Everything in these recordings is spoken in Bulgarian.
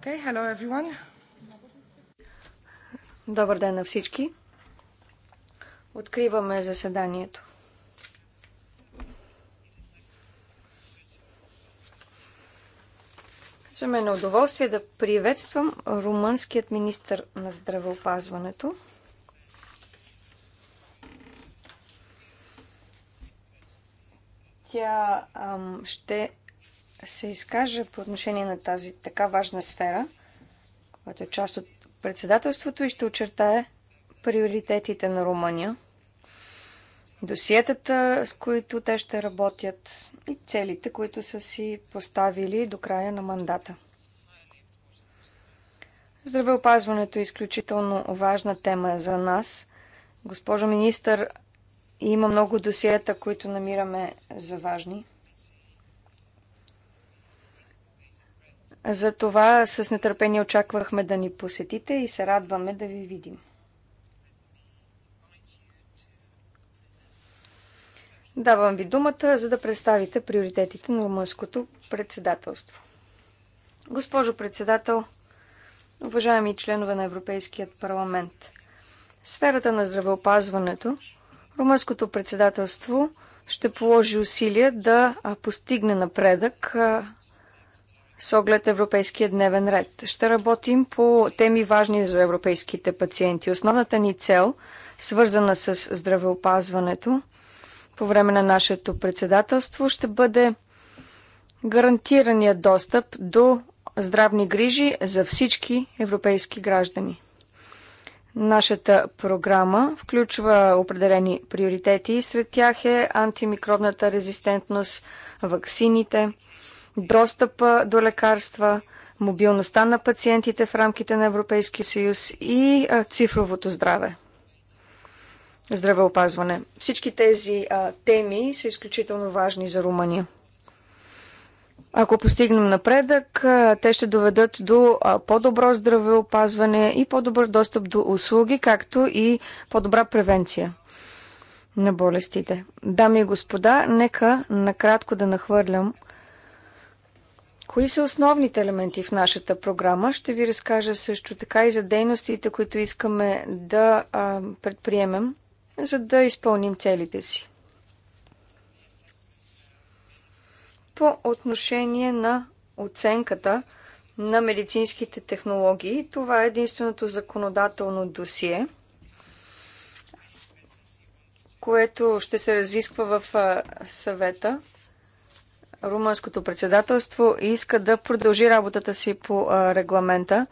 Okay, hello everyone. Добър ден на всички. Откриваме заседанието. За мен е удоволствие да приветствам румънският министр на здравеопазването. Тя ам, ще се изкажа по отношение на тази така важна сфера, която е част от председателството и ще очертае приоритетите на Румъния, досиетата, с които те ще работят и целите, които са си поставили до края на мандата. Здравеопазването е изключително важна тема за нас. Госпожо министър, има много досиета, които намираме за важни. Затова с нетърпение очаквахме да ни посетите и се радваме да ви видим. Давам ви думата, за да представите приоритетите на румънското председателство. Госпожо председател, уважаеми членове на Европейският парламент, в сферата на здравеопазването румънското председателство ще положи усилия да постигне напредък с оглед европейския дневен ред. Ще работим по теми важни за европейските пациенти. Основната ни цел, свързана с здравеопазването, по време на нашето председателство ще бъде гарантирания достъп до здравни грижи за всички европейски граждани. Нашата програма включва определени приоритети. Сред тях е антимикробната резистентност, ваксините – достъпа до лекарства, мобилността на пациентите в рамките на Европейския съюз и цифровото здраве. Здравеопазване. Всички тези а, теми са изключително важни за Румъния. Ако постигнем напредък, те ще доведат до по-добро здравеопазване и по-добър достъп до услуги, както и по-добра превенция на болестите. Дами и господа, нека накратко да нахвърлям Кои са основните елементи в нашата програма? Ще ви разкажа също така и за дейностите, които искаме да а, предприемем, за да изпълним целите си. По отношение на оценката на медицинските технологии, това е единственото законодателно досие, което ще се разисква в съвета Румънското председателство иска да продължи работата си по регламента,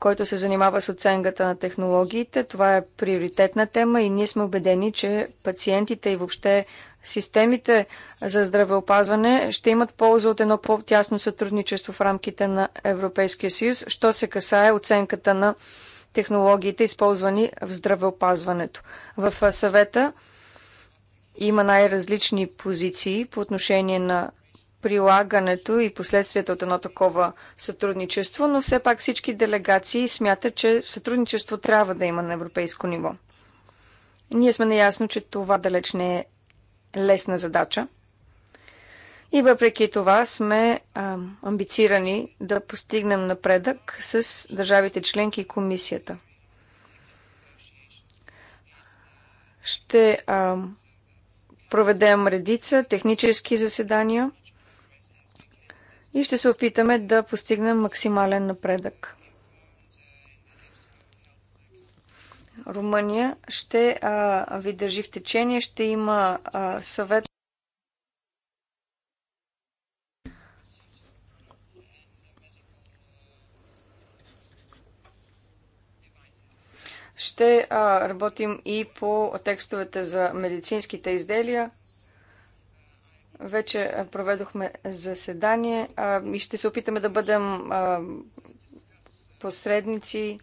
който се занимава с оценката на технологиите. Това е приоритетна тема и ние сме убедени, че пациентите и въобще системите за здравеопазване ще имат полза от едно по-тясно сътрудничество в рамките на Европейския съюз, що се касае оценката на технологиите, използвани в здравеопазването. В съвета има най-различни позиции по отношение на прилагането и последствията от едно такова сътрудничество, но все пак всички делегации смятат, че сътрудничество трябва да има на европейско ниво. Ние сме наясно, че това далеч не е лесна задача. И въпреки това сме а, амбицирани да постигнем напредък с държавите членки и комисията. Ще а, проведем редица технически заседания и ще се опитаме да постигнем максимален напредък. Румъния ще а, ви държи в течение, ще има а, съвет. Ще а, работим и по текстовете за медицинските изделия. Вече проведохме заседание а, и ще се опитаме да бъдем а, посредници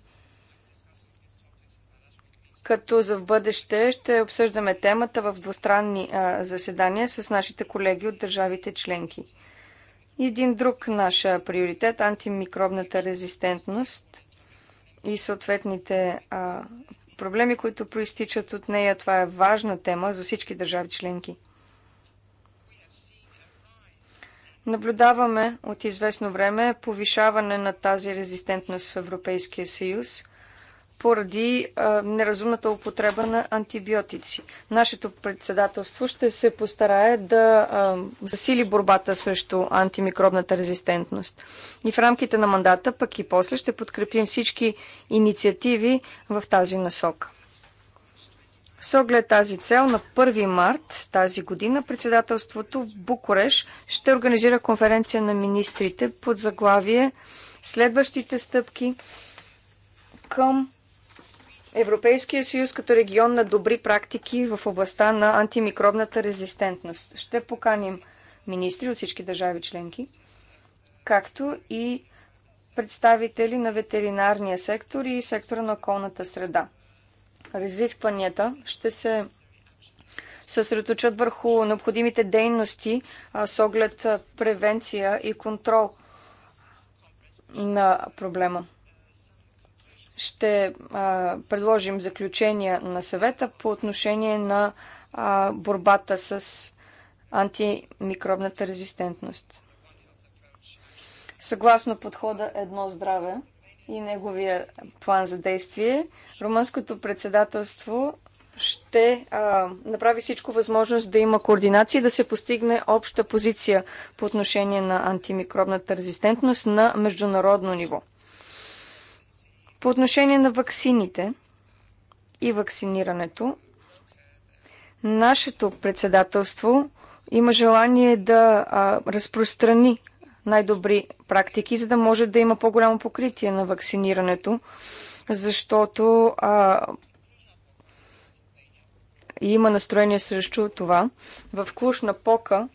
като за в бъдеще ще обсъждаме темата в двустранни а, заседания с нашите колеги от държавите членки. Един друг наш приоритет антимикробната резистентност и съответните а, проблеми, които проистичат от нея. Това е важна тема за всички държави членки. Наблюдаваме от известно време повишаване на тази резистентност в Европейския съюз – поради а, неразумната употреба на антибиотици. Нашето председателство ще се постарае да а, засили борбата срещу антимикробната резистентност. И в рамките на мандата, пък и после, ще подкрепим всички инициативи в тази насока. С оглед тази цел, на 1 март тази година председателството в Букуреш ще организира конференция на министрите под заглавие Следващите стъпки към Европейския съюз като регион на добри практики в областта на антимикробната резистентност. Ще поканим министри от всички държави членки, както и представители на ветеринарния сектор и сектора на околната среда. Разискванията ще се съсредоточат върху необходимите дейности а, с оглед превенция и контрол на проблема ще а, предложим заключения на съвета по отношение на а, борбата с антимикробната резистентност. Съгласно подхода Едно здраве и неговия план за действие, румънското председателство ще а, направи всичко възможност да има координация и да се постигне обща позиция по отношение на антимикробната резистентност на международно ниво. По отношение на ваксините и вакцинирането, нашето председателство има желание да а, разпространи най-добри практики, за да може да има по-голямо покритие на вакцинирането, защото а, има настроение срещу това. В Клуш на Пока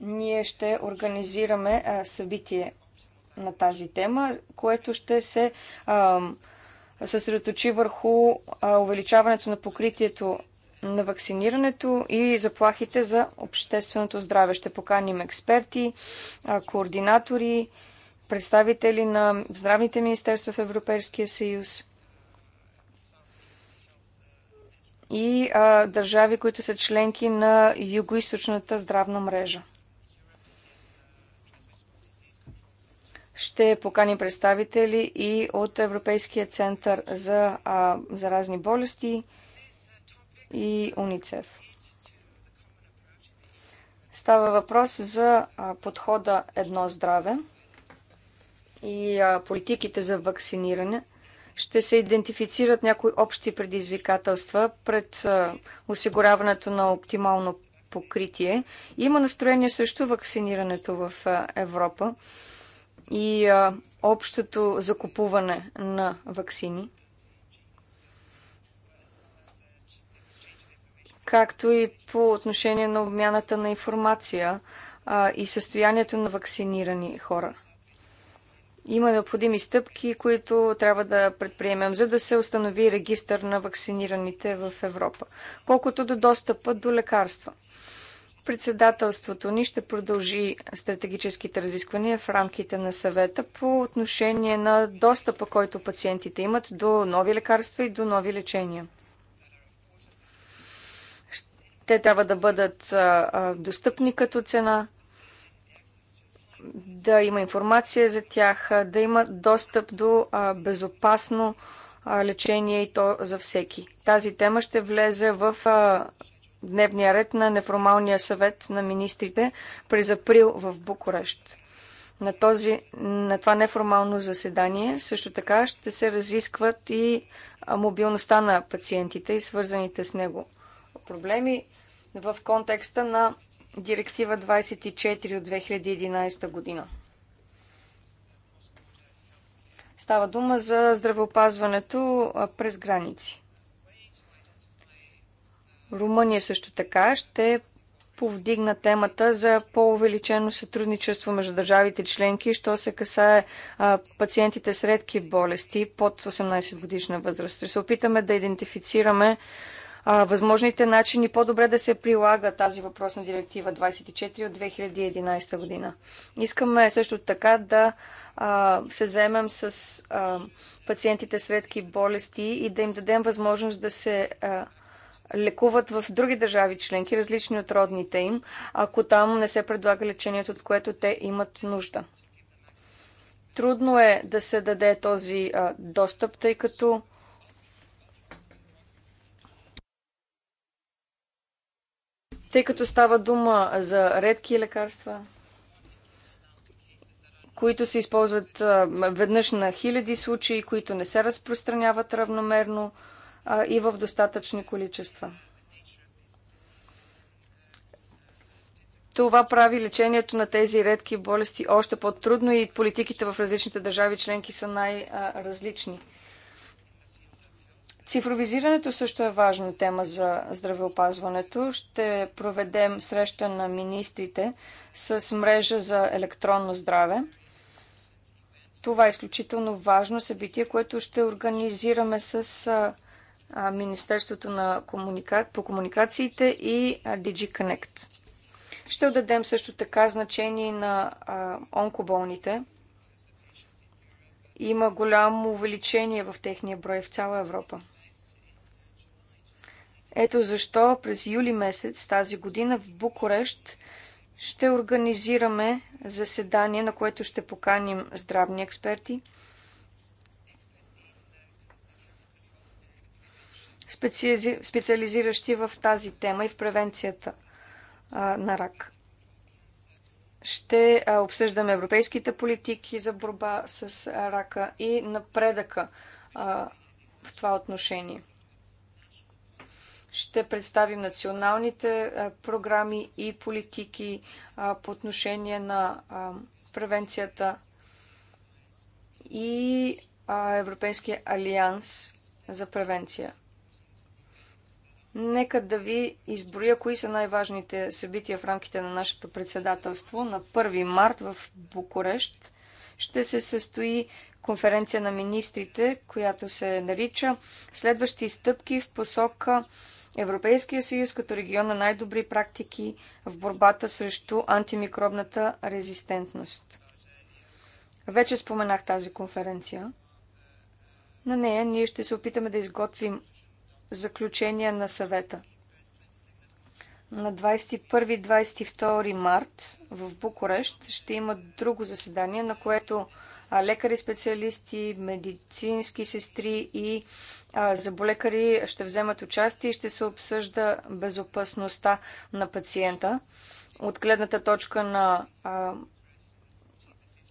ние ще организираме а, събитие на тази тема, което ще се а, съсредоточи върху а, увеличаването на покритието на вакцинирането и заплахите за общественото здраве. Ще поканим експерти, а, координатори, представители на здравните министерства в Европейския съюз и а, държави, които са членки на Юго-Источната здравна мрежа. ще поканим представители и от Европейския център за а, заразни болести и УНИЦЕФ. Става въпрос за подхода Едно здраве и политиките за вакциниране. Ще се идентифицират някои общи предизвикателства пред осигуряването на оптимално покритие. Има настроение срещу вакцинирането в Европа и а, общото закупуване на вакцини, както и по отношение на обмяната на информация а, и състоянието на вакцинирани хора. Има необходими стъпки, които трябва да предприемем, за да се установи регистър на вакцинираните в Европа, колкото до достъпа до лекарства – Председателството ни ще продължи стратегическите разисквания в рамките на съвета по отношение на достъпа, който пациентите имат до нови лекарства и до нови лечения. Те трябва да бъдат достъпни като цена, да има информация за тях, да има достъп до безопасно лечение и то за всеки. Тази тема ще влезе в дневния ред на неформалния съвет на министрите през април в Букурещ. На, този, на това неформално заседание също така ще се разискват и мобилността на пациентите и свързаните с него проблеми в контекста на Директива 24 от 2011 година. Става дума за здравеопазването през граници. Румъния също така ще повдигна темата за по-увеличено сътрудничество между държавите членки, що се касае а, пациентите с редки болести под 18 годишна възраст. Ще се опитаме да идентифицираме а, възможните начини по-добре да се прилага тази въпросна директива 24 от 2011 година. Искаме също така да а, се заемем с а, пациентите с редки болести и да им дадем възможност да се а, лекуват в други държави членки, различни от родните им, ако там не се предлага лечението, от което те имат нужда. Трудно е да се даде този а, достъп, тъй като тъй като става дума за редки лекарства, които се използват а, веднъж на хиляди случаи, които не се разпространяват равномерно. А, и в достатъчни количества. Това прави лечението на тези редки болести още по-трудно и политиките в различните държави членки са най-различни. Цифровизирането също е важна тема за здравеопазването. Ще проведем среща на министрите с мрежа за електронно здраве. Това е изключително важно събитие, което ще организираме с Министерството на комуника... по комуникациите и DigiConnect. Ще отдадем също така значение на а, онкоболните. Има голямо увеличение в техния брой в цяла Европа. Ето защо през юли месец тази година в Букурещ ще организираме заседание, на което ще поканим здравни експерти – специализиращи в тази тема и в превенцията на рак. Ще обсъждаме европейските политики за борба с рака и напредъка в това отношение. Ще представим националните програми и политики по отношение на превенцията и Европейския алианс за превенция Нека да ви изброя кои са най-важните събития в рамките на нашето председателство. На 1 март в Букурещ ще се състои конференция на министрите, която се нарича Следващи стъпки в посока Европейския съюз като регион на най-добри практики в борбата срещу антимикробната резистентност. Вече споменах тази конференция. На нея ние ще се опитаме да изготвим заключения на съвета. На 21-22 март в Букурещ ще има друго заседание, на което лекари, специалисти, медицински сестри и заболекари ще вземат участие и ще се обсъжда безопасността на пациента от гледната точка на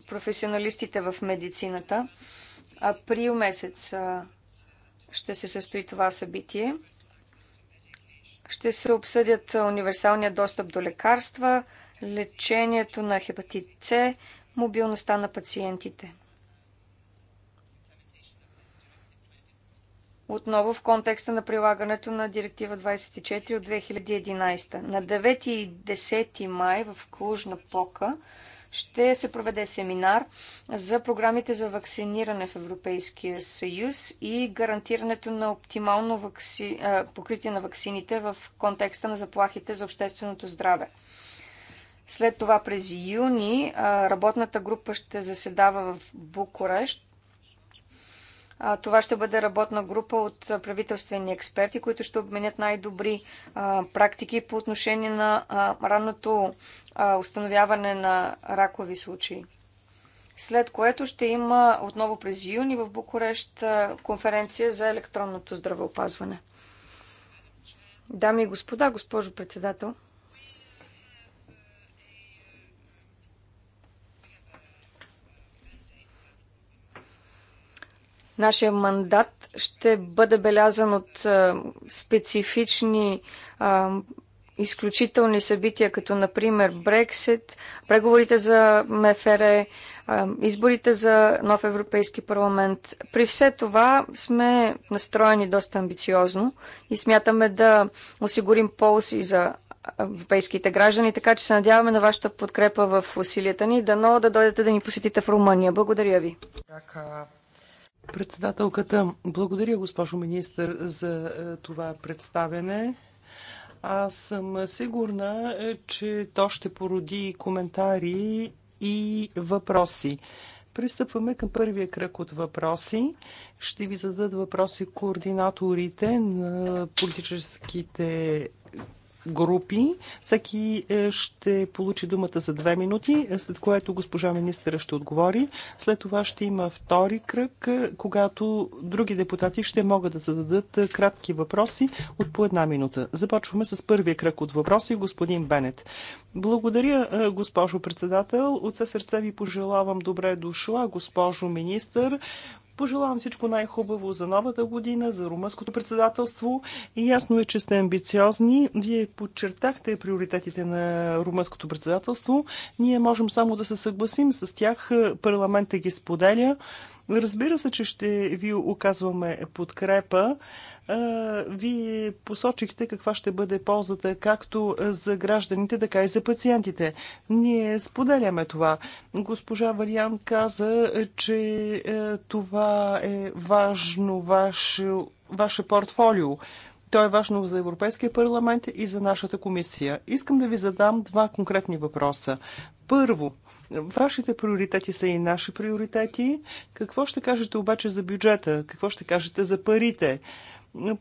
професионалистите в медицината. Април месец ще се състои това събитие. Ще се обсъдят универсалния достъп до лекарства, лечението на хепатит С, мобилността на пациентите. Отново в контекста на прилагането на Директива 24 от 2011. На 9 и 10 май в Клужна Пока ще се проведе семинар за програмите за вакциниране в Европейския съюз и гарантирането на оптимално вакци... покритие на ваксините в контекста на заплахите за общественото здраве. След това през юни работната група ще заседава в Букурещ това ще бъде работна група от правителствени експерти, които ще обменят най-добри практики по отношение на ранното установяване на ракови случаи. След което ще има отново през юни в Букурещ конференция за електронното здравеопазване. Дами и господа, госпожо председател, Нашия мандат ще бъде белязан от специфични изключителни събития, като например Брексит, преговорите за МФР, изборите за нов Европейски парламент. При все това сме настроени доста амбициозно и смятаме да осигурим ползи за европейските граждани, така че се надяваме на вашата подкрепа в усилията ни. Дано да дойдете да ни посетите в Румъния. Благодаря ви. Председателката, благодаря госпожо министър за е, това представене. Аз съм сигурна, е, че то ще породи коментари и въпроси. Пристъпваме към първия кръг от въпроси. Ще ви зададат въпроси координаторите на политическите групи. Всеки е, ще получи думата за две минути, след което госпожа министъра ще отговори. След това ще има втори кръг, е, когато други депутати ще могат да зададат е, кратки въпроси от по една минута. Започваме с първия кръг от въпроси, господин Бенет. Благодаря, госпожо председател. От все сърце ви пожелавам добре дошла, госпожо министър. Пожелавам всичко най-хубаво за новата година, за румънското председателство. И ясно е, че сте амбициозни. Вие подчертахте приоритетите на румънското председателство. Ние можем само да се съгласим с тях. Парламентът ги споделя. Разбира се, че ще ви оказваме подкрепа. Вие посочихте каква ще бъде ползата както за гражданите, така и за пациентите. Ние споделяме това. Госпожа Вариан каза, че е, това е важно ваше, ваше портфолио. То е важно за Европейския парламент и за нашата комисия. Искам да ви задам два конкретни въпроса. Първо, вашите приоритети са и наши приоритети. Какво ще кажете обаче за бюджета? Какво ще кажете за парите?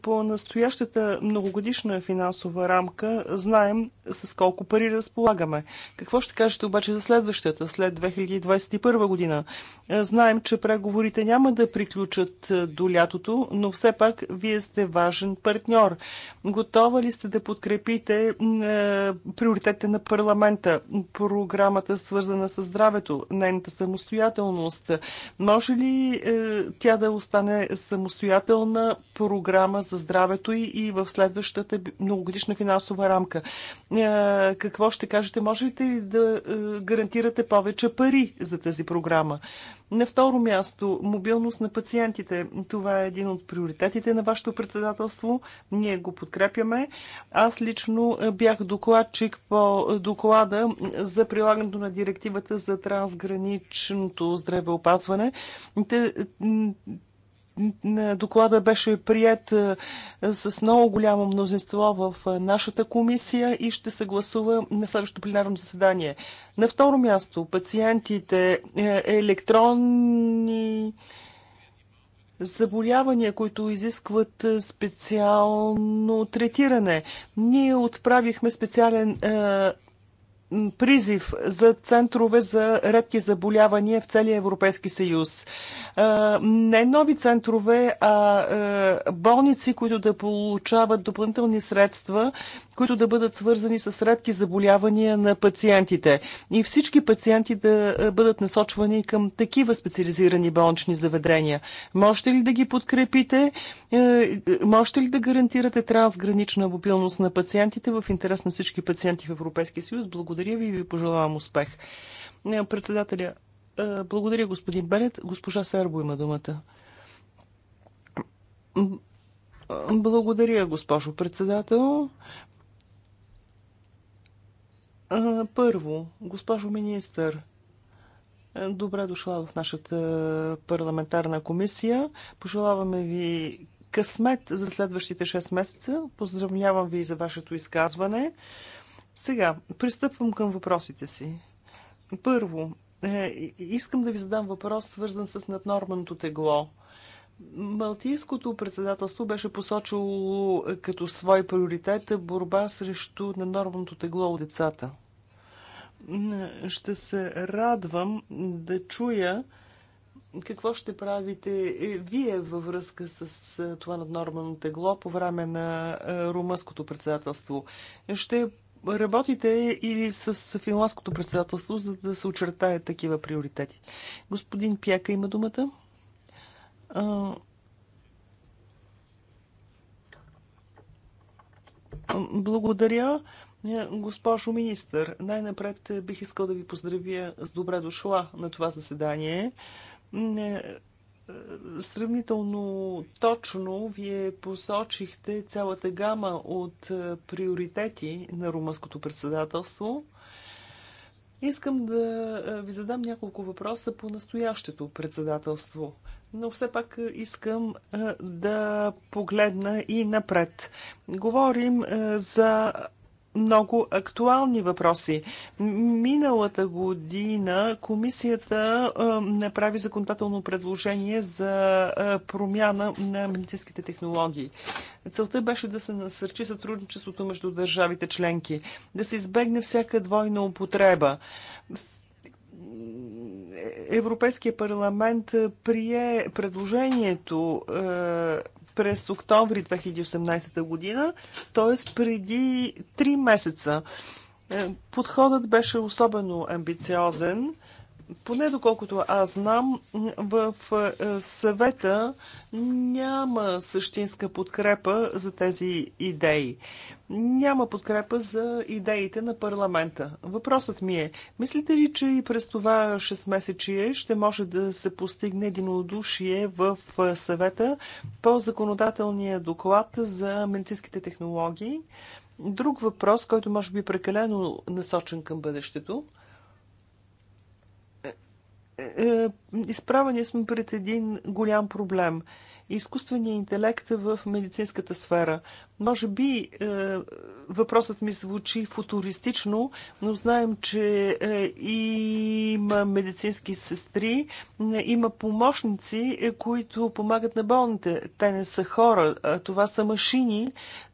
По настоящата многогодишна финансова рамка знаем с колко пари разполагаме. Какво ще кажете обаче за следващата, след 2021 година? Знаем, че преговорите няма да приключат е, до лятото, но все пак вие сте важен партньор. Готова ли сте да подкрепите е, приоритетите на парламента, програмата свързана с здравето, нейната самостоятелност? Може ли е, тя да остане самостоятелна програма? програма за здравето и, и в следващата многогодишна финансова рамка. Е, какво ще кажете? Можете ли да е, гарантирате повече пари за тази програма? На второ място, мобилност на пациентите. Това е един от приоритетите на вашето председателство. Ние го подкрепяме. Аз лично е, бях докладчик по доклада за прилагането на директивата за трансграничното здравеопазване. Доклада беше прият е, с много голямо мнозинство в е, нашата комисия и ще се гласува на следващото пленарно заседание. На второ място, пациентите е, електронни заболявания, които изискват специално третиране. Ние отправихме специален е, призив за центрове за редки заболявания в целия Европейски съюз. Не нови центрове, а болници, които да получават допълнителни средства, които да бъдат свързани с редки заболявания на пациентите и всички пациенти да е, бъдат насочвани към такива специализирани болнични заведения. Можете ли да ги подкрепите? Е, е, можете ли да гарантирате трансгранична мобилност на пациентите в интерес на всички пациенти в Европейския съюз? Благодаря ви и ви пожелавам успех. Председателя, благодаря господин Белет. Госпожа Сербо има думата. Благодаря, госпожо председател. Първо, госпожо министър, е, добре дошла в нашата парламентарна комисия. Пожелаваме ви късмет за следващите 6 месеца. Поздравлявам ви за вашето изказване. Сега, пристъпвам към въпросите си. Първо, е, искам да ви задам въпрос, свързан с наднорманото тегло. Малтийското председателство беше посочило като свой приоритет борба срещу ненормното тегло от децата. Ще се радвам да чуя какво ще правите вие във връзка с това наднормално тегло по време на румънското председателство. Ще работите или с финландското председателство, за да се очертаят такива приоритети. Господин Пяка има думата. Благодаря. Госпожо министър, най-напред бих искал да ви поздравя с добре дошла на това заседание. Сравнително точно вие посочихте цялата гама от приоритети на румънското председателство. Искам да ви задам няколко въпроса по настоящето председателство – но все пак искам да погледна и напред. Говорим за много актуални въпроси. Миналата година комисията направи законодателно предложение за промяна на медицинските технологии. Целта беше да се насърчи сътрудничеството между държавите членки, да се избегне всяка двойна употреба Европейския парламент е, прие предложението е, през октомври 2018 година, т.е. преди 3 месеца. Е, подходът беше особено амбициозен. Поне доколкото аз знам, в е, съвета няма същинска подкрепа за тези идеи. Няма подкрепа за идеите на парламента. Въпросът ми е, мислите ли, че и през това 6 месечие ще може да се постигне единодушие в е, съвета по законодателния доклад за медицинските технологии? Друг въпрос, който може би е прекалено насочен към бъдещето – е, е, изправени сме пред един голям проблем изкуствения интелект е в медицинската сфера. Може би е, въпросът ми звучи футуристично, но знаем, че е, има медицински сестри, е, има помощници, е, които помагат на болните. Те не са хора, а това са машини,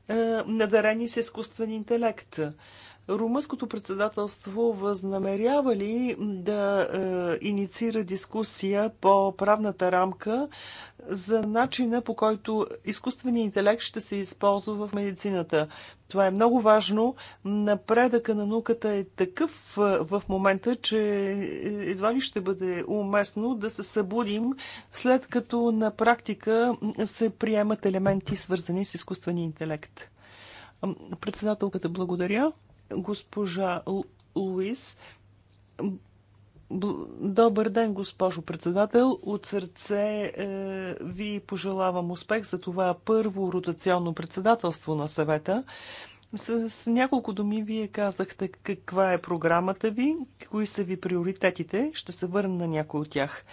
е, надарени с изкуствен интелект. Румънското председателство възнамерява ли да е, инициира дискусия по правната рамка за начина по който изкуственият интелект ще се използва в медицината? Това е много важно. Напредъка на науката е такъв е, в момента, че едва ли ще бъде уместно да се събудим, след като на практика се приемат елементи, свързани с изкуствения интелект. Председателката, благодаря госпожа Луис. Добър ден, госпожо председател. От сърце е, ви пожелавам успех за това първо ротационно председателство на съвета. С, с няколко думи вие казахте каква е програмата ви, кои са ви приоритетите. Ще се върна на някой от тях.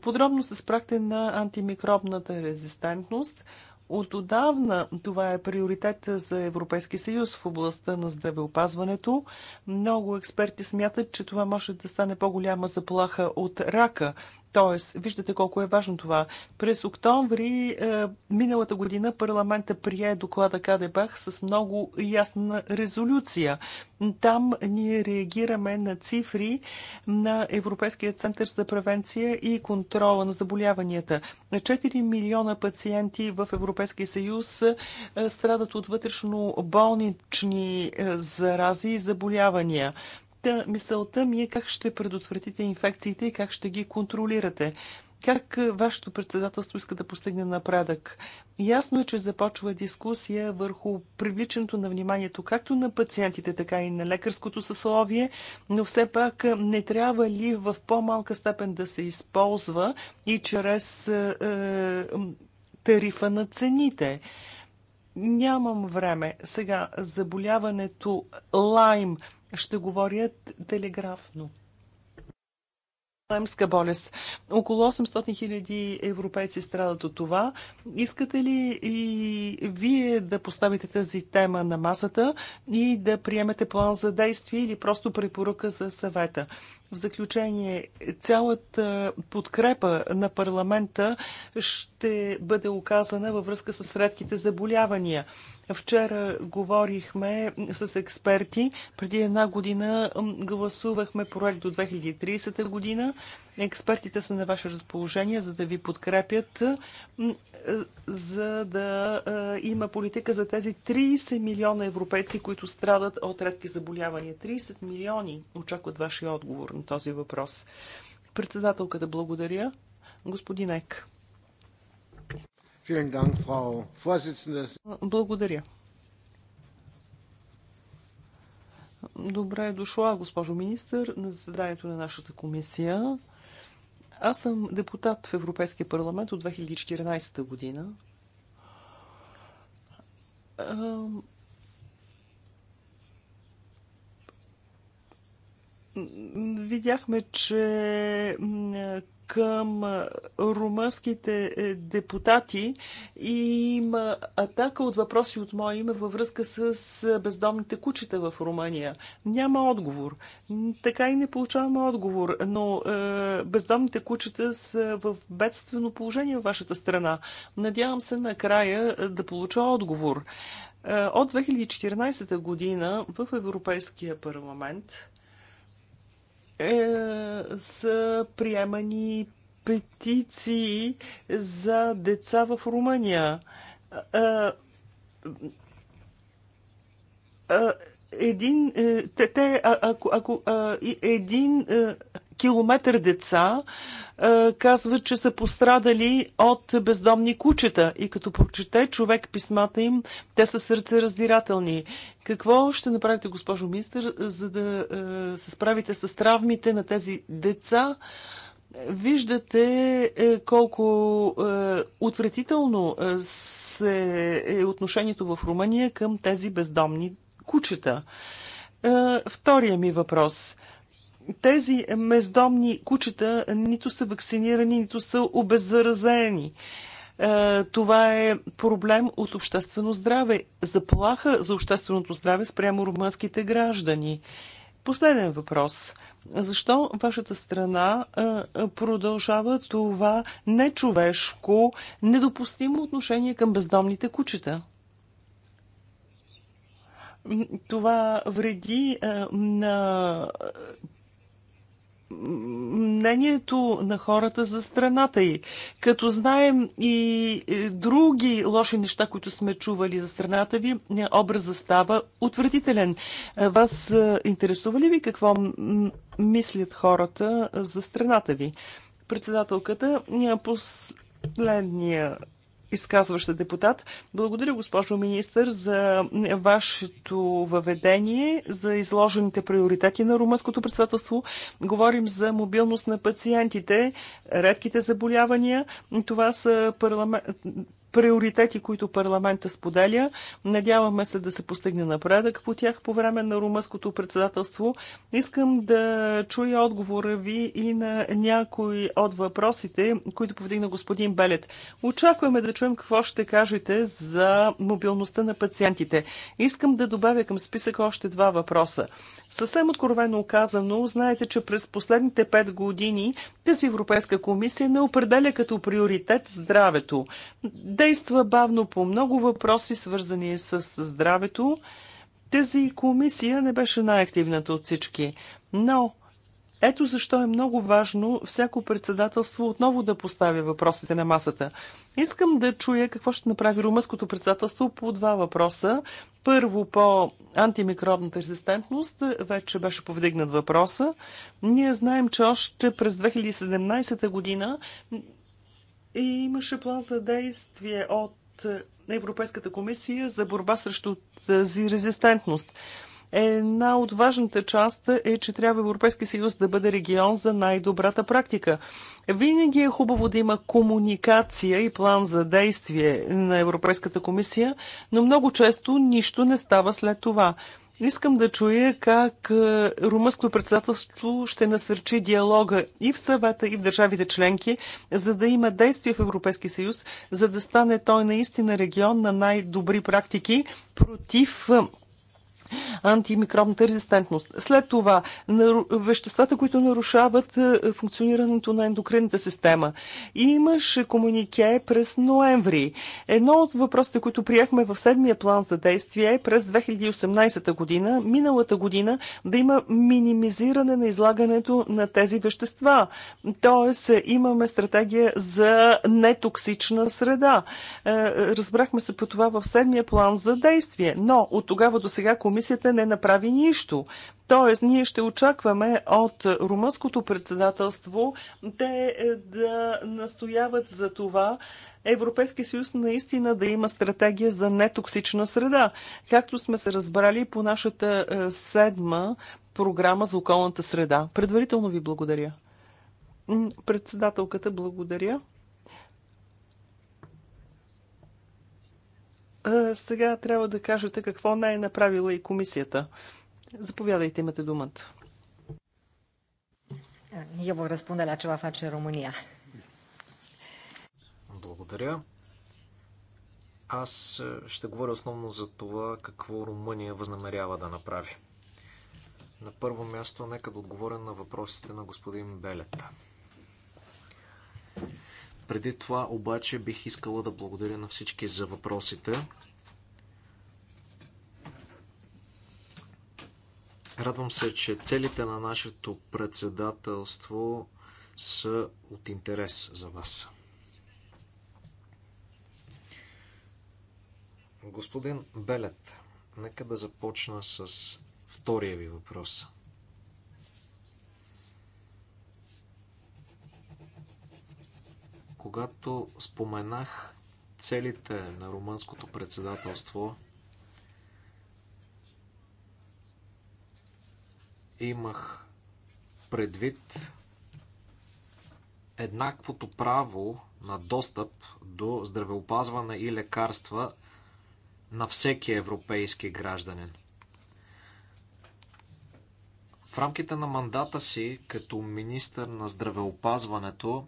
Подробно се спрахте на антимикробната резистентност. От отдавна това е приоритет за Европейски съюз в областта на здравеопазването. Много експерти смятат, че това може да стане по-голяма заплаха от рака, Тоест, виждате колко е важно това. През октомври е, миналата година парламента прие доклада Кадебах с много ясна резолюция. Там ние реагираме на цифри на Европейския център за превенция и контрола на заболяванията. 4 милиона пациенти в Европейския съюз е, страдат от вътрешно болнични е, зарази и заболявания. Та мисълта ми е как ще предотвратите инфекциите и как ще ги контролирате. Как е, вашето председателство иска да постигне напредък? Ясно е, че започва дискусия върху привличането на вниманието както на пациентите, така и на лекарското съсловие, но все пак е, не трябва ли в по-малка степен да се използва и чрез е, е, тарифа на цените? Нямам време. Сега заболяването Лайм ще говорят телеграфно. Лемска болест. Около 800 хиляди европейци страдат от това. Искате ли и вие да поставите тази тема на масата и да приемете план за действие или просто препоръка за съвета? В заключение, цялата подкрепа на парламента ще бъде оказана във връзка с редките заболявания. Вчера говорихме с експерти. Преди една година гласувахме проект до 2030 година. Експертите са на ваше разположение, за да ви подкрепят, е, за да е, има политика за тези 30 милиона европейци, които страдат от редки заболявания. 30 милиони очакват вашия отговор на този въпрос. Председателката, да благодаря. Господин Ек. Благодаря. Добре е дошла, госпожо министър, на заседанието на нашата комисия. Аз съм депутат в Европейския парламент от 2014 година. Видяхме, че към румънските е, депутати и има атака от въпроси от мое име във връзка с бездомните кучета в Румъния. Няма отговор. Така и не получаваме отговор, но е, бездомните кучета са в бедствено положение в вашата страна. Надявам се накрая е, да получа отговор. Е, от 2014 година в Европейския парламент е, са приемани петиции за деца в Румъния. един, е, те, те, ако, ако, един, е, километър деца е, казват, че са пострадали от бездомни кучета. И като прочете човек писмата им, те са сърцераздирателни. Какво ще направите, госпожо министър, за да е, се справите с травмите на тези деца? Виждате е, колко отвратително се е отношението в Румъния към тези бездомни кучета. Втория ми въпрос – тези бездомни кучета нито са вакцинирани, нито са обеззаразени. Е, това е проблем от обществено здраве. Заплаха за общественото здраве спрямо румънските граждани. Последен въпрос. Защо вашата страна е, е, продължава това нечовешко, недопустимо отношение към бездомните кучета? Това вреди на мнението на хората за страната й. Като знаем и други лоши неща, които сме чували за страната ви, е, образът става отвратителен. Е, вас е, интересува ли ви какво мислят хората за страната ви? Председателката, последния изказващ се депутат. Благодаря, госпожо министър, за вашето въведение, за изложените приоритети на румънското председателство. Говорим за мобилност на пациентите, редките заболявания. Това са парламент приоритети, които парламента споделя. Надяваме се да се постигне напредък по тях по време на румънското председателство. Искам да чуя отговора ви и на някои от въпросите, които повдигна господин Белет. Очакваме да чуем какво ще кажете за мобилността на пациентите. Искам да добавя към списък още два въпроса. Съвсем откровено казано, знаете, че през последните пет години тази Европейска комисия не определя като приоритет здравето действа бавно по много въпроси, свързани с здравето. Тази комисия не беше най-активната от всички, но ето защо е много важно всяко председателство отново да поставя въпросите на масата. Искам да чуя какво ще направи румънското председателство по два въпроса. Първо по антимикробната резистентност. Вече беше повдигнат въпроса. Ние знаем, че още през 2017 година и имаше план за действие от е, Европейската комисия за борба срещу тази резистентност. Една от важната част е, че трябва Европейски съюз да бъде регион за най-добрата практика. Винаги е хубаво да има комуникация и план за действие на Европейската комисия, но много често нищо не става след това. Искам да чуя как е, румънското председателство ще насърчи диалога и в съвета, и в държавите членки, за да има действие в Европейски съюз, за да стане той наистина регион на най-добри практики против е, антимикробната резистентност. След това веществата, които нарушават е, функционирането на ендокринната система. Имаше комунике през ноември. Едно от въпросите, които приехме в седмия план за действие е през 2018 година, миналата година, да има минимизиране на излагането на тези вещества. Тоест, е, имаме стратегия за нетоксична среда. Е, разбрахме се по това в седмия план за действие, но от тогава до сега комисията комисията не направи нищо. Тоест, ние ще очакваме от румънското председателство те е, да настояват за това Европейския съюз наистина да има стратегия за нетоксична среда, както сме се разбрали по нашата е, седма програма за околната среда. Предварително ви благодаря. Председателката, благодаря. Сега трябва да кажете какво не е направила и комисията. Заповядайте, имате думата. Я го разпонеля, че във va Румъния. Благодаря. Аз е, ще говоря основно за това какво Румъния възнамерява да направи. На първо място, нека да отговоря на въпросите на господин Белета. Преди това обаче бих искала да благодаря на всички за въпросите. Радвам се, че целите на нашето председателство са от интерес за вас. Господин Белет, нека да започна с втория ви въпрос – Когато споменах целите на румънското председателство, имах предвид еднаквото право на достъп до здравеопазване и лекарства на всеки европейски гражданин. В рамките на мандата си като министър на здравеопазването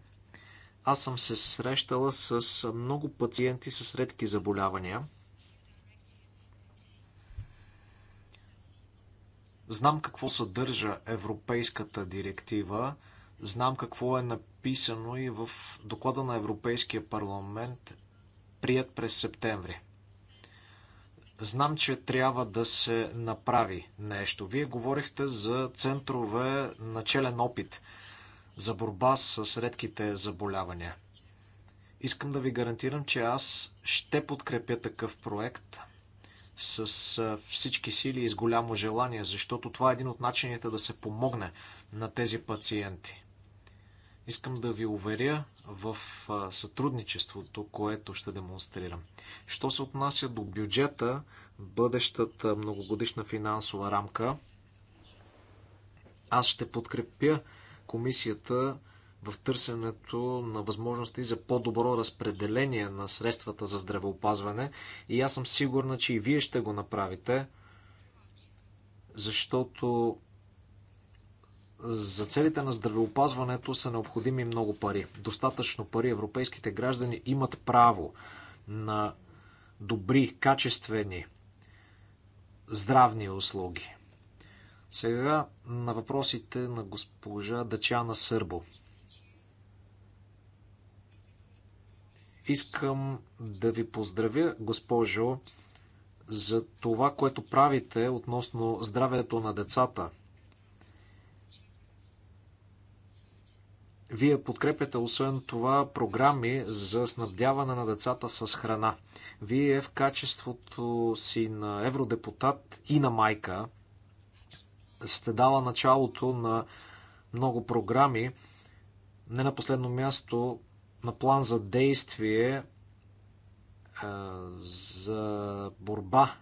аз съм се срещала с много пациенти с редки заболявания. Знам какво съдържа Европейската директива, знам какво е написано и в доклада на Европейския парламент, прият през септември. Знам, че трябва да се направи нещо. Вие говорихте за центрове челен опит – за борба с редките заболявания. Искам да ви гарантирам, че аз ще подкрепя такъв проект с всички сили и с голямо желание, защото това е един от начините да се помогне на тези пациенти. Искам да ви уверя в сътрудничеството, което ще демонстрирам. Що се отнася до бюджета, бъдещата многогодишна финансова рамка, аз ще подкрепя комисията в търсенето на възможности за по-добро разпределение на средствата за здравеопазване и аз съм сигурна, че и вие ще го направите, защото за целите на здравеопазването са необходими много пари. Достатъчно пари. Европейските граждани имат право на добри, качествени здравни услуги. Сега на въпросите на госпожа Дачана Сърбо. Искам да ви поздравя, госпожо, за това, което правите относно здравето на децата. Вие подкрепяте освен това програми за снабдяване на децата с храна. Вие в качеството си на евродепутат и на майка сте дала началото на много програми. Не на последно място, на план за действие е, за борба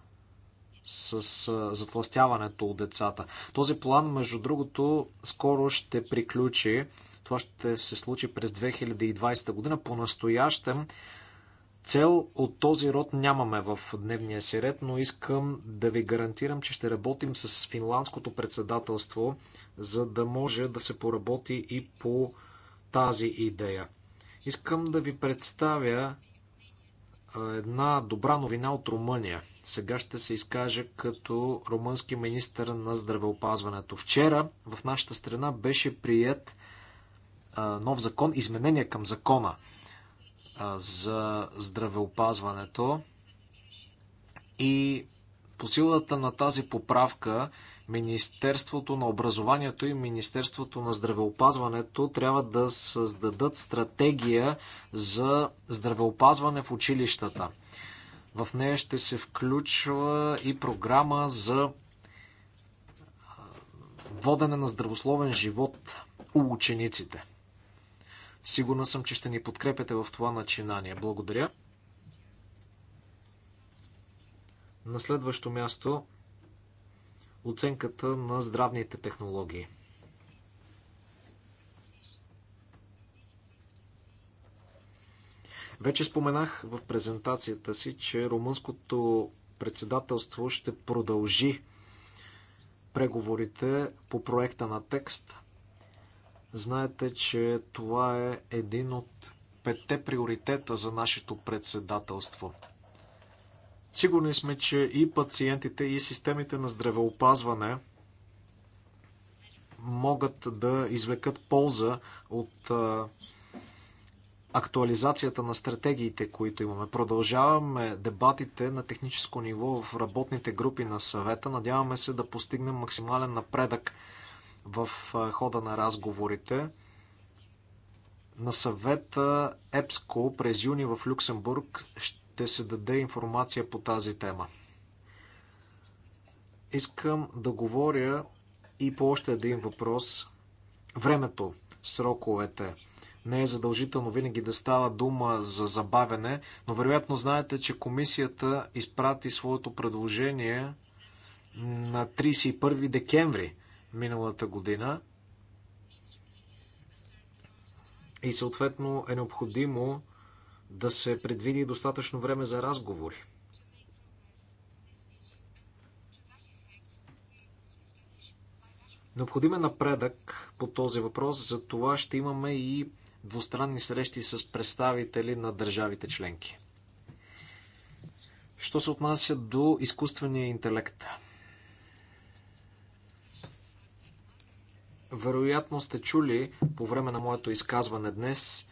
с е, затластяването от децата. Този план, между другото, скоро ще приключи. Това ще се случи през 2020 година. По-настоящем Цел от този род нямаме в дневния си ред, но искам да ви гарантирам, че ще работим с финландското председателство, за да може да се поработи и по тази идея. Искам да ви представя една добра новина от Румъния. Сега ще се изкаже като румънски министър на здравеопазването. Вчера в нашата страна беше прият нов закон, изменение към закона за здравеопазването и по силата на тази поправка Министерството на образованието и Министерството на здравеопазването трябва да създадат стратегия за здравеопазване в училищата. В нея ще се включва и програма за водене на здравословен живот у учениците. Сигурна съм, че ще ни подкрепяте в това начинание. Благодаря. На следващо място оценката на здравните технологии. Вече споменах в презентацията си, че румънското председателство ще продължи преговорите по проекта на текст. Знаете, че това е един от петте приоритета за нашето председателство. Сигурни сме, че и пациентите, и системите на здравеопазване могат да извлекат полза от актуализацията на стратегиите, които имаме. Продължаваме дебатите на техническо ниво в работните групи на съвета. Надяваме се да постигнем максимален напредък в хода на разговорите. На съвета ЕПСКО през юни в Люксембург ще се даде информация по тази тема. Искам да говоря и по още един въпрос. Времето, сроковете. Не е задължително винаги да става дума за забавене, но вероятно знаете, че комисията изпрати своето предложение на 31 декември миналата година. И съответно е необходимо да се предвиди достатъчно време за разговори. Необходим е напредък по този въпрос, за това ще имаме и двустранни срещи с представители на държавите членки. Що се отнася до изкуствения интелект – Вероятно сте чули по време на моето изказване днес,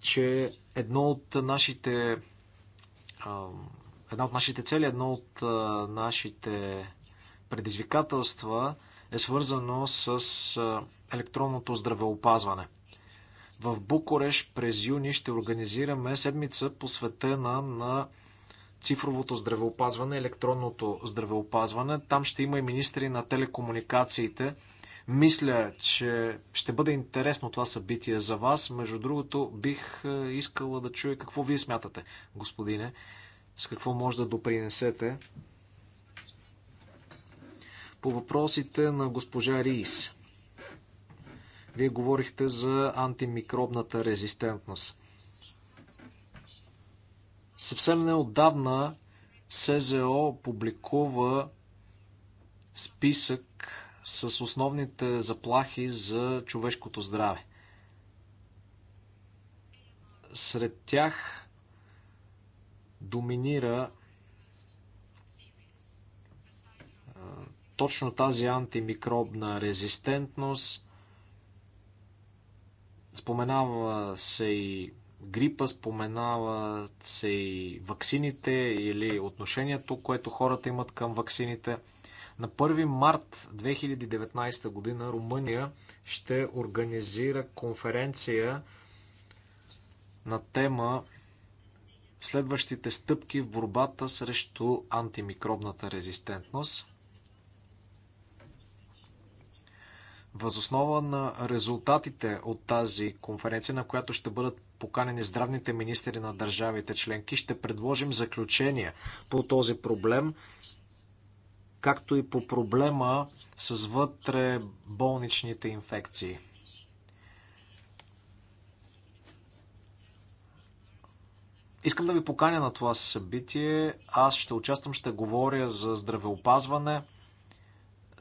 че едно от нашите една от нашите цели, едно от нашите предизвикателства е свързано с електронното здравеопазване. В Букуреш през юни ще организираме седмица посветена на цифровото здравеопазване, електронното здравеопазване. Там ще има и министри на телекомуникациите. Мисля, че ще бъде интересно това събитие за вас. Между другото, бих е, искала да чуя какво вие смятате, господине, с какво може да допринесете по въпросите на госпожа Рис. Вие говорихте за антимикробната резистентност. Съвсем неодавна СЗО публикува списък с основните заплахи за човешкото здраве. Сред тях доминира точно тази антимикробна резистентност. Споменава се и грипа, споменават се и ваксините или отношението, което хората имат към ваксините – на 1 март 2019 година Румъния ще организира конференция на тема следващите стъпки в борбата срещу антимикробната резистентност. Възоснова на резултатите от тази конференция, на която ще бъдат поканени здравните министри на държавите членки, ще предложим заключения по този проблем както и по проблема с вътре болничните инфекции. Искам да ви поканя на това събитие. Аз ще участвам, ще говоря за здравеопазване,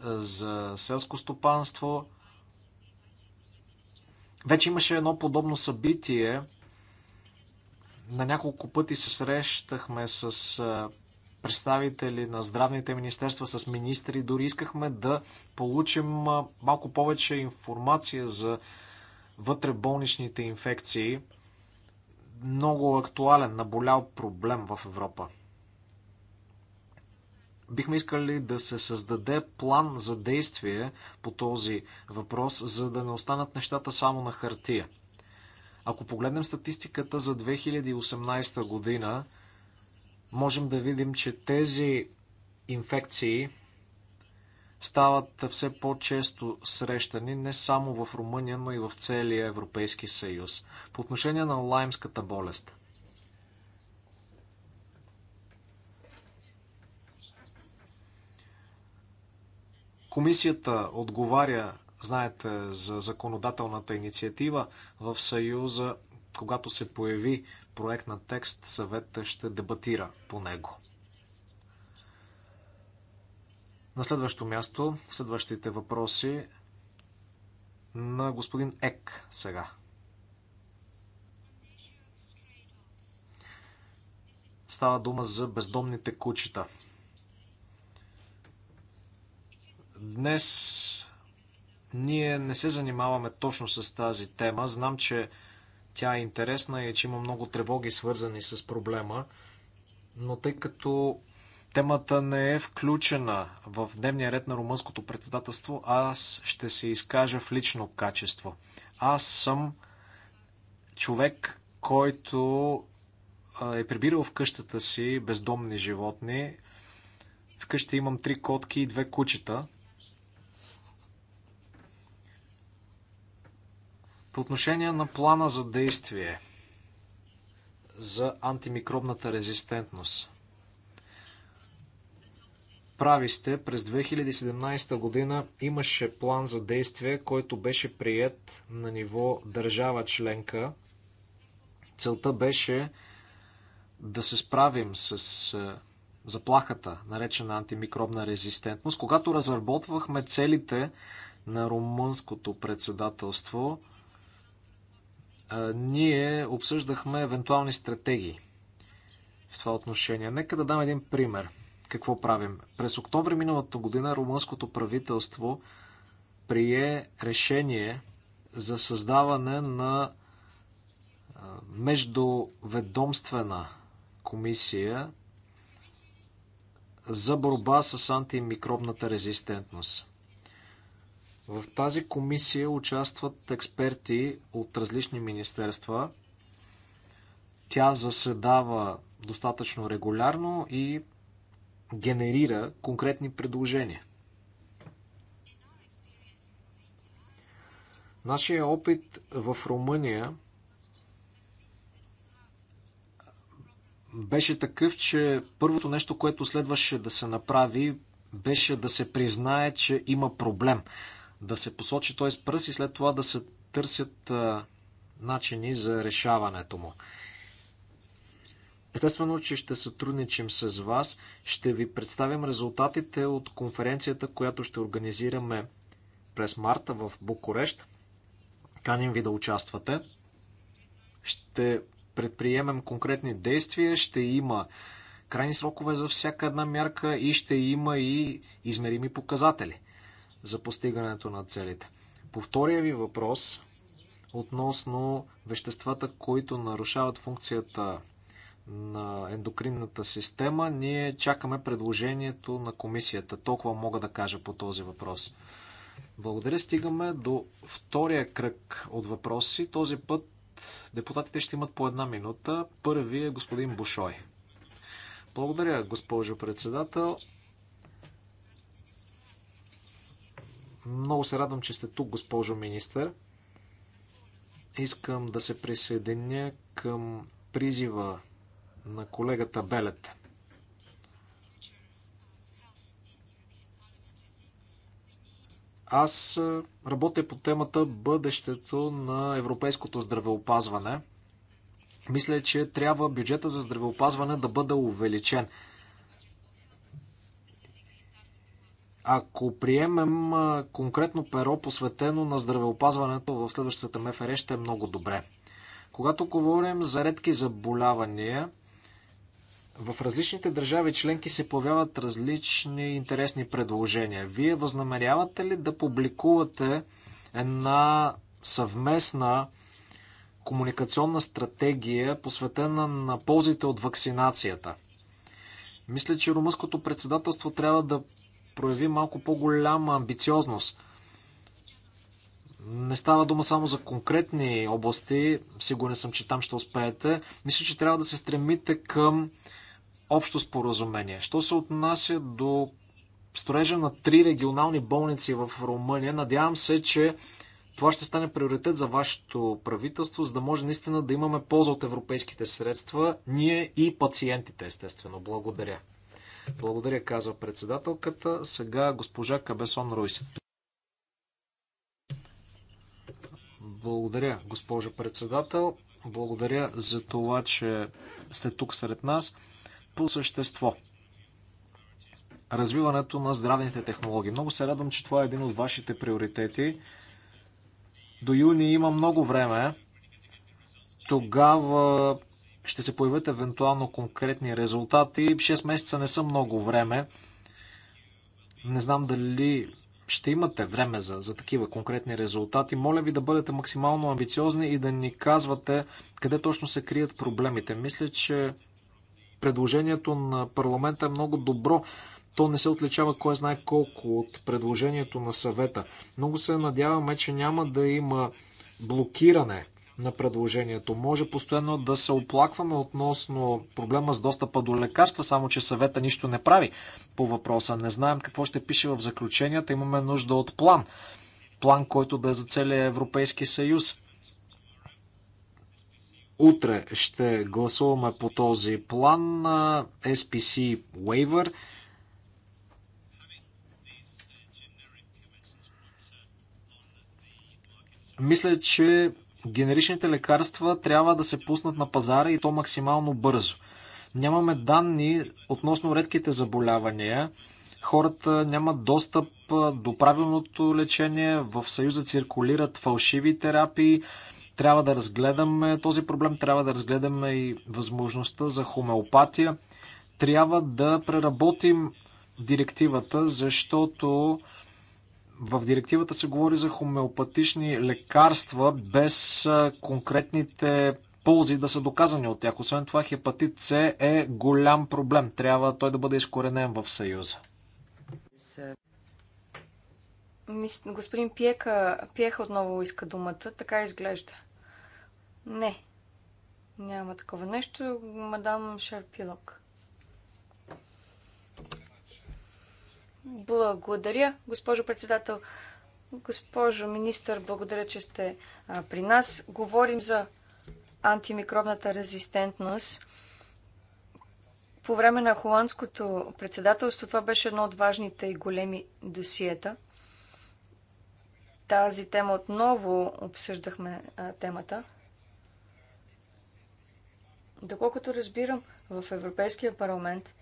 за селско стопанство. Вече имаше едно подобно събитие. На няколко пъти се срещахме с представители на здравните министерства, с министри. Дори искахме да получим малко повече информация за вътреболничните инфекции. Много актуален, наболял проблем в Европа. Бихме искали да се създаде план за действие по този въпрос, за да не останат нещата само на хартия. Ако погледнем статистиката за 2018 година, можем да видим, че тези инфекции стават все по-често срещани не само в Румъния, но и в целия Европейски съюз. По отношение на лаймската болест. Комисията отговаря, знаете, за законодателната инициатива в Съюза, когато се появи проект на текст съвета ще дебатира по него. На следващо място, следващите въпроси на господин Ек сега. Става дума за бездомните кучета. Днес ние не се занимаваме точно с тази тема. Знам, че тя е интересна и е, че има много тревоги свързани с проблема, но тъй като темата не е включена в дневния ред на румънското председателство, аз ще се изкажа в лично качество. Аз съм човек, който е прибирал в къщата си бездомни животни. в къща имам три котки и две кучета – По отношение на плана за действие за антимикробната резистентност. Прави сте, през 2017 година имаше план за действие, който беше прият на ниво държава членка. Целта беше да се справим с е, заплахата, наречена антимикробна резистентност. Когато разработвахме целите на румънското председателство, ние обсъждахме евентуални стратегии в това отношение. Нека да дам един пример. Какво правим? През октомври миналата година румънското правителство прие решение за създаване на междуведомствена комисия за борба с антимикробната резистентност. В тази комисия участват експерти от различни министерства. Тя заседава достатъчно регулярно и генерира конкретни предложения. Нашия опит в Румъния беше такъв, че първото нещо, което следваше да се направи, беше да се признае, че има проблем да се посочи той с пръст и след това да се търсят начини за решаването му. Естествено, че ще сътрудничим с вас. Ще ви представим резултатите от конференцията, която ще организираме през марта в Букурещ. Каним ви да участвате. Ще предприемем конкретни действия, ще има крайни срокове за всяка една мярка и ще има и измерими показатели – за постигането на целите. По втория ви въпрос, относно веществата, които нарушават функцията на ендокринната система, ние чакаме предложението на комисията. Толкова мога да кажа по този въпрос. Благодаря. Стигаме до втория кръг от въпроси. Този път депутатите ще имат по една минута. Първи е господин Бушой. Благодаря, госпожо председател. Много се радвам, че сте тук, госпожо министър. Искам да се присъединя към призива на колегата Белет. Аз работя по темата бъдещето на европейското здравеопазване. Мисля, че трябва бюджета за здравеопазване да бъде увеличен Ако приемем конкретно перо, посветено на здравеопазването в следващата МФР, ще е много добре. Когато говорим за редки заболявания, в различните държави членки се появяват различни интересни предложения. Вие възнамерявате ли да публикувате една съвместна комуникационна стратегия, посветена на ползите от вакцинацията? Мисля, че румънското председателство трябва да прояви малко по-голяма амбициозност. Не става дума само за конкретни области, сигурен съм, че там ще успеете. Мисля, че трябва да се стремите към общо споразумение. Що се отнася до строежа на три регионални болници в Румъния, надявам се, че това ще стане приоритет за вашето правителство, за да може наистина да имаме полза от европейските средства, ние и пациентите, естествено. Благодаря. Благодаря, казва председателката. Сега госпожа Кабесон Руйс. Благодаря, госпожо председател. Благодаря за това, че сте тук сред нас. По същество, развиването на здравните технологии. Много се радвам, че това е един от вашите приоритети. До юни има много време. Тогава ще се появят евентуално конкретни резултати. 6 месеца не са много време. Не знам дали ще имате време за, за такива конкретни резултати. Моля ви да бъдете максимално амбициозни и да ни казвате къде точно се крият проблемите. Мисля, че предложението на парламента е много добро. То не се отличава кой знае колко от предложението на съвета. Много се надяваме, че няма да има блокиране на предложението. Може постоянно да се оплакваме относно проблема с достъпа до лекарства, само че съвета нищо не прави по въпроса. Не знаем какво ще пише в заключенията. Имаме нужда от план. План, който да е за целия Европейски съюз. Утре ще гласуваме по този план на SPC Waiver. Мисля, че Генеричните лекарства трябва да се пуснат на пазара и то максимално бързо. Нямаме данни относно редките заболявания. Хората нямат достъп до правилното лечение. В Съюза циркулират фалшиви терапии. Трябва да разгледаме този проблем, трябва да разгледаме и възможността за хомеопатия. Трябва да преработим директивата, защото в директивата се говори за хомеопатични лекарства без конкретните ползи да са доказани от тях. Освен това, хепатит С е голям проблем. Трябва той да бъде изкоренен в Съюза. Господин Пиека, Пиеха отново иска думата. Така изглежда. Не. Няма такова нещо. Мадам Шарпилок. Благодаря, госпожо председател. Госпожо министър, благодаря, че сте а, при нас. Говорим за антимикробната резистентност. По време на холандското председателство това беше едно от важните и големи досиета. Тази тема отново обсъждахме а, темата. Доколкото разбирам, в Европейския парламент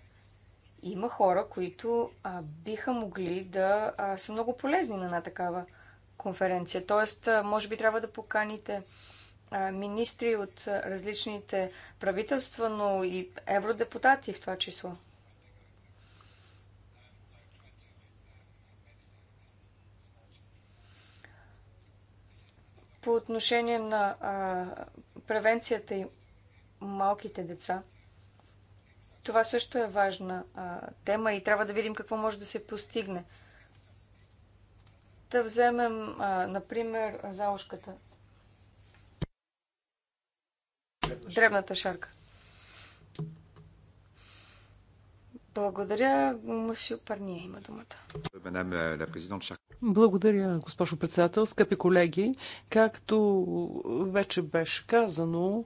има хора, които а, биха могли да а, са много полезни на една такава конференция. Тоест, а, може би трябва да поканите а, министри от а, различните правителства, но и евродепутати в това число. По отношение на а, превенцията и малките деца – това също е важна а, тема и трябва да видим какво може да се постигне. Да вземем, а, например, заушката. Дребната шарка. Благодаря. Мусио Парния има думата. Благодаря, госпожо председател. Скъпи колеги, както вече беше казано,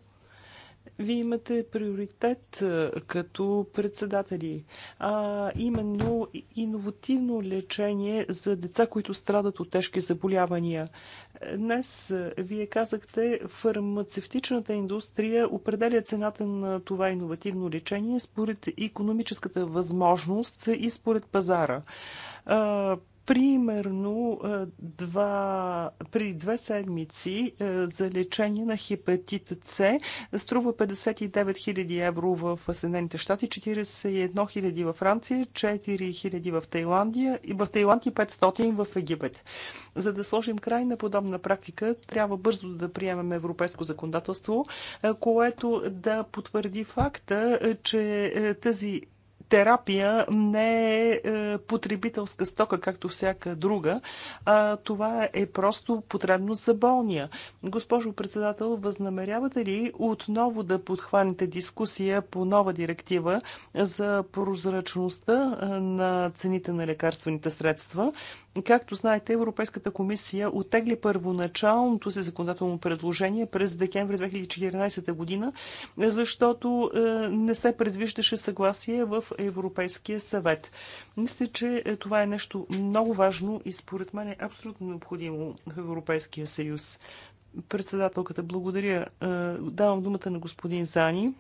вие имате приоритет като председатели, а именно иновативно лечение за деца, които страдат от тежки заболявания. Днес, вие казахте, фармацевтичната индустрия определя цената на това иновативно лечение според економическата възможност и според пазара примерно два, при две седмици за лечение на хепатита С струва 59 000 евро в Съединените щати, 41 000 във Франция, 4 000 в Тайландия и в Тайланд и 500 в Египет. За да сложим край на подобна практика, трябва бързо да приемем европейско законодателство, което да потвърди факта, че тази терапия не е, е потребителска стока, както всяка друга. А, това е просто потребност за болния. Госпожо председател, възнамерявате ли отново да подхванете дискусия по нова директива за прозрачността е, на цените на лекарствените средства? Както знаете, Европейската комисия отегли първоначалното си законодателно предложение през декември 2014 година, защото е, не се предвиждаше съгласие в Европейския съвет. Мисля, че е, това е нещо много важно и според мен е абсолютно необходимо в Европейския съюз. Председателката, благодаря. Е, давам думата на господин Зани.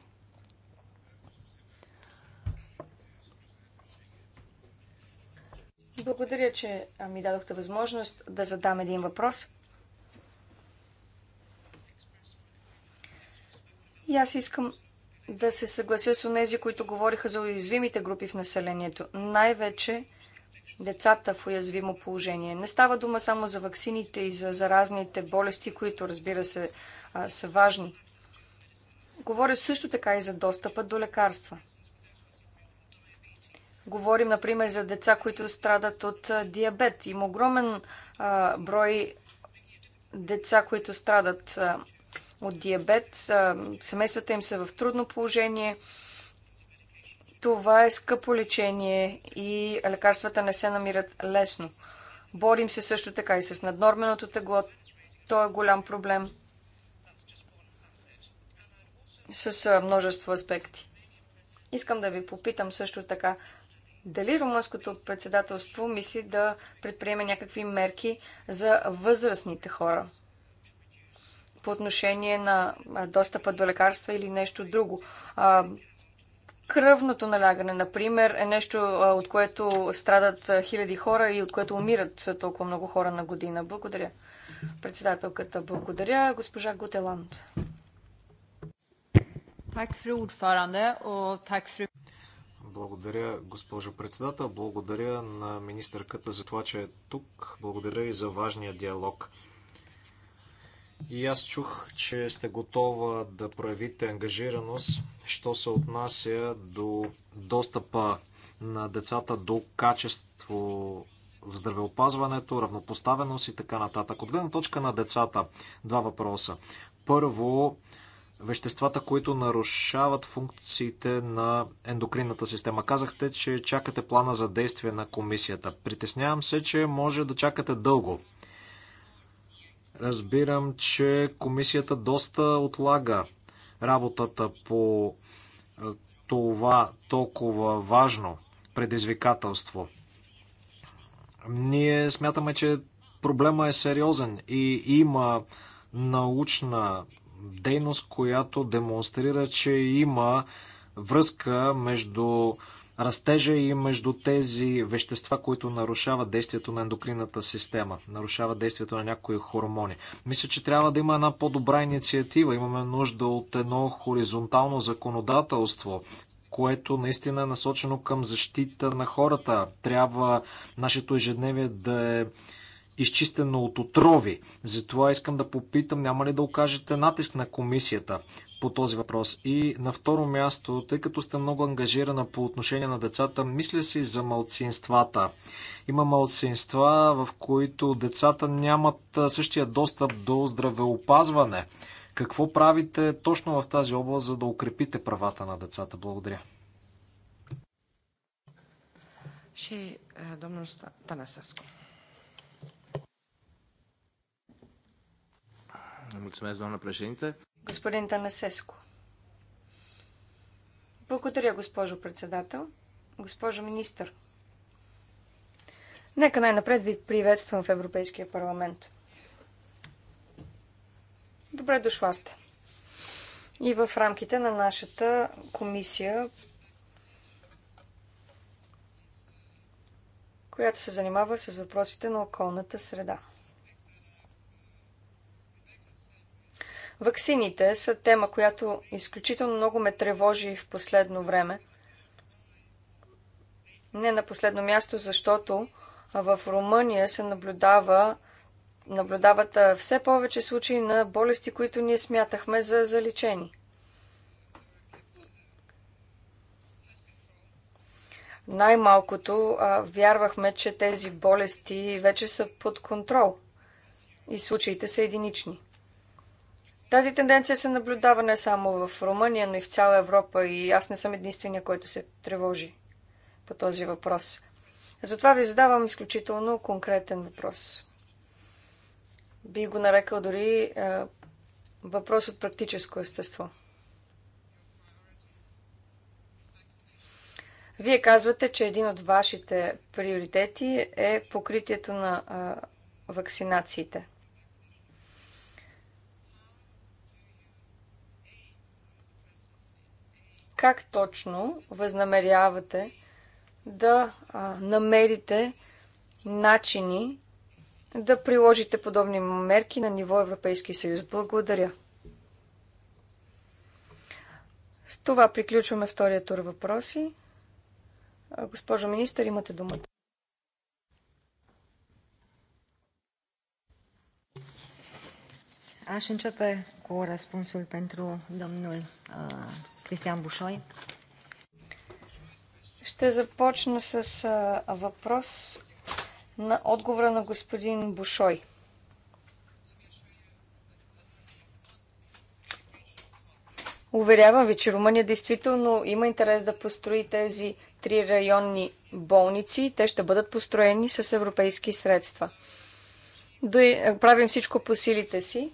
Благодаря, че ми дадохте възможност да задам един въпрос. И аз искам да се съглася с тези, които говориха за уязвимите групи в населението, най-вече децата в уязвимо положение. Не става дума само за ваксините и за заразните болести, които, разбира се, а, са важни. Говоря също така и за достъпа до лекарства. Говорим, например, за деца, които страдат от диабет. Има огромен а, брой деца, които страдат а, от диабет. Семействата им са в трудно положение. Това е скъпо лечение и лекарствата не се намират лесно. Борим се също така и с наднорменото тегло. То е голям проблем с множество аспекти. Искам да ви попитам също така, дали румънското председателство мисли да предприеме някакви мерки за възрастните хора? по отношение на достъпа до лекарства или нещо друго. Кръвното налягане, например, е нещо, от което страдат хиляди хора и от което умират толкова много хора на година. Благодаря. Председателката, благодаря. Госпожа Гутеланд. Благодаря, госпожо председател. Благодаря на министърката за това, че е тук. Благодаря и за важния диалог. И аз чух, че сте готова да проявите ангажираност, що се отнася до достъпа на децата до качество в здравеопазването, равнопоставеност и така нататък. От гледна точка на децата, два въпроса. Първо, веществата, които нарушават функциите на ендокринната система. Казахте, че чакате плана за действие на комисията. Притеснявам се, че може да чакате дълго Разбирам, че комисията доста отлага работата по това толкова важно предизвикателство. Ние смятаме, че проблема е сериозен и има научна дейност, която демонстрира, че има връзка между растежа и между тези вещества, които нарушават действието на ендокринната система, нарушават действието на някои хормони. Мисля, че трябва да има една по-добра инициатива. Имаме нужда от едно хоризонтално законодателство, което наистина е насочено към защита на хората. Трябва нашето ежедневие да е изчистено от отрови. Затова искам да попитам, няма ли да окажете натиск на комисията по този въпрос? И на второ място, тъй като сте много ангажирана по отношение на децата, мисля си за малцинствата. Има малцинства, в които децата нямат същия достъп до здравеопазване. Какво правите точно в тази област, за да укрепите правата на децата? Благодаря. Ще е, домнул Танасеско. Mulțumesc, doamnă președinte. Господин Танасеско. Благодаря, госпожо председател. Госпожо министър, нека най-напред ви приветствам в Европейския парламент. Добре дошла сте. И в рамките на нашата комисия, която се занимава с въпросите на околната среда. Ваксините са тема, която изключително много ме тревожи в последно време. Не на последно място, защото в Румъния се наблюдава наблюдават все повече случаи на болести, които ние смятахме за заличени. Най-малкото вярвахме, че тези болести вече са под контрол и случаите са единични. Тази тенденция се наблюдава не само в Румъния, но и в цяла Европа и аз не съм единствения, който се тревожи по този въпрос. Затова ви задавам изключително конкретен въпрос. Би го нарекал дори е, въпрос от практическо естество. Вие казвате, че един от вашите приоритети е покритието на е, вакцинациите. как точно възнамерявате да а, намерите начини да приложите подобни мерки на ниво Европейски съюз. Благодаря. С това приключваме втория тур въпроси. Госпожо министър, имате думата. ще începe cu răspunsul pentru domnul uh, Кристиан Бушой. Ще започна с въпрос на отговора на господин Бушой. Уверявам ви, че Румъния действително има интерес да построи тези три районни болници. Те ще бъдат построени с европейски средства. Правим всичко по силите си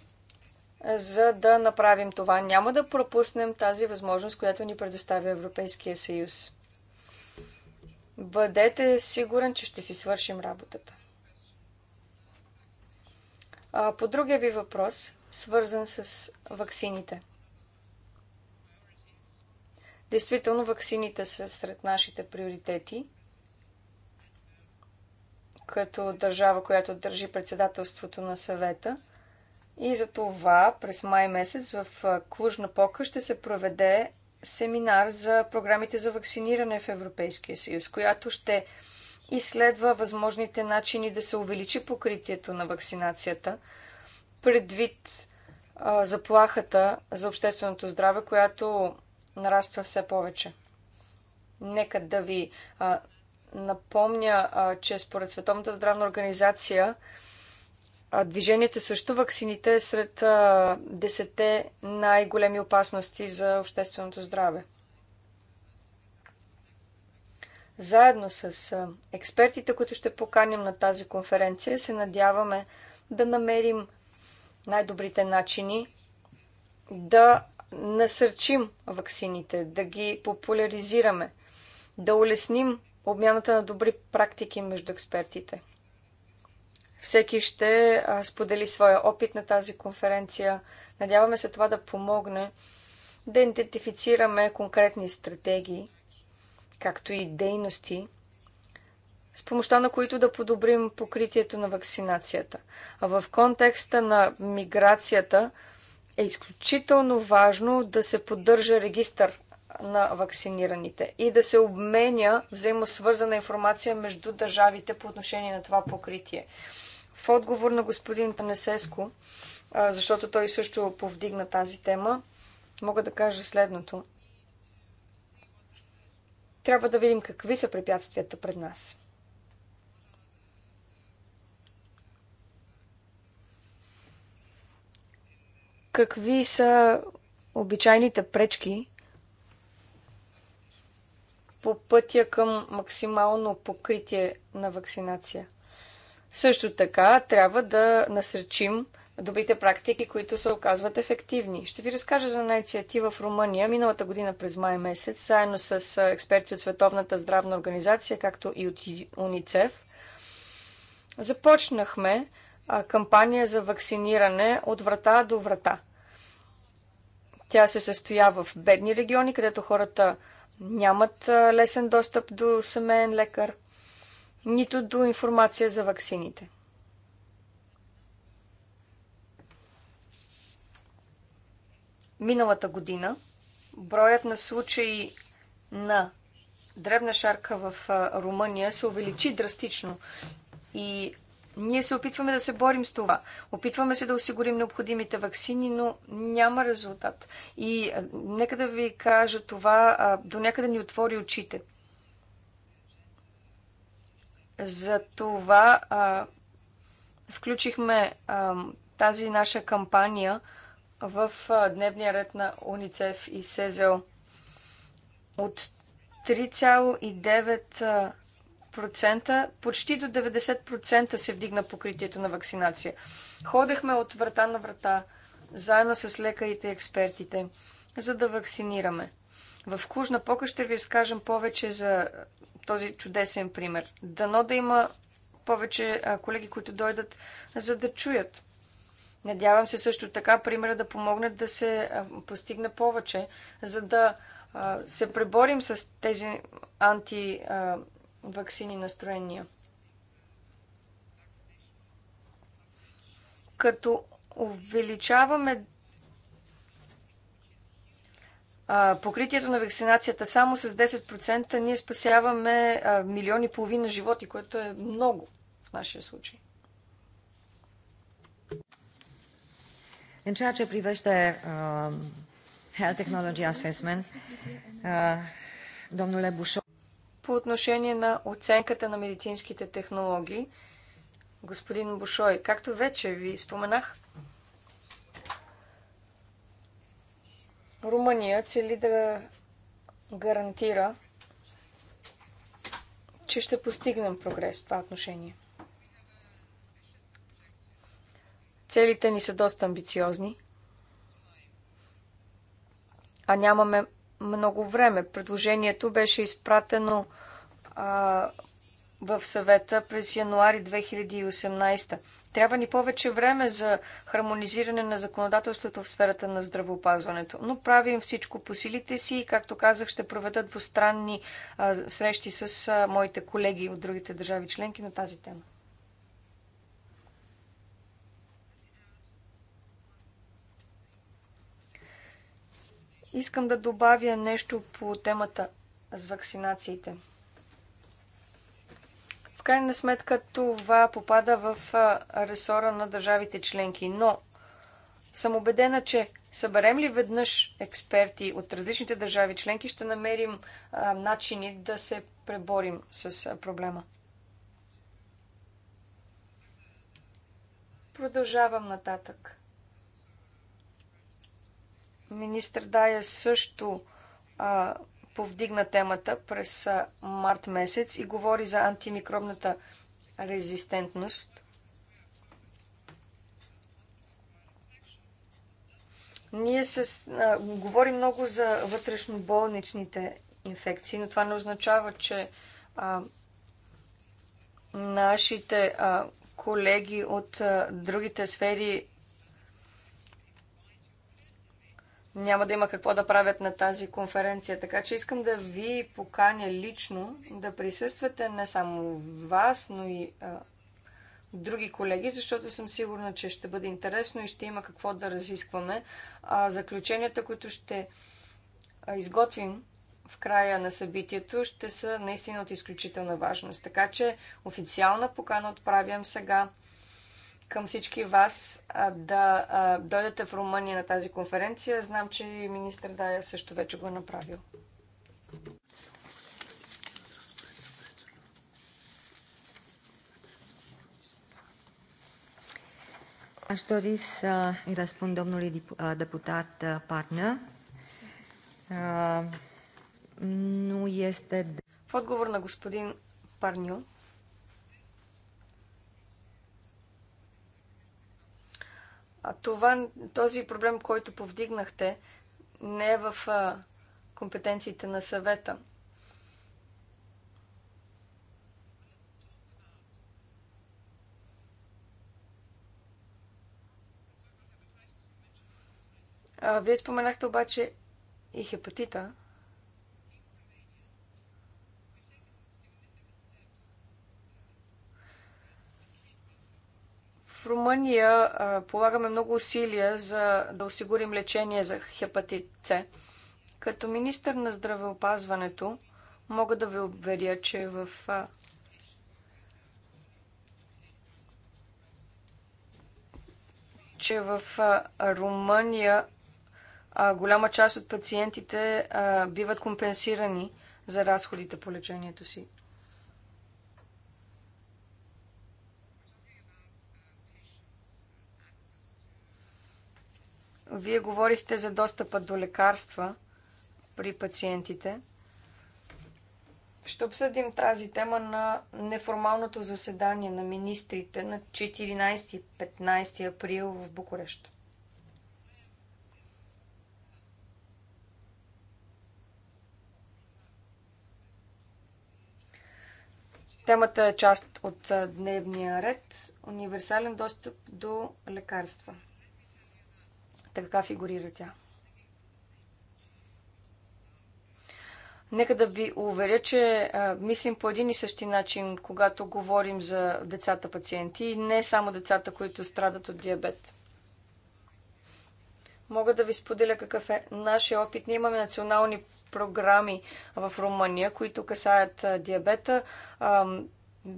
за да направим това. Няма да пропуснем тази възможност, която ни предоставя Европейския съюз. Бъдете сигурен, че ще си свършим работата. А, по другия ви въпрос, свързан с ваксините. Действително, ваксините са сред нашите приоритети. Като държава, която държи председателството на съвета – и за това през май месец в Клужна Пока ще се проведе семинар за програмите за вакциниране в Европейския съюз, която ще изследва възможните начини да се увеличи покритието на вакцинацията предвид а, заплахата за общественото здраве, която нараства все повече. Нека да ви а, напомня, а, че според Световната здравна организация движението е срещу ваксините е сред десете най-големи опасности за общественото здраве. Заедно с експертите, които ще поканим на тази конференция, се надяваме да намерим най-добрите начини да насърчим ваксините, да ги популяризираме, да улесним обмяната на добри практики между експертите – всеки ще сподели своя опит на тази конференция. Надяваме се това да помогне да идентифицираме конкретни стратегии, както и дейности, с помощта на които да подобрим покритието на вакцинацията. А в контекста на миграцията е изключително важно да се поддържа регистър на вакцинираните и да се обменя взаимосвързана информация между държавите по отношение на това покритие отговор на господин Панесеско, защото той също повдигна тази тема, мога да кажа следното. Трябва да видим какви са препятствията пред нас. Какви са обичайните пречки по пътя към максимално покритие на вакцинация – също така трябва да насречим добрите практики, които се оказват ефективни. Ще ви разкажа за една инициатива в Румъния миналата година през май месец, заедно с експерти от Световната здравна организация, както и от УНИЦЕФ. Започнахме кампания за вакциниране от врата до врата. Тя се състоя в бедни региони, където хората нямат лесен достъп до семейен лекар – нито до информация за ваксините. Миналата година броят на случаи на дребна шарка в Румъния се увеличи драстично и ние се опитваме да се борим с това. Опитваме се да осигурим необходимите вакцини, но няма резултат. И нека да ви кажа това, до някъде ни отвори очите – за това а, включихме а, тази наша кампания в а, дневния ред на УНИЦЕФ и СЕЗЕО. От 3,9% почти до 90% се вдигна покритието на вакцинация. Ходехме от врата на врата, заедно с лекарите и експертите, за да вакцинираме. В Кужна пока ще ви разкажем повече за този чудесен пример. Дано да има повече колеги, които дойдат за да чуят. Надявам се също така примера да помогнат да се постигне повече, за да се преборим с тези антиваксини настроения. Като увеличаваме покритието на вакцинацията само с 10% ние спасяваме милиони и половина животи, което е много в нашия случай. În ceea ce privește uh, Health Technology Assessment, uh, domnule Bușo... По отношение на оценката на медицинските технологии, господин Бушой, както вече ви споменах, Румъния цели да гарантира, че ще постигнем прогрес в това отношение. Целите ни са доста амбициозни, а нямаме много време. Предложението беше изпратено а, в съвета през януари 2018. Трябва ни повече време за хармонизиране на законодателството в сферата на здравеопазването, но правим всичко по силите си и, както казах, ще проведат двустранни а, срещи с а, моите колеги от другите държави членки на тази тема. Искам да добавя нещо по темата с вакцинациите. В крайна сметка това попада в ресора на държавите членки, но съм убедена, че съберем ли веднъж експерти от различните държави членки, ще намерим а, начини да се преборим с а, проблема. Продължавам нататък. Министър Дая също а, повдигна темата през март месец и говори за антимикробната резистентност. Ние се, а, говорим много за вътрешно болничните инфекции, но това не означава, че а, нашите а, колеги от а, другите сфери няма да има какво да правят на тази конференция. Така че искам да ви поканя лично да присъствате не само вас, но и а, други колеги, защото съм сигурна, че ще бъде интересно и ще има какво да разискваме. А, заключенията, които ще а, изготвим в края на събитието, ще са наистина от изключителна важност. Така че официална покана отправям сега към всички вас а, да а, дойдете в Румъния на тази конференция. Знам, че министър Дая също вече го е направил. Aș dori să îi răspund domnului deputat Parnă. Nu este... В отговор на господин Парню, А това, този проблем, който повдигнахте, не е в компетенциите на съвета. А, вие споменахте обаче и хепатита. Румъния полагаме много усилия за да осигурим лечение за хепатит С. Като министър на здравеопазването мога да ви уверя, че в че в Румъния голяма част от пациентите биват компенсирани за разходите по лечението си. Вие говорихте за достъпа до лекарства при пациентите. Ще обсъдим тази тема на неформалното заседание на министрите на 14 и 15 април в Букурещ. Темата е част от дневния ред универсален достъп до лекарства. Виждате каква фигурира тя. Нека да ви уверя, че а, мислим по един и същи начин, когато говорим за децата пациенти и не само децата, които страдат от диабет. Мога да ви споделя какъв е нашия опит. Ние имаме национални програми в Румъния, които касаят диабета. А,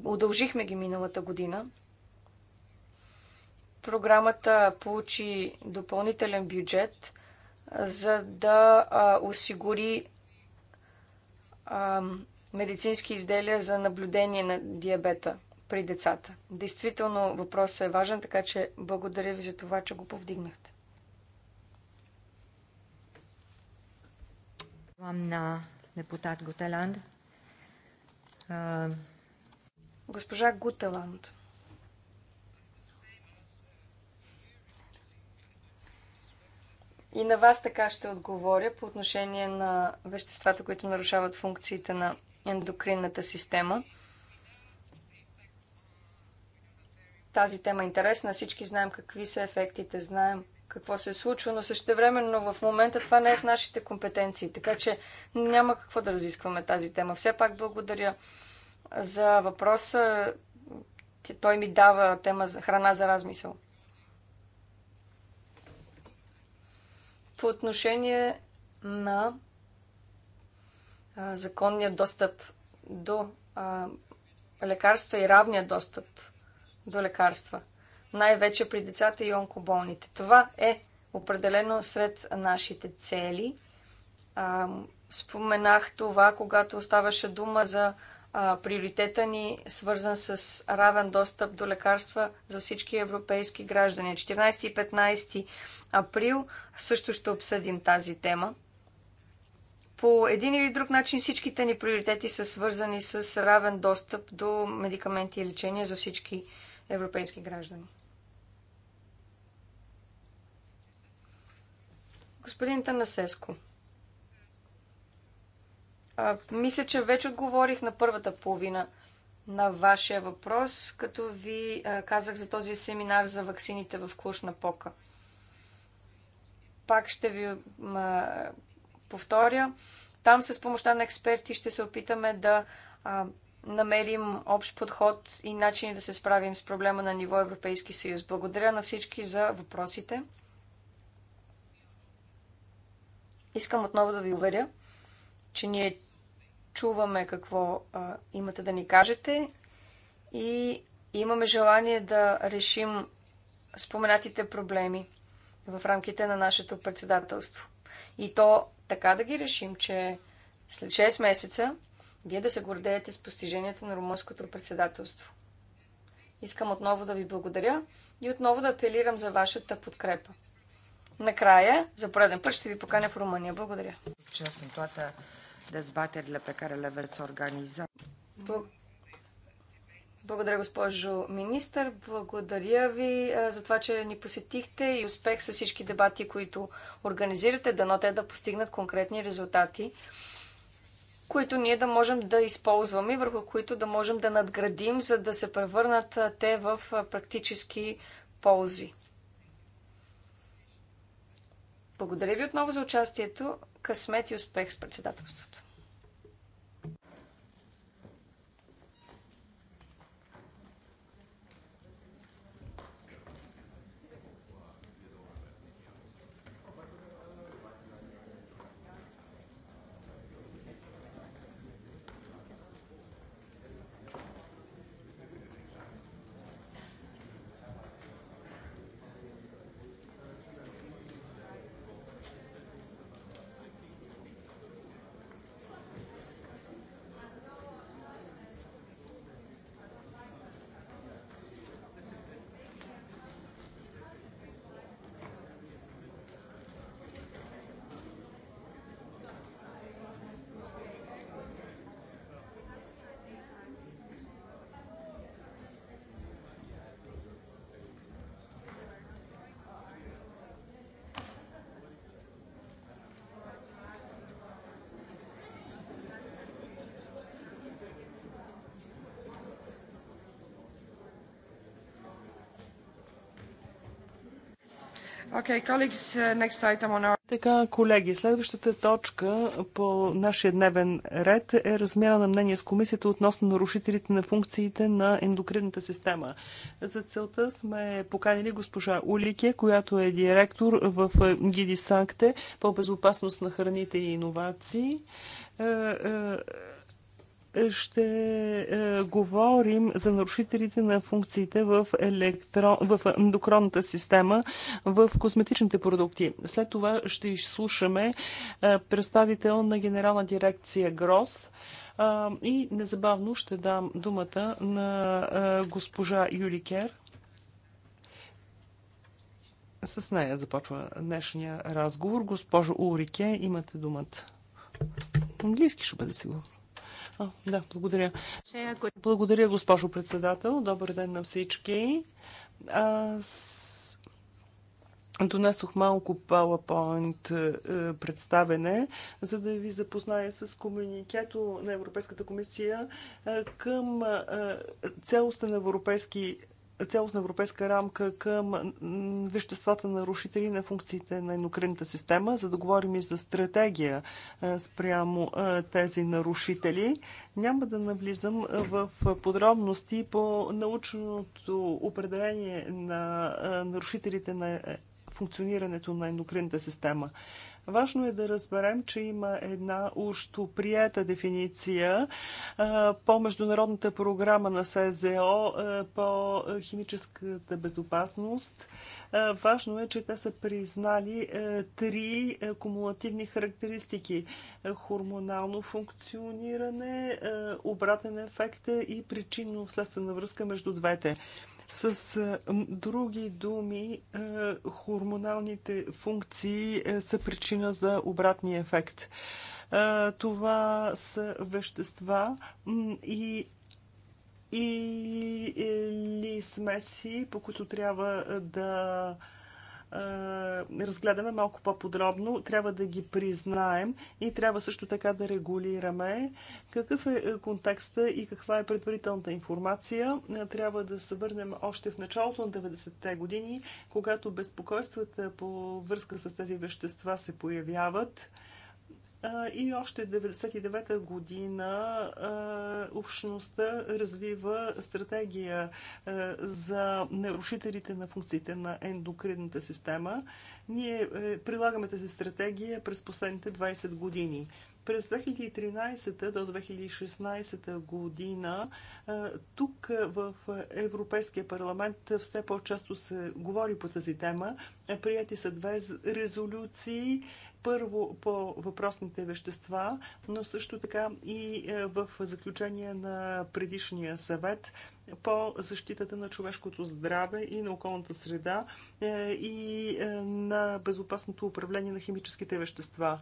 удължихме ги миналата година. Програмата получи допълнителен бюджет, за да осигури медицински изделия за наблюдение на диабета при децата. Действително въпросът е важен, така че благодаря ви за това, че го повдигнахте. на депутат Гутеланд. Госпожа Гутеланд. И на вас така ще отговоря по отношение на веществата, които нарушават функциите на ендокринната система. Тази тема е интересна. Всички знаем какви са ефектите, знаем какво се е случва, но същевременно в момента това не е в нашите компетенции, така че няма какво да разискваме тази тема. Все пак благодаря за въпроса. Той ми дава тема за храна за размисъл. по отношение на законния достъп до лекарства и равния достъп до лекарства, най-вече при децата и онкоболните. Това е определено сред нашите цели. Споменах това, когато оставаше дума за приоритета ни, свързан с равен достъп до лекарства за всички европейски граждани. 14 и 15 април също ще обсъдим тази тема. По един или друг начин всичките ни приоритети са свързани с равен достъп до медикаменти и лечения за всички европейски граждани. Господин Танасеско, а, мисля, че вече отговорих на първата половина на вашия въпрос, като ви а, казах за този семинар за ваксините в клушна пока. Пак ще ви а, повторя. Там с помощта на експерти ще се опитаме да а, намерим общ подход и начини да се справим с проблема на ниво Европейски съюз. Благодаря на всички за въпросите. Искам отново да ви уверя, че ние чуваме какво а, имате да ни кажете и имаме желание да решим споменатите проблеми в рамките на нашето председателство. И то така да ги решим, че след 6 месеца вие да се гордеете с постиженията на румънското председателство. Искам отново да ви благодаря и отново да апелирам за вашата подкрепа. Накрая, за пореден път ще ви поканя в Румъния. Благодаря dezbaterile pe care le veți organiza. Благодаря, госпожо министър. Благодаря ви е, за това, че ни посетихте и успех с всички дебати, които организирате. Дано те да постигнат конкретни резултати, които ние да можем да използваме, върху които да можем да надградим, за да се превърнат е, те в е, практически ползи. Благодаря ви отново за участието. Късмет и успех с председателството. Okay, uh, our... Така, колеги, следващата точка по нашия дневен ред е размяна на мнение с комисията относно нарушителите на функциите на ендокринната система. За целта сме поканили госпожа Улике, която е директор в е, ГИДИ Санкте по безопасност на храните и иновации е, е, ще е, говорим за нарушителите на функциите в, електрон, в ендокронната система в косметичните продукти. След това ще изслушаме е, представител на генерална дирекция ГРОС. Е, и незабавно ще дам думата на е, госпожа Юликер. С нея започва днешния разговор. Госпожо Урике, имате думата. Английски ще бъде сигурно. А, да, благодаря. Благодаря, госпожо председател. Добър ден на всички. Аз донесох малко PowerPoint е, представене, за да ви запозная с комуникето на Европейската комисия е, към е, целостта на европейски цялостна европейска рамка към веществата нарушители на функциите на енокринната система, за да говорим и за стратегия е, спрямо е, тези нарушители. Няма да навлизам е, в подробности по научното определение на нарушителите на функционирането на ендокринната система. Важно е да разберем, че има една ущо прията дефиниция по международната програма на СЗО по химическата безопасност. Важно е, че те са признали три кумулативни характеристики хормонално функциониране, обратен ефект и причинно-следствена връзка между двете. С други думи, хормоналните функции е, са причина за обратния ефект. Това са вещества и или смеси, по които трябва да е, разгледаме малко по-подробно, трябва да ги признаем и трябва също така да регулираме какъв е, е контекста и каква е предварителната информация. Е, трябва да се върнем още в началото на 90-те години, когато безпокойствата по връзка с тези вещества се появяват и още 1999 година общността развива стратегия за нарушителите на функциите на ендокринната система. Ние е, прилагаме тази стратегия през последните 20 години. През 2013 до 2016 година тук в Европейския парламент все по-често се говори по тази тема. Прияти са две резолюции първо по въпросните вещества, но също така и е, в заключение на предишния съвет по защитата на човешкото здраве и на околната среда е, и е, на безопасното управление на химическите вещества.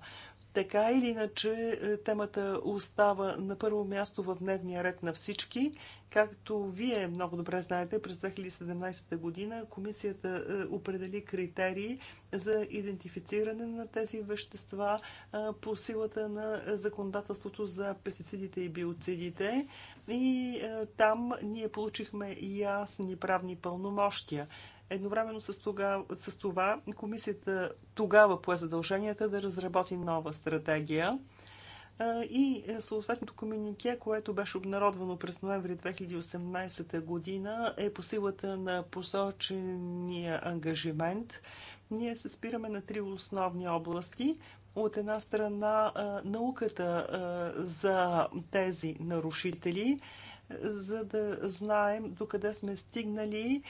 Така или иначе, е, темата остава на първо място в дневния ред на всички. Както вие много добре знаете, през 2017 година комисията е, определи критерии за идентифициране на тези вещества е, по силата на законодателството за пестицидите и биоцидите. И там ние получихме ясни правни пълномощия. Едновременно с, тога, с това комисията тогава пое задълженията да разработи нова стратегия е, и е, съответното комюнике, което беше обнародвано през ноември 2018 година, е по силата на посочения ангажимент. Ние се спираме на три основни области. От една страна е, науката за тези нарушители – за да знаем докъде сме стигнали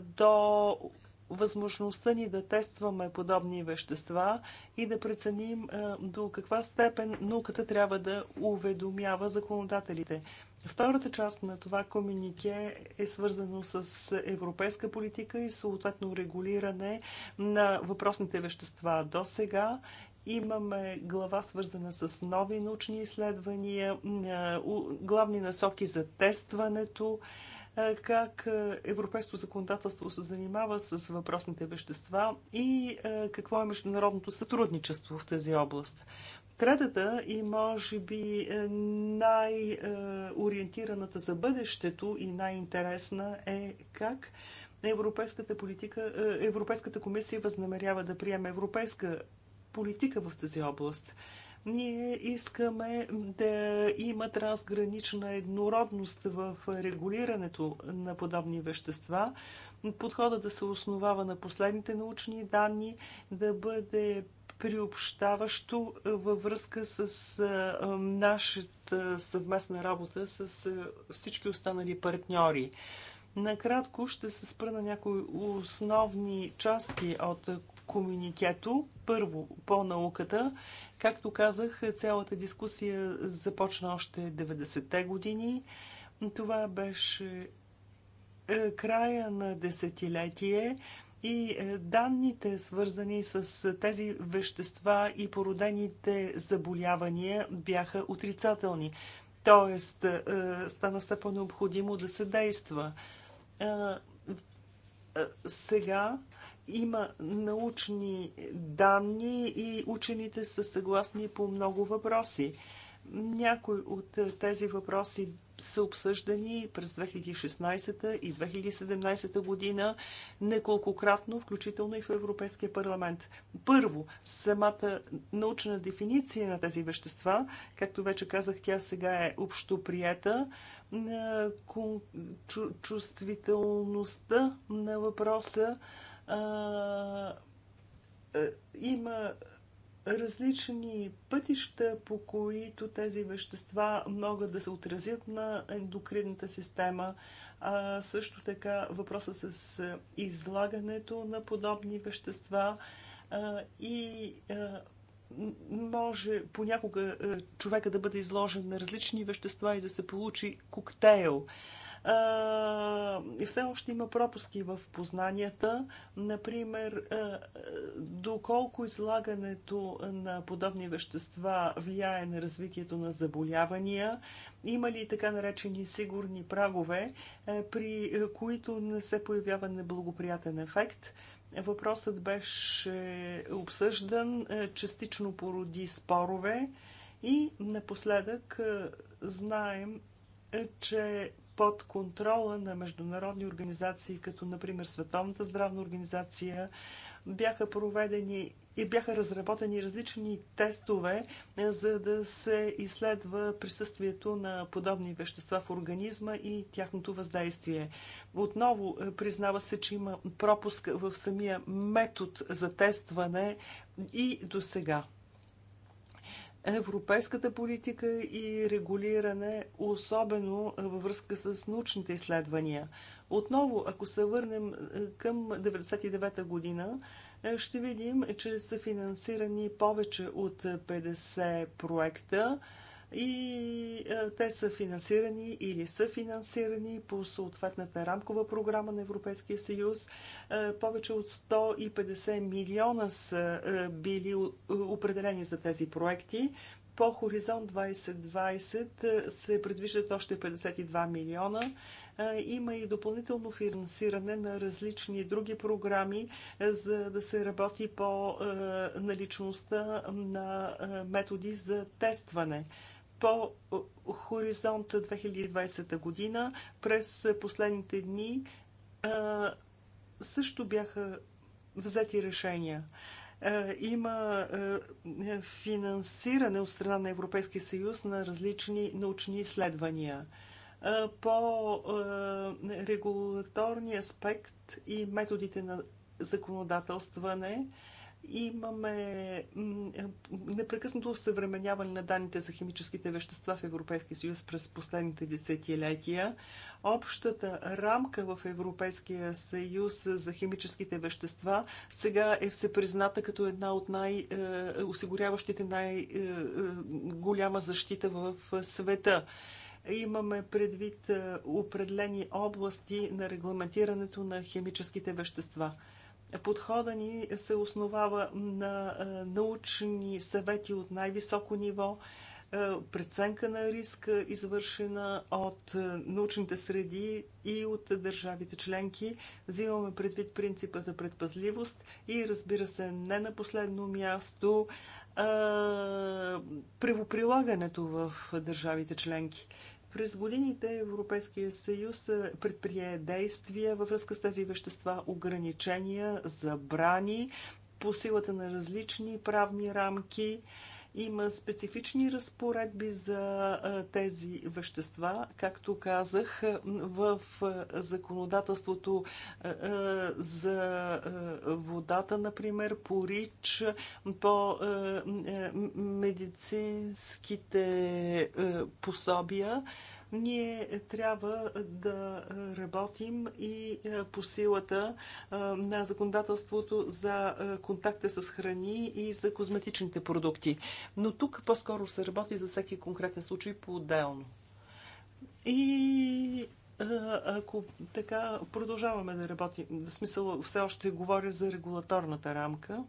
до възможността ни да тестваме подобни вещества и да преценим до каква степен науката трябва да уведомява законодателите. Втората част на това комюнике е свързано с европейска политика и съответно регулиране на въпросните вещества до сега Имаме глава свързана с нови научни изследвания, главни насоки за тестването, как европейското законодателство се занимава с въпросните вещества и какво е международното сътрудничество в тази област. Третата и може би е, най-ориентираната за бъдещето и най-интересна е как Европейската, политика, е, Европейската комисия възнамерява да приеме европейска политика в тази област. Ние искаме да има трансгранична еднородност в регулирането на подобни вещества. Подхода да се основава на последните научни данни, да бъде приобщаващо във връзка с нашата съвместна работа с всички останали партньори. Накратко ще се спра на някои основни части от комунитето, Първо, по науката. Както казах, цялата дискусия започна още 90-те години. Това беше е, края на десетилетие и е, данните, свързани с тези вещества и породените заболявания, бяха отрицателни. Тоест, е, стана все по-необходимо да се действа. Сега има научни данни и учените са съгласни по много въпроси. Някои от тези въпроси са обсъждани през 2016 и 2017 година неколкократно, включително и в Европейския парламент. Първо, самата научна дефиниция на тези вещества, както вече казах, тя сега е общо прията. Чувствителността на въпроса има различни пътища, по които тези вещества могат да се отразят на ендокринната система. А, също така въпроса с излагането на подобни вещества а, и а, може понякога човека да бъде изложен на различни вещества и да се получи коктейл. А, и все още има пропуски в познанията. Например, доколко излагането на подобни вещества влияе на развитието на заболявания, има ли така наречени сигурни прагове, при които не се появява неблагоприятен ефект. Въпросът беше обсъждан, частично породи спорове и напоследък знаем, че под контрола на международни организации, като например Световната здравна организация, бяха проведени и бяха разработени различни тестове, е, за да се изследва присъствието на подобни вещества в организма и тяхното въздействие. Отново е, признава се, че има пропуск в самия метод за тестване и до сега европейската политика и регулиране, особено във връзка с научните изследвания. Отново, ако се върнем е, към 1999 година, е, ще видим, че са финансирани повече от 50 проекта и е, те са финансирани или са финансирани по съответната рамкова програма на Европейския съюз. Е, повече от 150 милиона са е, били определени за тези проекти. По Хоризонт 2020 се предвиждат още 52 милиона. Има и допълнително финансиране на различни други програми, за да се работи по наличността на методи за тестване по е, хоризонта 2020 година през последните дни е, също бяха взети решения. Е, има финансиране от страна на Европейския съюз на различни научни изследвания по регулаторния аспект и методите на законодателстване – Имаме е, непрекъснато съвременяване на данните за химическите вещества в Европейския съюз през последните десетилетия. Общата рамка в Европейския съюз за химическите вещества сега е всепризната като една от най- е, осигуряващите най-голяма е, защита в света имаме предвид определени области на регламентирането на химическите вещества. Подхода ни се основава на е, научни съвети от най-високо ниво, е, преценка на риска, извършена от е, научните среди и от държавите членки. Взимаме предвид принципа за предпазливост и разбира се, не на последно място, правоприлагането в държавите членки. През годините Европейския съюз е, предприе действия във връзка с тези вещества, ограничения, забрани по силата на различни правни рамки – има специфични разпоредби за тези вещества, както казах, в законодателството за водата, например, по РИЧ, по медицинските пособия. Ние трябва да работим и е, по силата е, на законодателството за е, контакта с храни и за козметичните продукти. Но тук по-скоро се работи за всеки конкретен случай по-отделно. И ако така продължаваме да работим, в смисъл все още говоря за регулаторната рамка,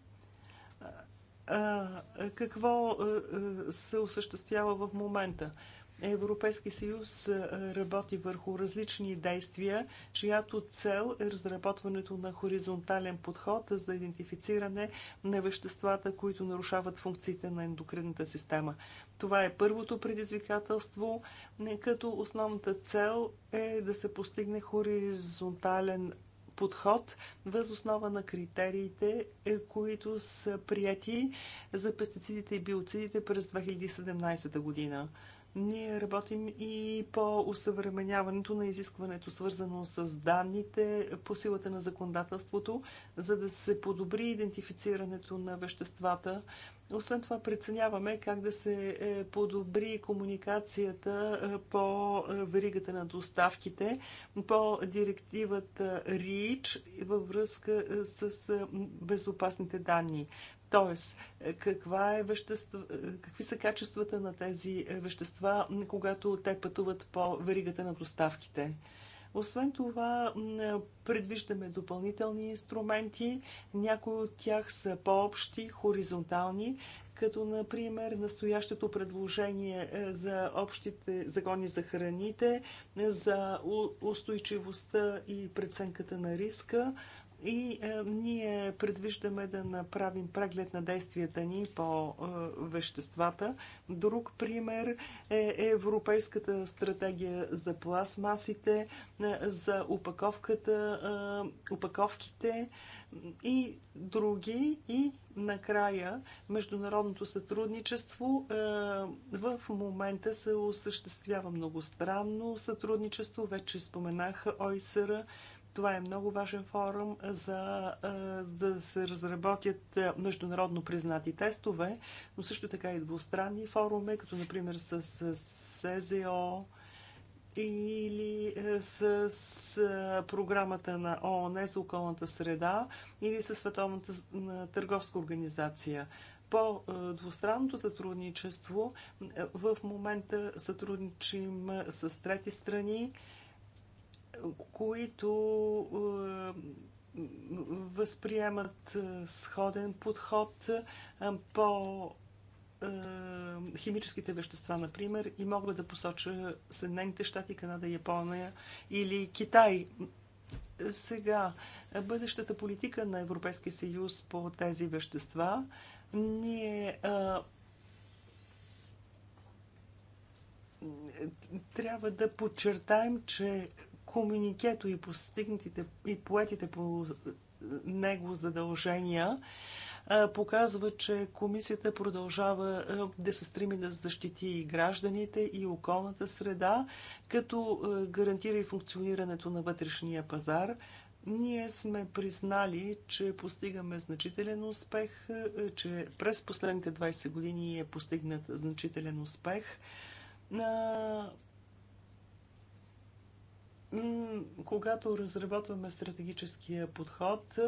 какво се осъществява в момента? Европейски съюз работи върху различни действия, чиято цел е разработването на хоризонтален подход за идентифициране на веществата, които нарушават функциите на ендокринната система. Това е първото предизвикателство, е, като основната цел е да се постигне хоризонтален подход въз основа на критериите, е, които са прияти за пестицидите и биоцидите през 2017 година. Ние работим и по усъвременяването на изискването, свързано с данните по силата на законодателството, за да се подобри идентифицирането на веществата. Освен това, преценяваме как да се е, подобри комуникацията е, по е, веригата на доставките, по директивата РИЧ във връзка с безопасните данни. Тоест, каква е вещество, какви са качествата на тези вещества, когато те пътуват по веригата на доставките. Освен това, предвиждаме допълнителни инструменти. Някои от тях са по-общи, хоризонтални, като например настоящето предложение е, за общите закони за храните, е, за устойчивостта и преценката на риска, и а, е, ние предвиждаме да направим преглед на действията ни по а, е, веществата. Друг пример е Европейската стратегия за пластмасите, е, за упаковката, а, упаковките и други. И накрая международното сътрудничество а, в момента се осъществява многостранно сътрудничество. Вече споменах ОИСР. Това е много важен форум за, за да се разработят международно признати тестове, но също така и двустранни форуми, като например с СЗО или с, с програмата на ООН за околната среда или с Световната търговска организация по двустранното сътрудничество в момента сътрудничим с трети страни които е, възприемат е, сходен подход е, по химическите вещества, например, и мога да посоча Съединените щати, Канада, Япония или Китай. Сега, бъдещата политика на Европейския съюз по тези вещества, ние трябва да подчертаем, че комуникето и постигнатите и поетите по него задължения показва, че комисията продължава да се стреми да защити и гражданите и околната среда, като гарантира и функционирането на вътрешния пазар. Ние сме признали, че постигаме значителен успех, че през последните 20 години е постигнат значителен успех когато разработваме стратегическия подход,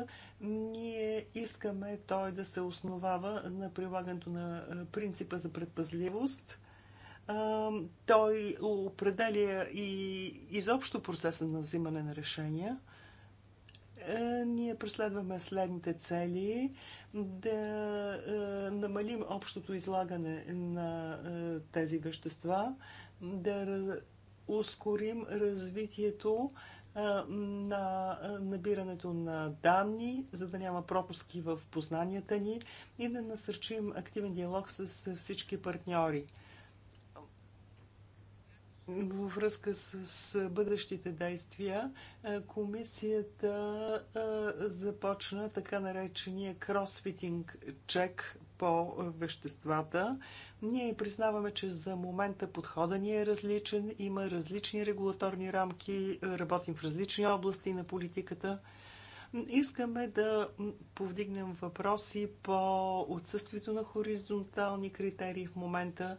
ние искаме той да се основава на прилагането на принципа за предпазливост. Той определя и изобщо процеса на взимане на решения. Е, ние преследваме следните цели да е, намалим общото излагане на е, тези вещества, да ускорим развитието на набирането на данни, за да няма пропуски в познанията ни и да насърчим активен диалог с всички партньори. Във връзка с бъдещите действия, комисията започна така наречения кросфитинг чек по веществата. Ние признаваме, че за момента подхода ни е различен, има различни регулаторни рамки, работим в различни области на политиката. Искаме да повдигнем въпроси по отсъствието на хоризонтални критерии в момента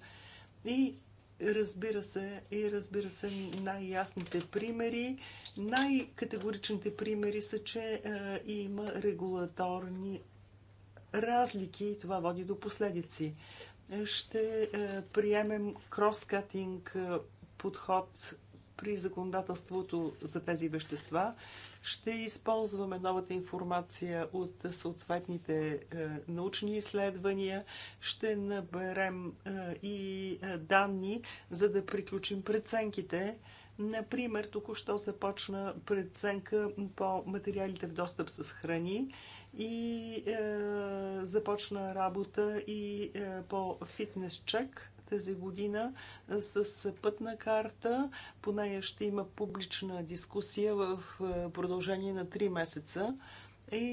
и разбира се, и разбира се най-ясните примери. Най-категоричните примери са, че е, има регулаторни разлики и това води до последици. Ще е, приемем кроскатинг е, подход при законодателството за тези вещества. Ще използваме новата информация от съответните е, научни изследвания. Ще наберем и данни, за да приключим преценките. Например, току-що започна преценка по материалите в достъп с храни и е, започна работа и е, по фитнес чек тази година е, с пътна карта. По нея ще има публична дискусия в е, продължение на 3 месеца и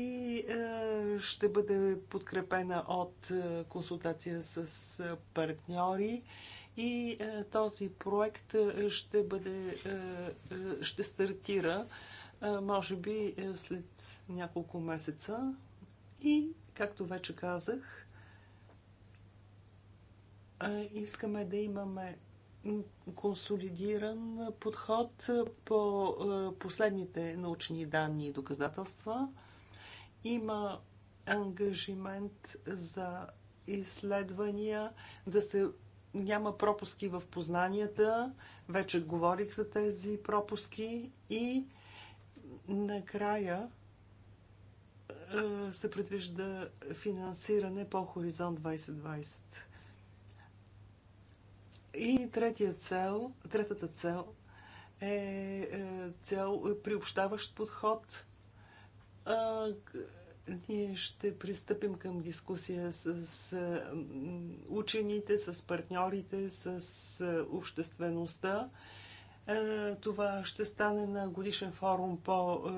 е, ще бъде подкрепена от е, консултация с е, партньори и е, този проект е, ще бъде е, ще стартира може би е, след няколко месеца. И, както вече казах, искаме да имаме консолидиран подход по последните научни данни и доказателства. Има ангажимент за изследвания, да се няма пропуски в познанията. Вече говорих за тези пропуски и Накрая е, се предвижда финансиране по Хоризонт 2020. И третия цел, третата цел е, е цел приобщаващ подход. А, ние ще пристъпим към дискусия с, с учените, с партньорите, с обществеността е, това ще стане на годишен форум по е,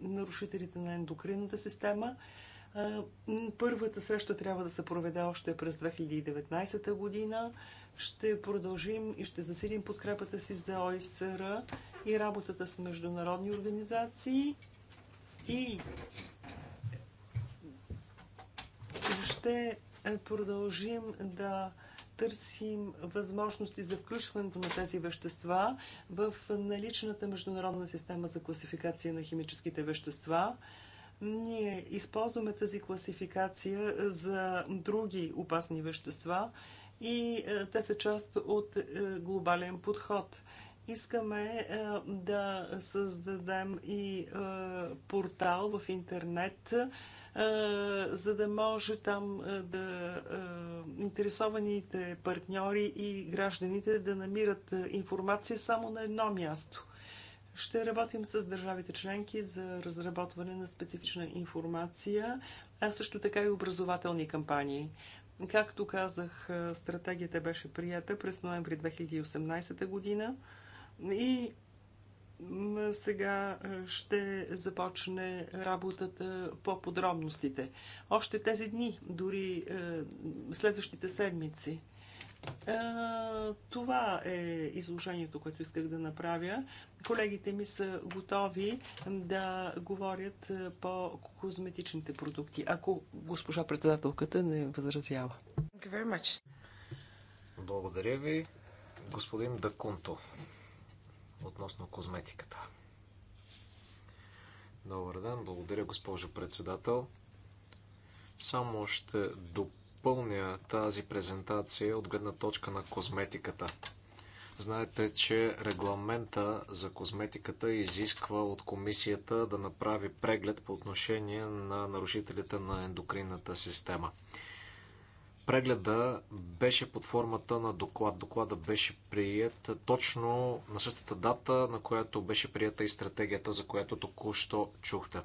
нарушителите на ендокринната система. Е, първата среща трябва да се проведе още през 2019 година. Ще продължим и ще засилим подкрепата си за ОИСР и работата с международни организации и ще продължим да търсим възможности за включването на тези вещества в наличната международна система за класификация на химическите вещества. Ние използваме тази класификация за други опасни вещества и е, те са част от е, глобален подход. Искаме е, да създадем и портал в интернет, за да може там да интересованите партньори и гражданите да намират информация само на едно място. Ще работим с държавите членки за разработване на специфична информация, а също така и образователни кампании. Както казах, стратегията беше прията през ноември 2018 година и сега е, ще започне работата по подробностите. Още тези дни, дори е, следващите седмици. Е, това е изложението, което исках да направя. Колегите ми са готови да говорят по козметичните продукти, ако госпожа председателката не възразява. Благодаря ви, господин Дакунто относно козметиката. Добър ден, благодаря госпожо председател. Само ще допълня тази презентация от гледна точка на козметиката. Знаете, че регламента за козметиката изисква от комисията да направи преглед по отношение на нарушителите на ендокринната система прегледа беше под формата на доклад. Доклада беше прият точно на същата дата, на която беше прията и стратегията, за която току-що чухте.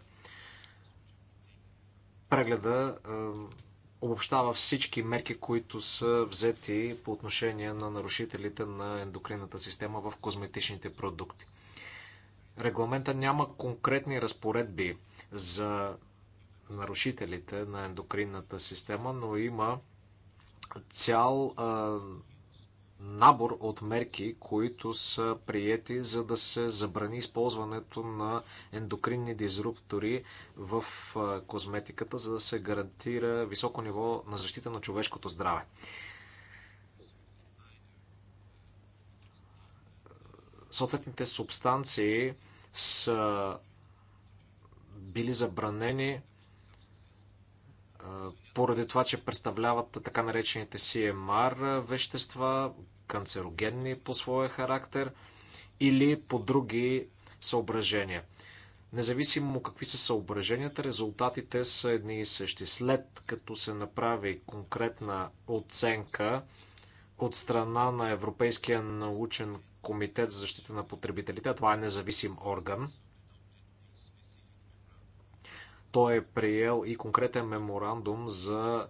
Прегледа обобщава всички мерки, които са взети по отношение на нарушителите на ендокринната система в козметичните продукти. Регламента няма конкретни разпоредби за нарушителите на ендокринната система, но има цял а, набор от мерки, които са приети, за да се забрани използването на ендокринни дизруптори в козметиката, за да се гарантира високо ниво на защита на човешкото здраве. Съответните субстанции са били забранени поради това, че представляват така наречените CMR вещества, канцерогенни по своя характер или по други съображения. Независимо какви са съображенията, резултатите са едни и същи. След като се направи конкретна оценка от страна на Европейския научен комитет за защита на потребителите, това е независим орган, той е приел и конкретен меморандум за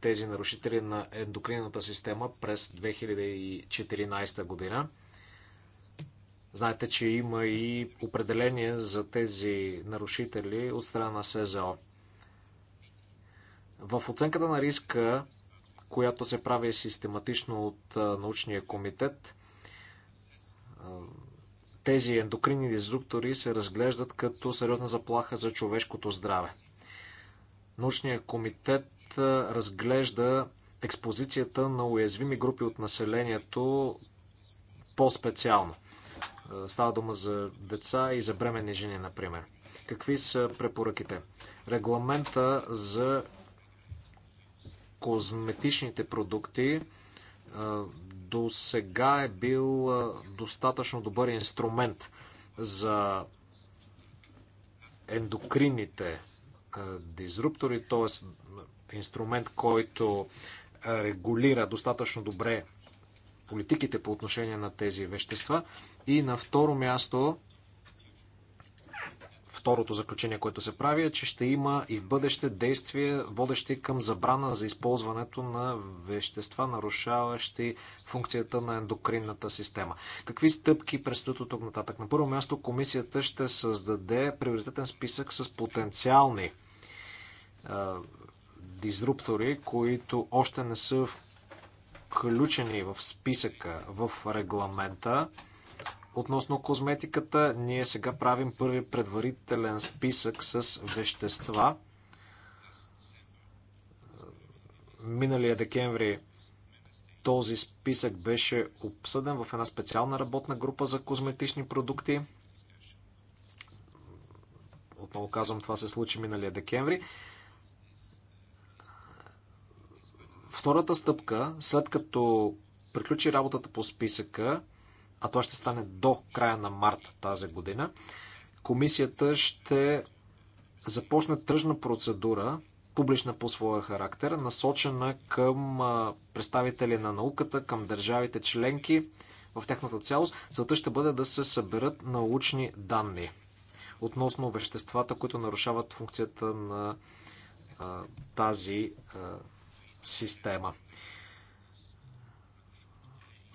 тези нарушители на ендокринната система през 2014 година. Знаете, че има и определение за тези нарушители от страна на СЗО. В оценката на риска, която се прави систематично от научния комитет, тези ендокринни дизруптори се разглеждат като сериозна заплаха за човешкото здраве. Научният комитет разглежда експозицията на уязвими групи от населението по-специално. Става дума за деца и за бременни жени, например. Какви са препоръките? Регламента за козметичните продукти до сега е бил достатъчно добър инструмент за ендокринните дизруптори, т.е. инструмент, който регулира достатъчно добре политиките по отношение на тези вещества. И на второ място второто заключение, което се прави, е, че ще има и в бъдеще действия, водещи към забрана за използването на вещества, нарушаващи функцията на ендокринната система. Какви стъпки предстоят от тук нататък? На първо място комисията ще създаде приоритетен списък с потенциални дизруптори, които още не са включени в списъка в регламента. Относно козметиката, ние сега правим първи предварителен списък с вещества. Миналия декември този списък беше обсъден в една специална работна група за козметични продукти. Отново казвам, това се случи миналия декември. Втората стъпка, след като приключи работата по списъка, а това ще стане до края на март тази година, комисията ще започне тръжна процедура, публична по своя характер, насочена към представители на науката, към държавите членки в тяхната цялост. Целта ще бъде да се съберат научни данни относно веществата, които нарушават функцията на а, тази а, система.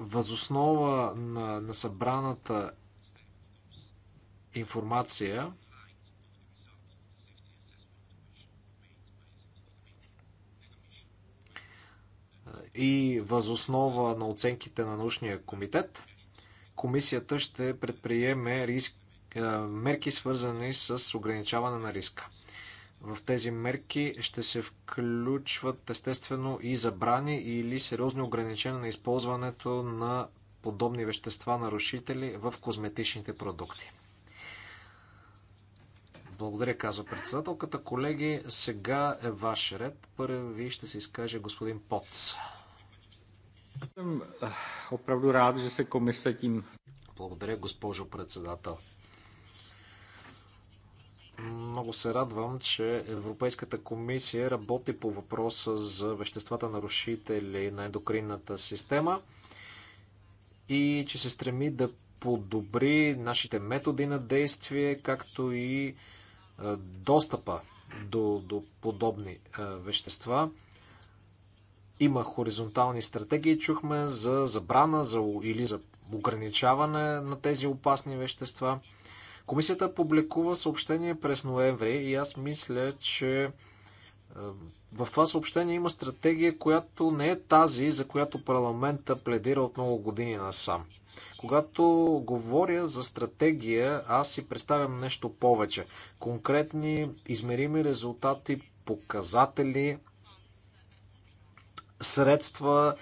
Възоснова на, на събраната информация и възоснова на оценките на научния комитет, комисията ще предприеме риск, мерки свързани с ограничаване на риска. В тези мерки ще се включват естествено и забрани или сериозни ограничения на използването на подобни вещества нарушители в козметичните продукти. Благодаря, казва председателката. Колеги, сега е ваш ред. Първи ще се изкаже господин Поц. Съм рад, че се комисия тим. Благодаря, госпожо председател. Много се радвам, че Европейската комисия работи по въпроса за веществата нарушители на ендокринната система и че се стреми да подобри нашите методи на действие, както и достъпа до, до подобни вещества. Има хоризонтални стратегии, чухме, за забрана за, или за ограничаване на тези опасни вещества – Комисията публикува съобщение през ноември и аз мисля, че е, в това съобщение има стратегия, която не е тази, за която парламента пледира от много години насам. Когато говоря за стратегия, аз си представям нещо повече. Конкретни измерими резултати, показатели, средства,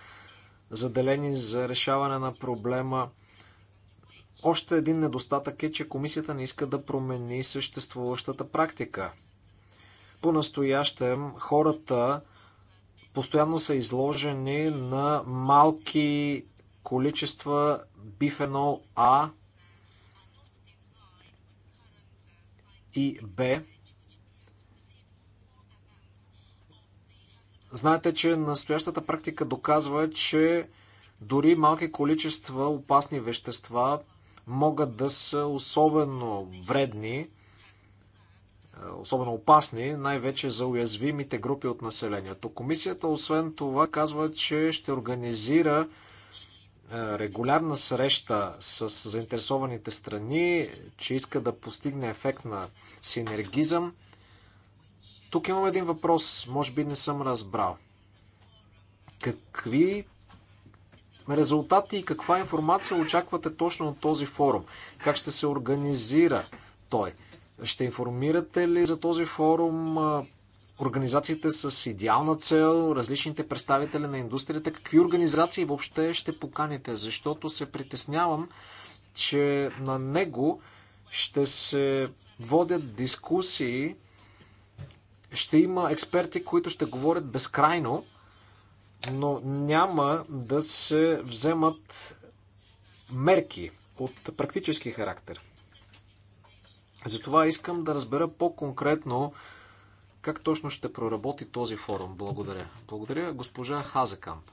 заделени за решаване на проблема – още един недостатък е, че комисията не иска да промени съществуващата практика. По-настоящем хората постоянно са изложени на малки количества бифенол А и Б. Знаете, че настоящата практика доказва, че дори малки количества опасни вещества могат да са особено вредни, е, особено опасни, най-вече за уязвимите групи от населението. Комисията, освен това, казва, че ще организира е, регулярна среща с заинтересованите страни, че иска да постигне ефект на синергизъм. Тук имам един въпрос, може би не съм разбрал. Какви резултати и каква информация очаквате точно от този форум? Как ще се организира той? Ще информирате ли за този форум организациите с идеална цел, различните представители на индустрията? Какви организации въобще ще поканите? Защото се притеснявам, че на него ще се водят дискусии, ще има експерти, които ще говорят безкрайно но няма да се вземат мерки от практически характер. Затова искам да разбера по-конкретно как точно ще проработи този форум. Благодаря. Благодаря, госпожа Хазекамп.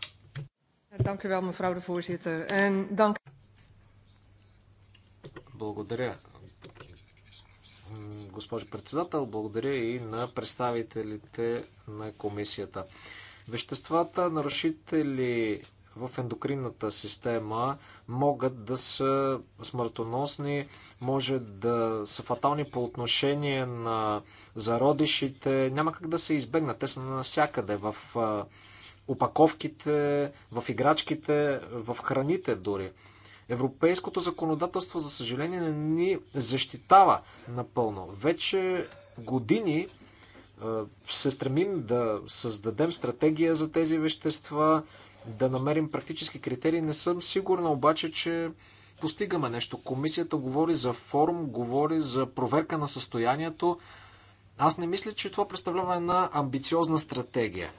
Благодаря, госпожо председател. Благодаря и на представителите на комисията. Веществата, нарушители в ендокринната система могат да са смъртоносни, може да са фатални по отношение на зародишите. Няма как да се избегнат. Те са навсякъде в опаковките, в играчките, в храните дори. Европейското законодателство, за съжаление, не ни защитава напълно. Вече години се стремим да създадем стратегия за тези вещества, да намерим практически критерии. Не съм сигурна обаче, че постигаме нещо. Комисията говори за форум, говори за проверка на състоянието. Аз не мисля, че това представлява една амбициозна стратегия.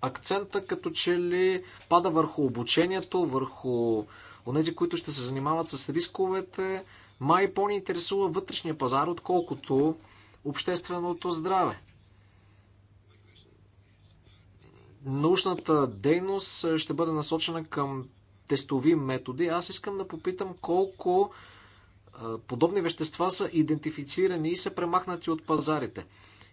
Акцента като че ли пада върху обучението, върху онези, които ще се занимават с рисковете. Май по-ни интересува вътрешния пазар, отколкото общественото здраве. Научната дейност е, ще бъде насочена към тестови методи. Аз искам да попитам колко е, подобни вещества са идентифицирани и са премахнати от пазарите.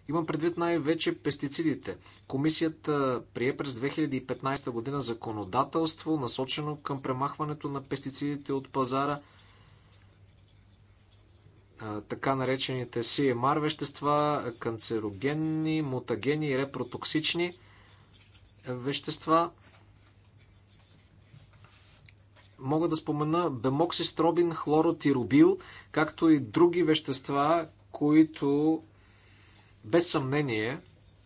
Имам предвид най-вече пестицидите. Комисията е, прие през 2015 година законодателство, насочено към премахването на пестицидите от пазара – така наречените CMR вещества, канцерогенни, мутагени и репротоксични вещества. Мога да спомена бемоксистробин, хлоротиробил, както и други вещества, които без съмнение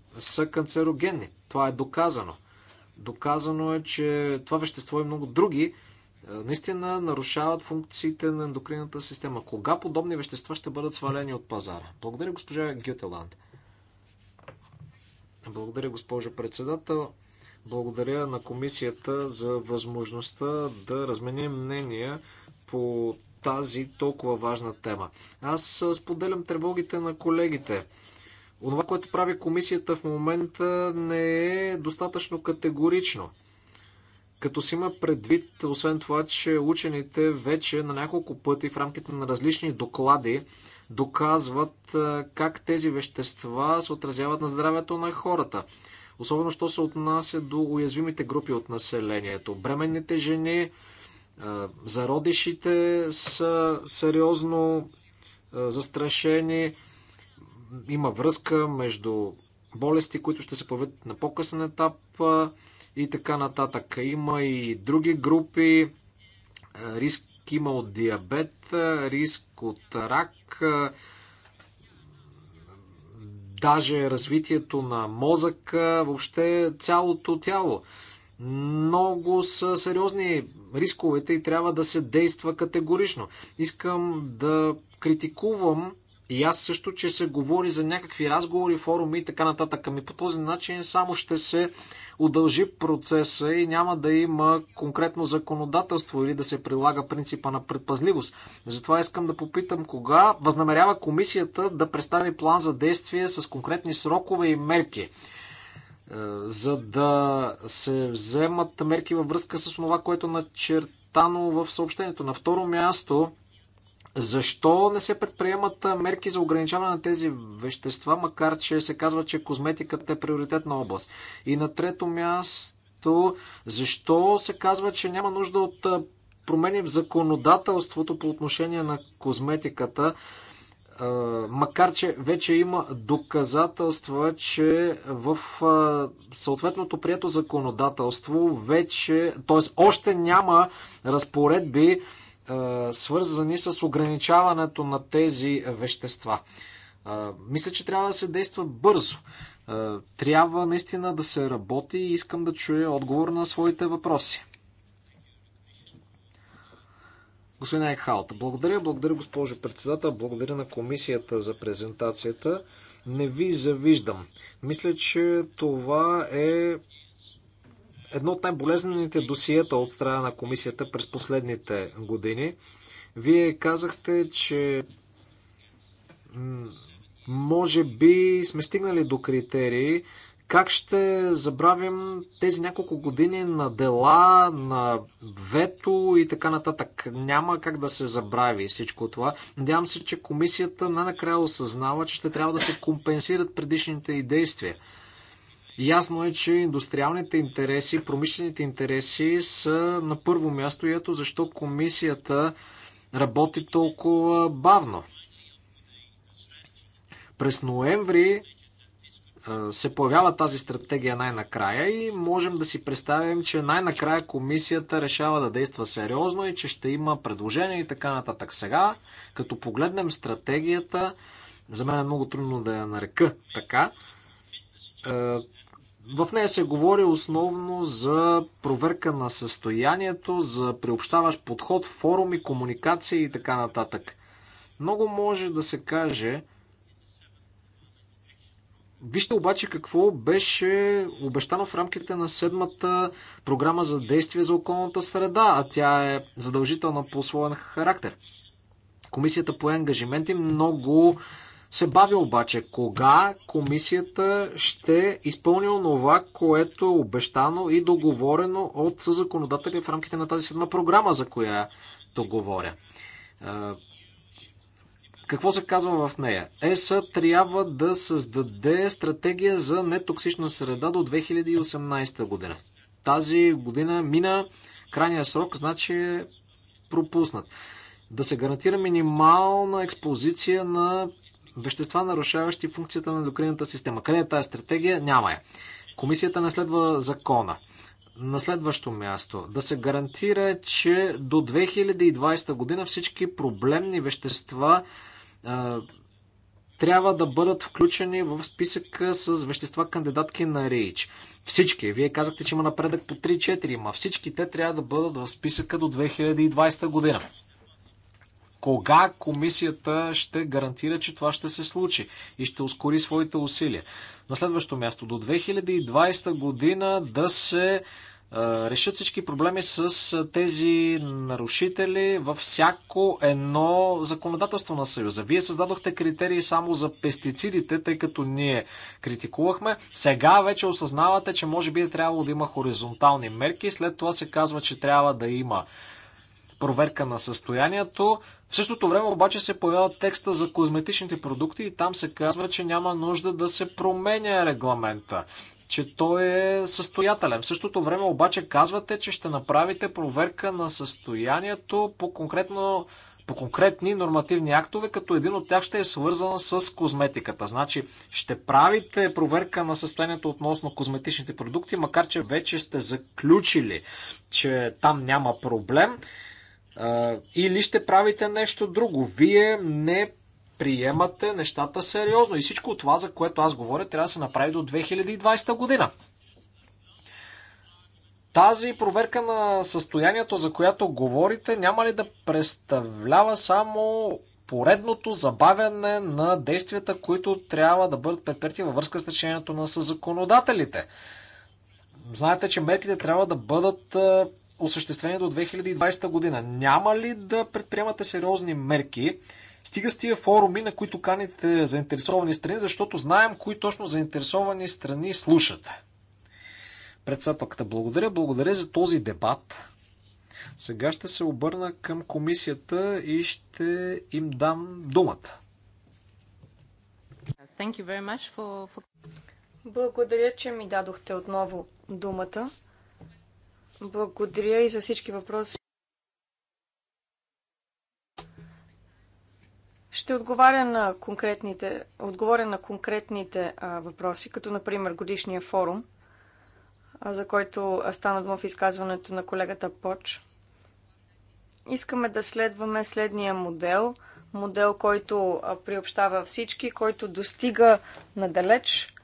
са канцерогенни. Това е доказано. Доказано е, че това вещество и много други е, наистина нарушават функциите на ендокринната система. Кога подобни вещества ще бъдат свалени от пазара? Благодаря, госпожа Гютеланд. Благодаря, госпожо председател. Благодаря на комисията за възможността да разменим мнения по тази толкова важна тема. Аз споделям тревогите на колегите. Онова, което прави комисията в момента не е достатъчно категорично – като си има предвид, освен това, че учените вече на няколко пъти в рамките на различни доклади доказват е, как тези вещества се отразяват на здравето на хората. Особено, що се отнася до уязвимите групи от населението. Бременните жени, е, зародишите са сериозно е, застрашени. Има връзка между болести, които ще се появят на по-късен етап, и така нататък. Има и други групи. Риск има от диабет, риск от рак, даже развитието на мозъка, въобще цялото тяло. Много са сериозни рисковете и трябва да се действа категорично. Искам да критикувам и аз също, че се говори за някакви разговори, форуми и така нататък. Ами по този начин само ще се удължи процеса и няма да има конкретно законодателство или да се прилага принципа на предпазливост. Затова искам да попитам кога възнамерява комисията да представи план за действие с конкретни срокове и мерки е, за да се вземат мерки във връзка с това, което е начертано в съобщението. На второ място, защо не се предприемат мерки за ограничаване на тези вещества, макар че се казва, че козметиката е приоритетна област? И на трето място, защо се казва, че няма нужда от промени в законодателството по отношение на козметиката, макар че вече има доказателства, че в съответното прието законодателство вече, т.е. още няма разпоредби, свързани с ограничаването на тези вещества. Мисля, че трябва да се действа бързо. Трябва наистина да се работи и искам да чуя отговор на своите въпроси. Господин Айхалт, благодаря, благодаря госпожо председател, благодаря на комисията за презентацията. Не ви завиждам. Мисля, че това е едно от най-болезнените досиета от страна на комисията през последните години. Вие казахте, че може би сме стигнали до критерии. Как ще забравим тези няколко години на дела, на вето и така нататък? Няма как да се забрави всичко това. Надявам се, че комисията най-накрая осъзнава, че ще трябва да се компенсират предишните и действия. Ясно е, че индустриалните интереси, промишлените интереси са на първо място и ето защо комисията работи толкова бавно. През ноември се появява тази стратегия най-накрая и можем да си представим, че най-накрая комисията решава да действа сериозно и че ще има предложения и така нататък. Сега, като погледнем стратегията, за мен е много трудно да я нарека така, в нея се говори основно за проверка на състоянието, за приобщаваш подход, форуми, комуникации и така нататък. Много може да се каже. Вижте обаче какво беше обещано в рамките на седмата програма за действие за околната среда, а тя е задължителна по своя характер. Комисията по ангажименти много се бави обаче. Кога комисията ще изпълни онова, което е обещано и договорено от законодателя в рамките на тази седма програма, за която говоря? Е, какво се казва в нея? ЕСА трябва да създаде стратегия за нетоксична среда до 2018 година. Тази година мина крайния срок, значи е пропуснат. Да се гарантира минимална експозиция на Вещества, нарушаващи функцията на ендокринната система. Къде е тази стратегия? Няма я. Комисията не следва закона. На следващо място, да се гарантира, че до 2020 година всички проблемни вещества а, трябва да бъдат включени в списъка с вещества кандидатки на РИЧ. Всички. Вие казахте, че има напредък по 3-4, ма всички те трябва да бъдат в списъка до 2020 година. Кога комисията ще гарантира, че това ще се случи и ще ускори своите усилия? На следващо място, до 2020 година да се е, решат всички проблеми с е, тези нарушители във всяко едно законодателство на Съюза. Вие създадохте критерии само за пестицидите, тъй като ние критикувахме. Сега вече осъзнавате, че може би е трябвало да има хоризонтални мерки, след това се казва, че трябва да има проверка на състоянието. В същото време обаче се появява текста за козметичните продукти и там се казва, че няма нужда да се променя регламента че той е състоятелен. В същото време обаче казвате, че ще направите проверка на състоянието по, конкретно, по конкретни нормативни актове, като един от тях ще е свързан с козметиката. Значи ще правите проверка на състоянието относно козметичните продукти, макар че вече сте заключили, че там няма проблем или ще правите нещо друго. Вие не приемате нещата сериозно. И всичко това, за което аз говоря, трябва да се направи до 2020 година. Тази проверка на състоянието, за която говорите, няма ли да представлява само поредното забавяне на действията, които трябва да бъдат предприяти във връзка с решението на съзаконодателите? Знаете, че мерките трябва да бъдат осъществени до 2020 година. Няма ли да предприемате сериозни мерки? Стига с тия форуми, на които каните заинтересовани страни, защото знаем кои точно заинтересовани страни слушат. Председателката, благодаря. Благодаря за този дебат. Сега ще се обърна към комисията и ще им дам думата. Благодаря, че ми дадохте отново думата. Благодаря и за всички въпроси. Ще отговаря на конкретните, отговоря на конкретните а, въпроси, като например годишния форум, а, за който стана дума в изказването на колегата Поч. Искаме да следваме следния модел, модел, който а, приобщава всички, който достига надалеч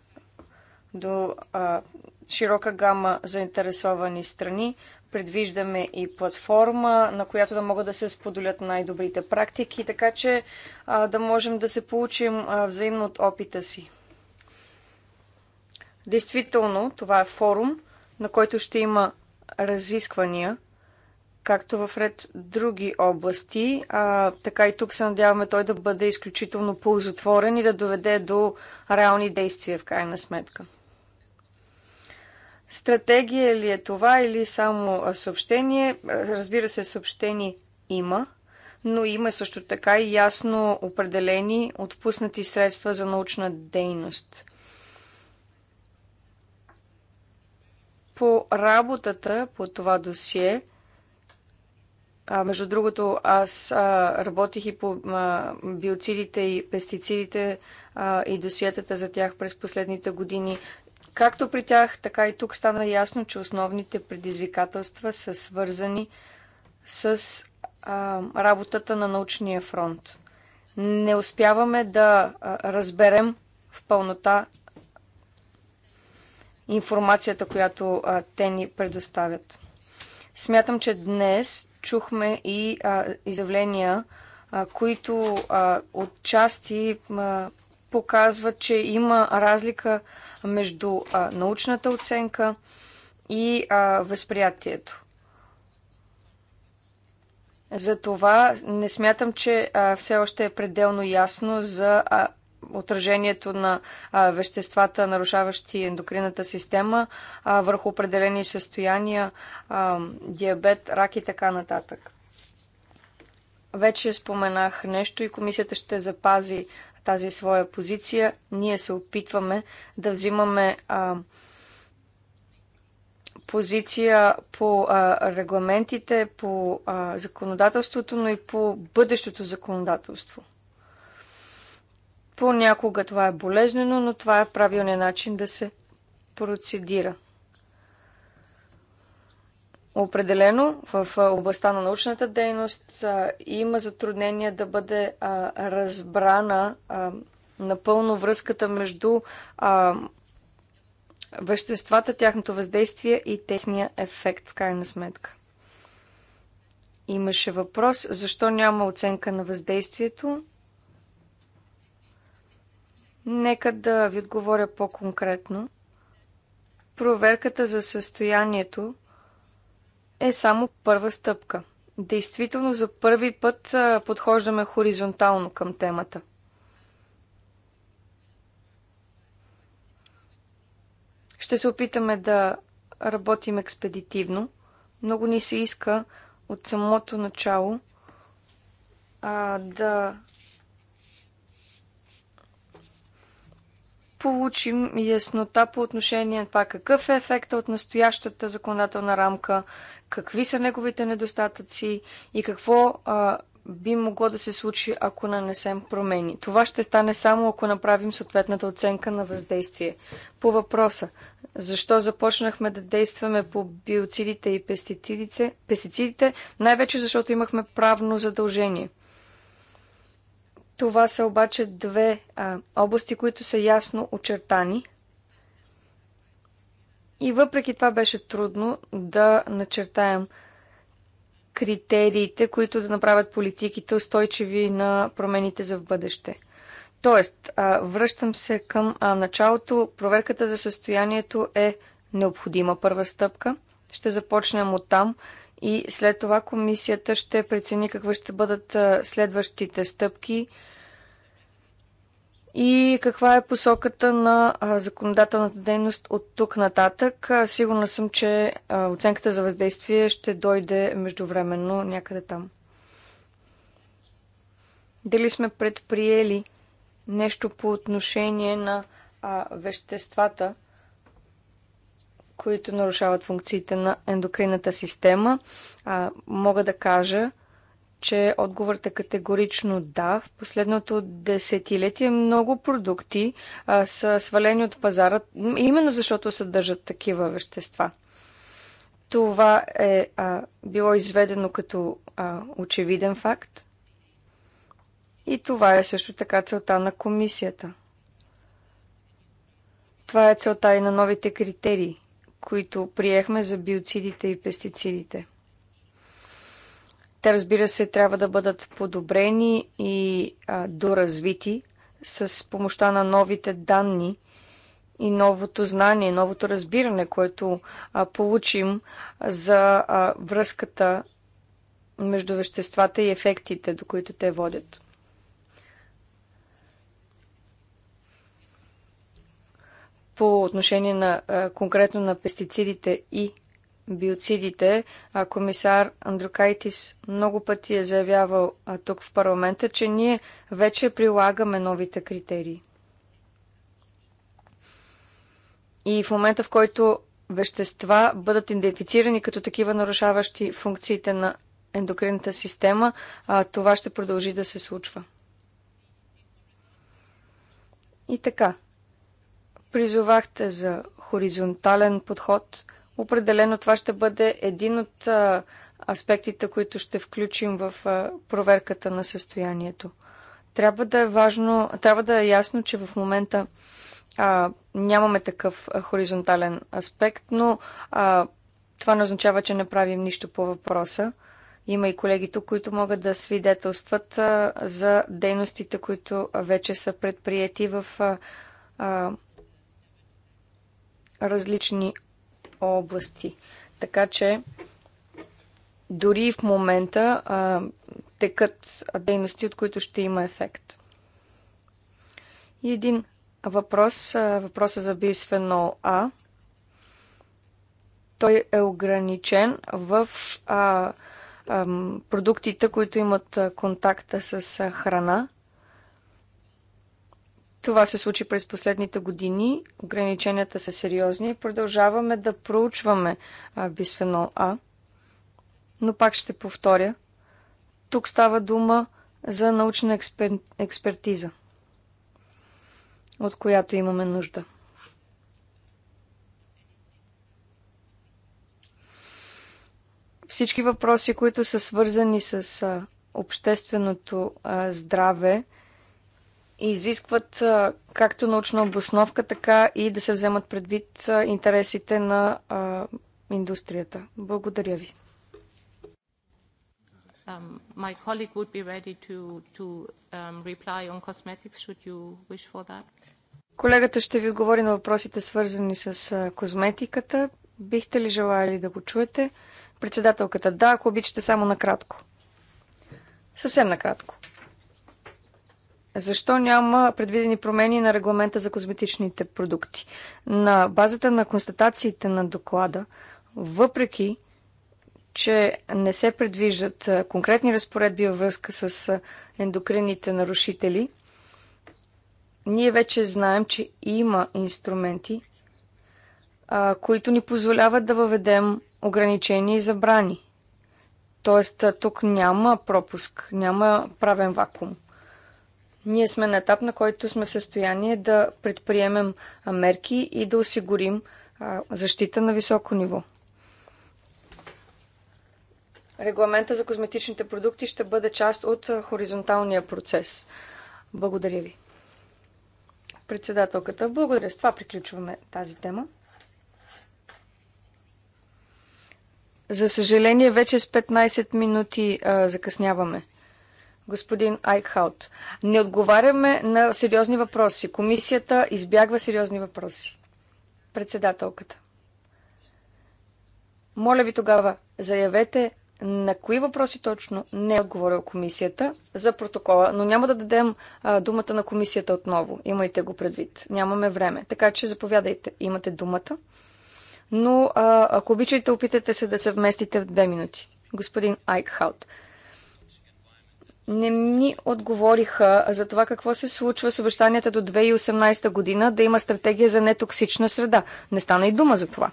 до а, широка гама заинтересовани страни. Предвиждаме и платформа, на която да могат да се споделят най-добрите практики, така че а, да можем да се получим а, взаимно от опита си. Действително, това е форум, на който ще има разисквания, както в ред други области, а, така и тук се надяваме той да бъде изключително ползотворен и да доведе до реални действия в крайна сметка. Стратегия ли е това или само съобщение? Разбира се, съобщение има, но има също така и ясно определени отпуснати средства за научна дейност. По работата по това досие, а, между другото, аз а, работих и по а, биоцидите и пестицидите а, и досиетата за тях през последните години. Както при тях, така и тук стана ясно, че основните предизвикателства са свързани с а, работата на научния фронт. Не успяваме да разберем в пълнота информацията, която а, те ни предоставят. Смятам, че днес чухме и а, изявления, а, които а, отчасти а, показва, че има разлика между а, научната оценка и а, възприятието. Затова не смятам, че а, все още е пределно ясно за а, отражението на а, веществата, нарушаващи ендокринната система, а, върху определени състояния, а, диабет, рак и така нататък. Вече споменах нещо и комисията ще запази тази своя позиция, ние се опитваме да взимаме а, позиция по а, регламентите, по а, законодателството, но и по бъдещото законодателство. Понякога това е болезнено, но това е правилният начин да се процедира. Определено в областта на научната дейност има затруднение да бъде разбрана напълно връзката между веществата, тяхното въздействие и техния ефект в крайна сметка. Имаше въпрос защо няма оценка на въздействието. Нека да ви отговоря по-конкретно. Проверката за състоянието е само първа стъпка. Действително за първи път подхождаме хоризонтално към темата. Ще се опитаме да работим експедитивно. Много ни се иска от самото начало а, да получим яснота по отношение на това какъв е ефекта от настоящата законодателна рамка, какви са неговите недостатъци и какво а, би могло да се случи, ако нанесем промени. Това ще стане само ако направим съответната оценка на въздействие. По въпроса, защо започнахме да действаме по биоцидите и пестицидите, пестицидите най-вече защото имахме правно задължение. Това са обаче две а, области, които са ясно очертани – и въпреки това беше трудно да начертаем критериите, които да направят политиките устойчиви на промените за в бъдеще. Тоест, връщам се към началото. Проверката за състоянието е необходима първа стъпка. Ще започнем от там и след това комисията ще прецени какви ще бъдат следващите стъпки и каква е посоката на законодателната дейност от тук нататък. Сигурна съм, че оценката за въздействие ще дойде междувременно някъде там. Дали сме предприели нещо по отношение на а, веществата, които нарушават функциите на ендокринната система, а, мога да кажа, че отговорът е категорично да. В последното десетилетие много продукти а, са свалени от пазара, именно защото съдържат такива вещества. Това е а, било изведено като а, очевиден факт. И това е също така целта на комисията. Това е целта и на новите критерии, които приехме за биоцидите и пестицидите – те, разбира се, трябва да бъдат подобрени и а, доразвити с помощта на новите данни и новото знание, новото разбиране, което а, получим за а, връзката между веществата и ефектите, до които те водят. По отношение на а, конкретно на пестицидите и биоцидите, комисар Андрюкайтис много пъти е заявявал тук в парламента, че ние вече прилагаме новите критерии. И в момента, в който вещества бъдат идентифицирани като такива нарушаващи функциите на ендокринната система, това ще продължи да се случва. И така, призовахте за хоризонтален подход – Определено това ще бъде един от аспектите, които ще включим в проверката на състоянието. Трябва да е важно, трябва да е ясно, че в момента а, нямаме такъв хоризонтален аспект, но а, това не означава, че не правим нищо по въпроса. Има и колеги тук, които могат да свидетелстват а, за дейностите, които вече са предприяти в а, а, различни области. Така че дори в момента а, текат дейности, от които ще има ефект. И един въпрос, въпросът за бисфенол А. Той е ограничен в а, а, продуктите, които имат контакта с храна. Това се случи през последните години. Ограниченията са сериозни и продължаваме да проучваме бисфенол А. Но пак ще повторя. Тук става дума за научна експер... експертиза, от която имаме нужда. Всички въпроси, които са свързани с общественото здраве, изискват както научна обосновка, така и да се вземат предвид интересите на индустрията. Благодаря ви. Um, um, Колегата ще ви отговори на въпросите, свързани с козметиката. Бихте ли желали да го чуете? Председателката, да, ако обичате, само накратко. Съвсем накратко. Защо няма предвидени промени на регламента за козметичните продукти? На базата на констатациите на доклада, въпреки че не се предвиждат конкретни разпоредби във връзка с ендокринните нарушители, ние вече знаем, че има инструменти, които ни позволяват да въведем ограничения и забрани. Тоест, тук няма пропуск, няма правен вакуум. Ние сме на етап, на който сме в състояние да предприемем мерки и да осигурим защита на високо ниво. Регламента за козметичните продукти ще бъде част от хоризонталния процес. Благодаря ви. Председателката, благодаря. С това приключваме тази тема. За съжаление, вече с 15 минути а, закъсняваме господин Айкхаут. Не отговаряме на сериозни въпроси. Комисията избягва сериозни въпроси. Председателката. Моля ви тогава, заявете на кои въпроси точно не е отговорил комисията за протокола, но няма да дадем а, думата на комисията отново. Имайте го предвид. Нямаме време. Така че заповядайте. Имате думата. Но а, ако обичате, опитайте се да се вместите в две минути. Господин Айкхаут не ни отговориха за това какво се случва с обещанията до 2018 година да има стратегия за нетоксична среда. Не стана и дума за това.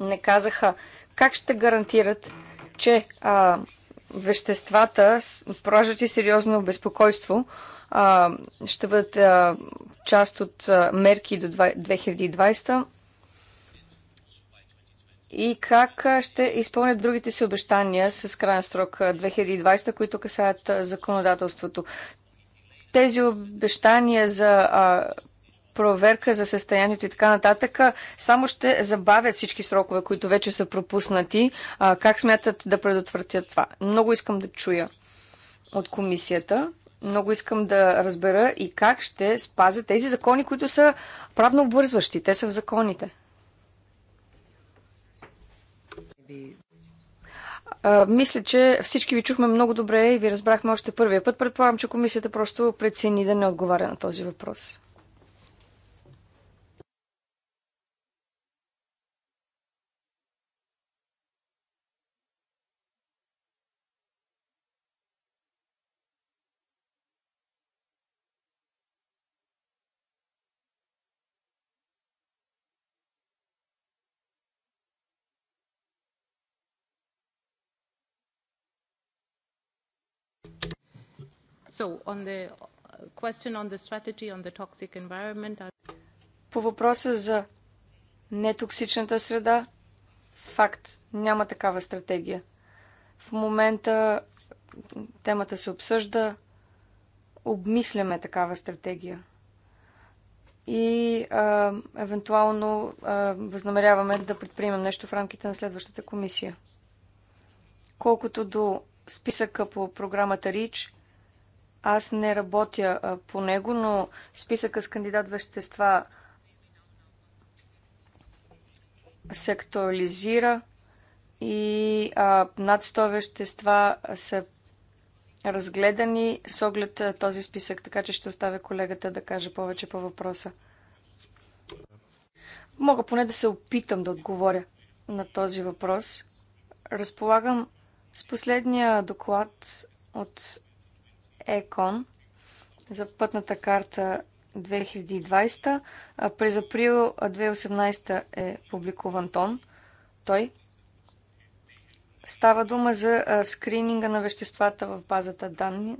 Не казаха как ще гарантират, че а, веществата, и сериозно безпокойство, а, ще бъдат а, част от а, мерки до 2020 и как ще изпълнят другите си обещания с крайен срок 2020, които касаят законодателството. Тези обещания за проверка за състоянието и така нататък, само ще забавят всички срокове, които вече са пропуснати. как смятат да предотвратят това? Много искам да чуя от комисията. Много искам да разбера и как ще спазят тези закони, които са правно обвързващи. Те са в законите мисля, че всички ви чухме много добре и ви разбрахме още първия път. Предполагам, че комисията просто прецени да не отговаря на този въпрос. So on the uh, question on the strategy on the toxic environment. По въпроса за нетоксичната среда, факт, няма такава стратегия. В момента темата се обсъжда, обмисляме такава стратегия. И а, евентуално а, възнамеряваме да предприемем нещо в рамките на следващата комисия. Колкото до списъка по програмата РИЧ, аз не работя по него, но списъка с кандидат вещества се актуализира и над 100 вещества са разгледани с оглед този списък, така че ще оставя колегата да каже повече по въпроса. Мога поне да се опитам да отговоря на този въпрос. Разполагам с последния доклад от ЕКОН за пътната карта 2020. а През април 2018 е публикуван тон. Той става дума за скрининга на веществата в базата данни.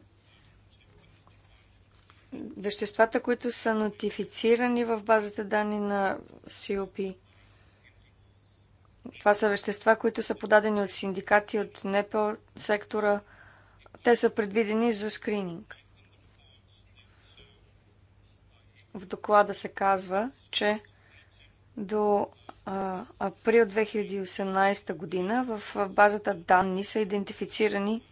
Веществата, които са нотифицирани в базата данни на COP. Това са вещества, които са подадени от синдикати, от НПО сектора – те са предвидени за скрининг. В доклада се казва, че до а, април 2018 година в базата данни са идентифицирани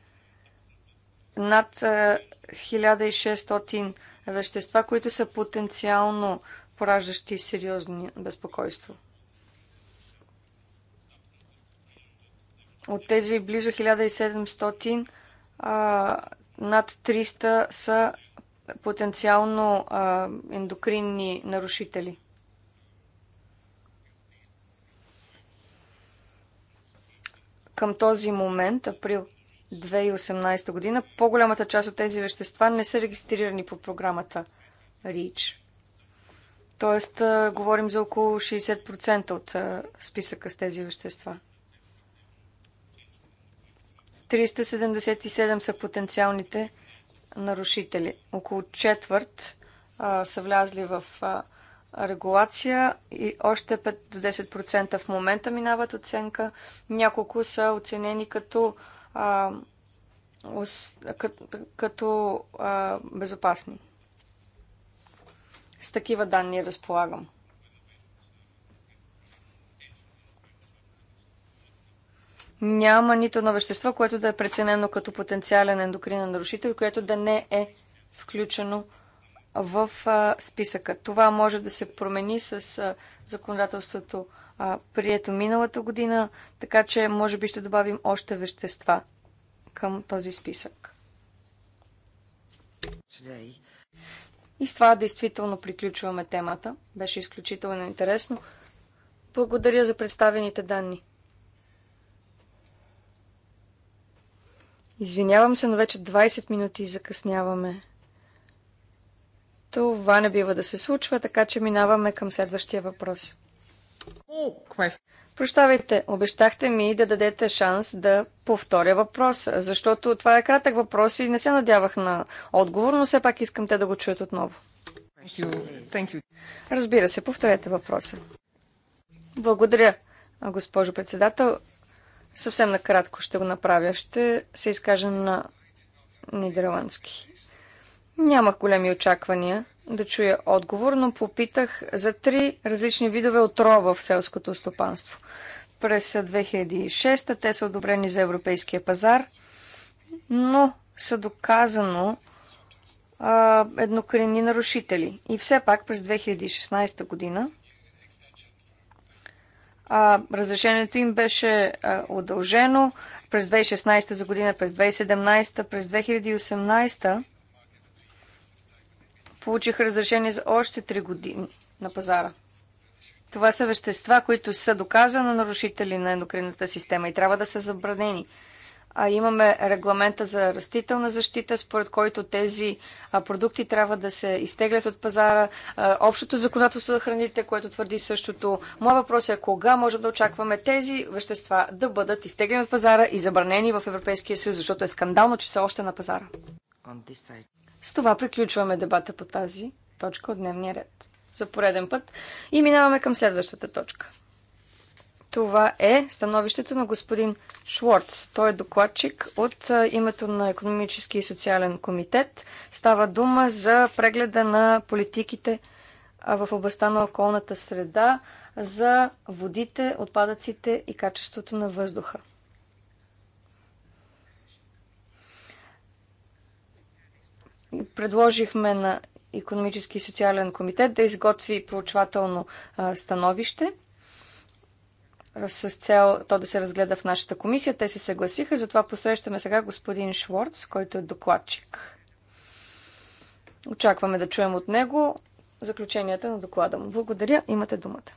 над а, 1600 вещества, които са потенциално пораждащи сериозни безпокойства. От тези близо 1700 над 300 са потенциално ендокринни нарушители. Към този момент, април 2018 година, по-голямата част от тези вещества не са регистрирани по програмата REACH. Тоест, говорим за около 60% от списъка с тези вещества. 377 са потенциалните нарушители. Около четвърт а, са влязли в а, регулация и още 5 до 10% в момента минават оценка. Няколко са оценени като, а, ос, като, като а, безопасни. С такива данни разполагам. няма нито едно вещество, което да е преценено като потенциален ендокринен нарушител, което да не е включено в списъка. Това може да се промени с законодателството прието миналата година, така че може би ще добавим още вещества към този списък. И с това действително приключваме темата. Беше изключително интересно. Благодаря за представените данни. Извинявам се, но вече 20 минути закъсняваме. Това не бива да се случва, така че минаваме към следващия въпрос. Прощавайте, обещахте ми да дадете шанс да повторя въпроса, защото това е кратък въпрос и не се надявах на отговор, но все пак искам те да го чуят отново. Разбира се, повторете въпроса. Благодаря, госпожо председател. Съвсем накратко ще го направя. Ще се изкажа на нидерландски. Нямах големи очаквания да чуя отговор, но попитах за три различни видове отрова в селското стопанство. През 2006 те са одобрени за европейския пазар, но са доказано а, нарушители. И все пак през 2016 година а, разрешението им беше а, удължено през 2016 за година, през 2017, през 2018 получих разрешение за още 3 години на пазара. Това са вещества, които са доказано нарушители на ендокринната система и трябва да са забранени а имаме регламента за растителна защита, според който тези продукти трябва да се изтеглят от пазара. Общото законодателство за храните, което твърди същото. Моя въпрос е кога можем да очакваме тези вещества да бъдат изтеглени от пазара и забранени в Европейския съюз, защото е скандално, че са още на пазара. С това приключваме дебата по тази точка от дневния ред. За пореден път и минаваме към следващата точка. Това е становището на господин Шварц. Той е докладчик от името на Економически и социален комитет. Става дума за прегледа на политиките в областта на околната среда за водите, отпадъците и качеството на въздуха. Предложихме на Економически и социален комитет да изготви проучвателно становище – с цел то да се разгледа в нашата комисия. Те се съгласиха, затова посрещаме сега господин Шворц, който е докладчик. Очакваме да чуем от него заключенията на доклада му. Благодаря, имате думата.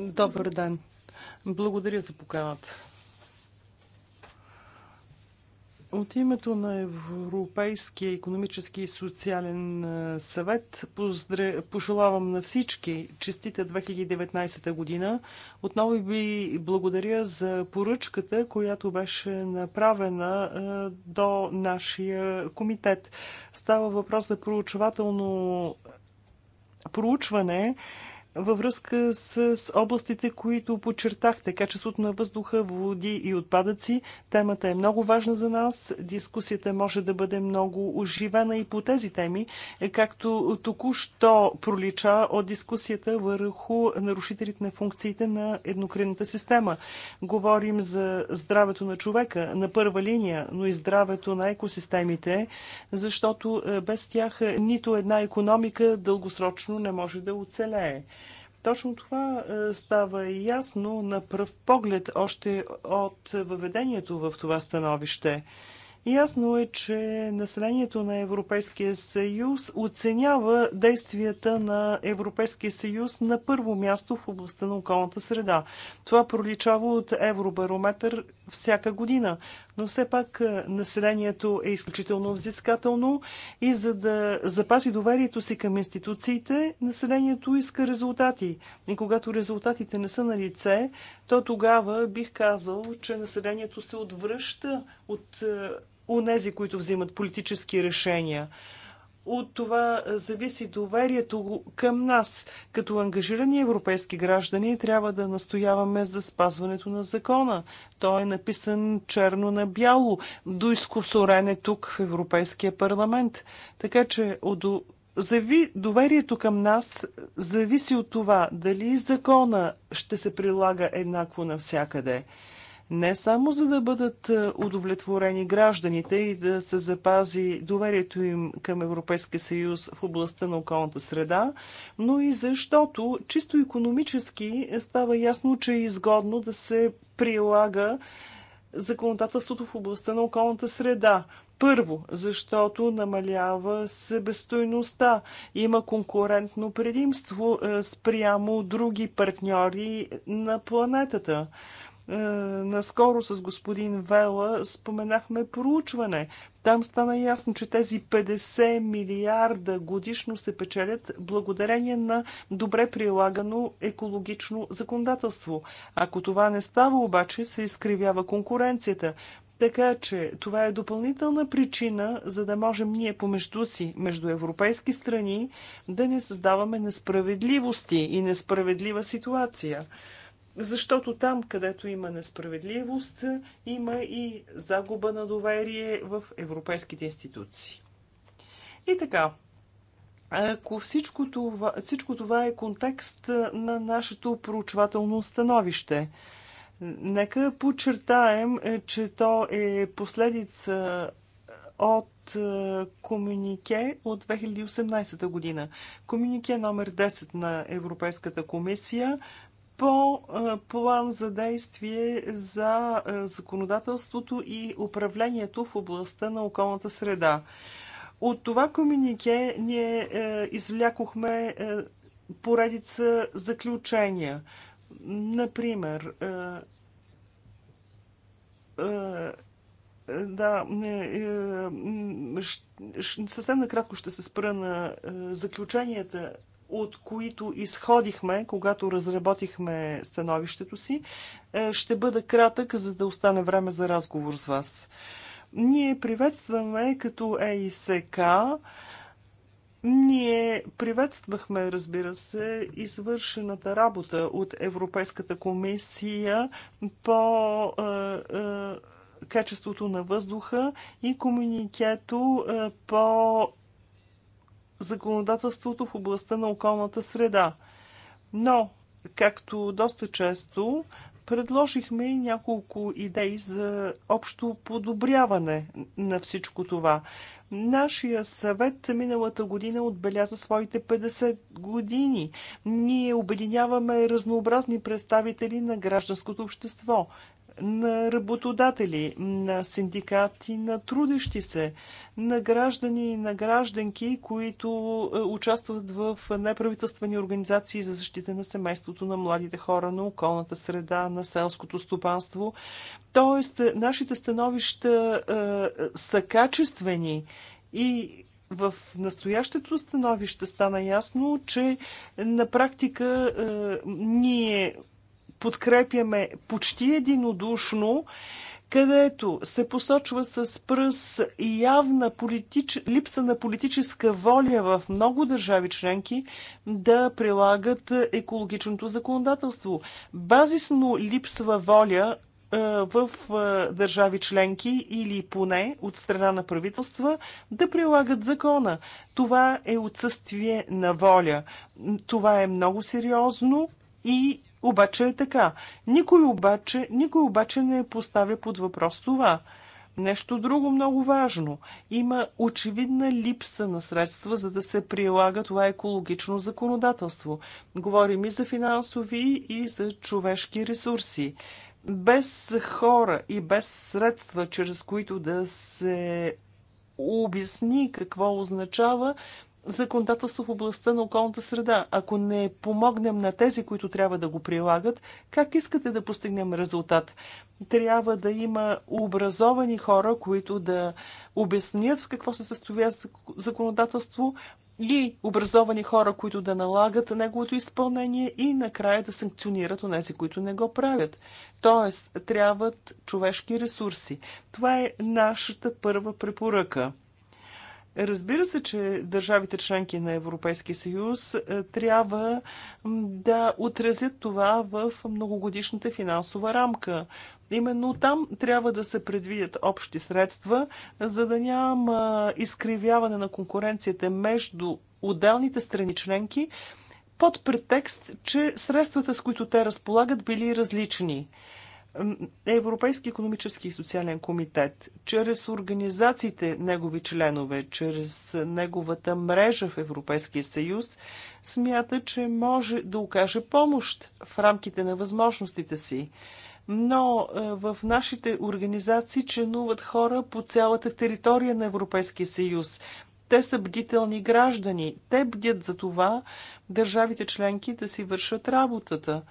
Добър ден. Благодаря за поканата. От името на Европейския економически и социален съвет пожелавам на всички честита 2019 година. Отново ви благодаря за поръчката, която беше направена до нашия комитет. Става въпрос за проучвателно проучване във връзка с, областите, които подчертахте. Качеството на въздуха, води и отпадъци. Темата е много важна за нас. Дискусията може да бъде много оживена и по тези теми, е, както току-що пролича от дискусията върху нарушителите на функциите на еднокринната система. Говорим за здравето на човека на първа линия, но и здравето на екосистемите, защото е, без тях нито една економика дългосрочно не може да оцелее. Точно това е, става ясно на пръв поглед още от въведението в това становище. Ясно е, че населението на Европейския съюз оценява действията на Европейския съюз на първо място в областта на околната среда. Това проличава от Евробарометър всяка година но все пак е, населението е изключително взискателно и за да запази доверието си към институциите, населението иска резултати. И когато резултатите не са на лице, то тогава бих казал, че населението се отвръща от е, онези, които взимат политически решения. От това зависи доверието към нас. Като ангажирани европейски граждани трябва да настояваме за спазването на закона. Той е написан черно на бяло, до изкусорене тук в Европейския парламент. Така че от Зави, доверието към нас зависи от това дали закона ще се прилага еднакво навсякъде не само за да бъдат е, удовлетворени гражданите и да се запази доверието им към Европейския съюз в областта на околната среда, но и защото чисто економически става ясно, че е изгодно да се прилага законодателството в областта на околната среда. Първо, защото намалява себестойността. Има конкурентно предимство е, спрямо други партньори на планетата. Е, наскоро с господин Вела споменахме проучване. Там стана ясно, че тези 50 милиарда годишно се печелят благодарение на добре прилагано екологично законодателство. Ако това не става, обаче се изкривява конкуренцията. Така че това е допълнителна причина, за да можем ние помежду си, между европейски страни, да не създаваме несправедливости и несправедлива ситуация. Защото там, където има несправедливост, има и загуба на доверие в европейските институции. И така, ако всичко това, всичко това е контекст на нашето проучвателно становище, нека подчертаем, е, че то е последица от е, комюнике от 2018 година. Комюнике номер 10 на Европейската комисия по план за действие за е, законодателството и управлението в областта на околната среда. От това комюнике ние е, извлякохме е, поредица заключения. Например, да, съвсем накратко ще се спра на заключенията от които изходихме, когато разработихме становището си, е, ще бъда кратък, за да остане време за разговор с вас. Ние приветстваме като ЕИСК ние приветствахме, разбира се, извършената работа от Европейската комисия по е, е, качеството на въздуха и комуникето е, по законодателството в областта на околната среда. Но, както доста често, предложихме и няколко идеи за общо подобряване на всичко това. Нашия съвет миналата година отбеляза своите 50 години. Ние обединяваме разнообразни представители на гражданското общество на работодатели, на синдикати, на трудещи се, на граждани и на гражданки, които е, участват в неправителствени организации за защита на семейството, на младите хора, на околната среда, на селското стопанство. Тоест, е, нашите становища е, са качествени и в настоящето становище стана ясно, че на практика е, ние подкрепяме почти единодушно, където се посочва с пръс явна политич... липса на политическа воля в много държави членки да прилагат екологичното законодателство. Базисно липсва воля е, в е, държави членки или поне от страна на правителства да прилагат закона. Това е отсъствие на воля. Това е много сериозно и обаче е така. Никой обаче, никой обаче не поставя под въпрос това. Нещо друго много важно. Има очевидна липса на средства, за да се прилага това екологично законодателство. Говорим и за финансови, и за човешки ресурси. Без хора и без средства, чрез които да се обясни какво означава законодателство в областта на околната среда. Ако не помогнем на тези, които трябва да го прилагат, как искате да постигнем резултат? Трябва да има образовани хора, които да обяснят в какво се състоя законодателство и образовани хора, които да налагат неговото изпълнение и накрая да санкционират нези, които не го правят. Тоест, трябват човешки ресурси. Това е нашата първа препоръка – Разбира се, че държавите членки на Европейския съюз е, трябва да отразят това в многогодишната финансова рамка. Именно там трябва да се предвидят общи средства, за да няма изкривяване на конкуренцията между отделните страни членки под претекст, че средствата, с които те разполагат, били различни. Европейски економически и социален комитет, чрез организациите негови членове, чрез неговата мрежа в Европейския съюз, смята, че може да окаже помощ в рамките на възможностите си. Но е, в нашите организации членуват хора по цялата територия на Европейския съюз. Те са бдителни граждани. Те бдят за това държавите членки да си вършат работата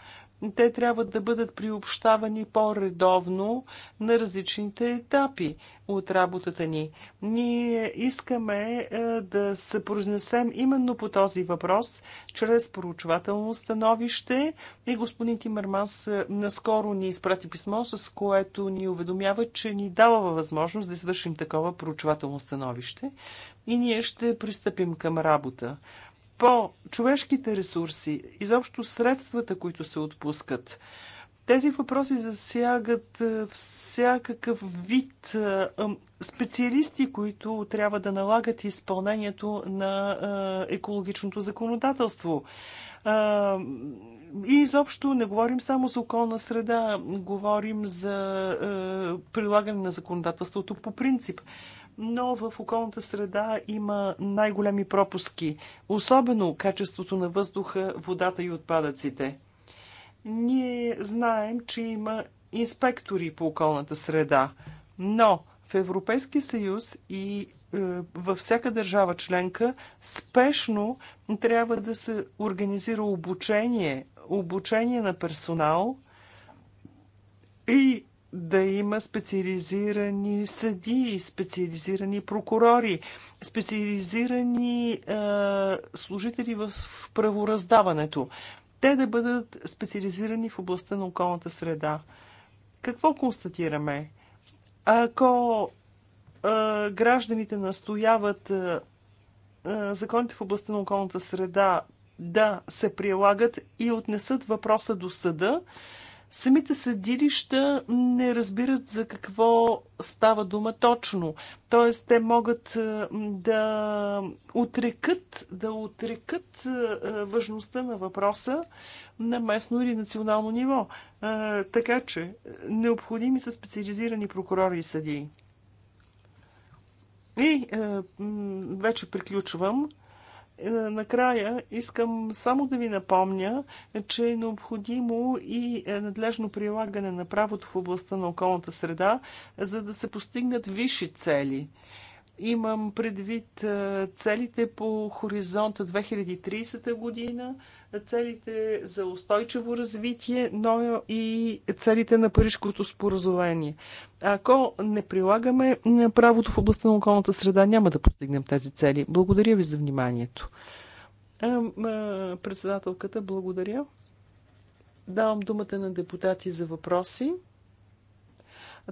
те трябва да бъдат приобщавани по-редовно на различните етапи от работата ни. Ние искаме е, да се произнесем именно по този въпрос, чрез поручвателно становище и господин Тимърмас е, наскоро ни изпрати писмо, с което ни уведомява, че ни дава възможност да извършим такова поручвателно становище и ние ще пристъпим към работа по човешките ресурси, изобщо средствата, които се отпускат. Тези въпроси засягат е, всякакъв вид е, специалисти, които трябва да налагат изпълнението на е, екологичното законодателство. И изобщо не говорим само за околна среда, говорим за прилагане на законодателството по принцип но в околната среда има най-големи пропуски, особено качеството на въздуха, водата и отпадъците. Ние знаем, че има инспектори по околната среда, но в Европейския съюз и е, във всяка държава членка спешно трябва да се организира обучение, обучение на персонал и да има специализирани съдии, специализирани прокурори, специализирани е, служители в правораздаването. Те да бъдат специализирани в областта на околната среда. Какво констатираме? Ако е, гражданите настояват е, законите в областта на околната среда да се прилагат и отнесат въпроса до съда, Самите съдилища не разбират за какво става дума точно. Тоест, те могат е, да отрекат, да отрекат е, е, важността на въпроса на местно или национално ниво. Така че, необходими са специализирани прокурори и съдии. И вече приключвам. Е, накрая искам само да ви напомня, че е необходимо и е, надлежно прилагане на правото в областта на околната среда, за да се постигнат висши цели. Имам предвид целите по хоризонта 2030 година, целите за устойчиво развитие, но и целите на Парижкото споразумение. Ако не прилагаме правото в областта на околната среда, няма да постигнем тези цели. Благодаря ви за вниманието. Председателката, благодаря. Давам думата на депутати за въпроси.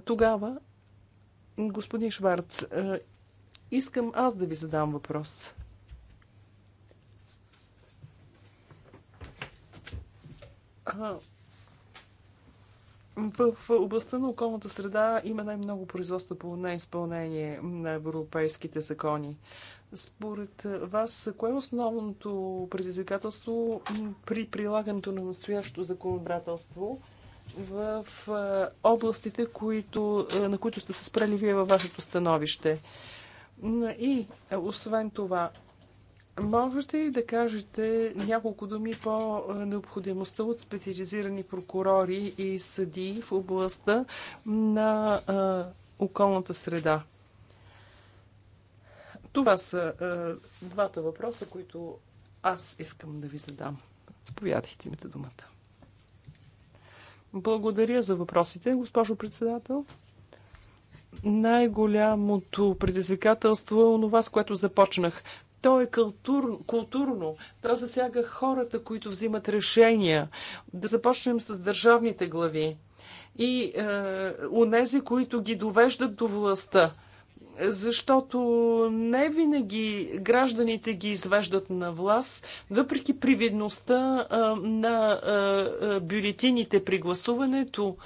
Тогава, господин Шварц, Искам аз да ви задам въпрос. в областта на околната среда има най-много производство по неизпълнение на европейските закони. Според вас, кое е основното предизвикателство при прилагането на настоящото законодателство в областите, които, на които сте се спрели вие във вашето становище? И е, освен това, Можете ли да кажете няколко думи по е, необходимостта от специализирани прокурори и съдии в областта на а, е, околната среда? Това са а, двата въпроса, които аз искам да ви задам. Заповядайте ми думата. Благодаря за въпросите, госпожо председател най-голямото предизвикателство е онова, с което започнах. То е култур, културно. То засяга хората, които взимат решения. Да започнем с държавните глави и е, унези, които ги довеждат до властта. Защото не винаги гражданите ги извеждат на власт, въпреки привидността е, на е, е бюлетините при гласуването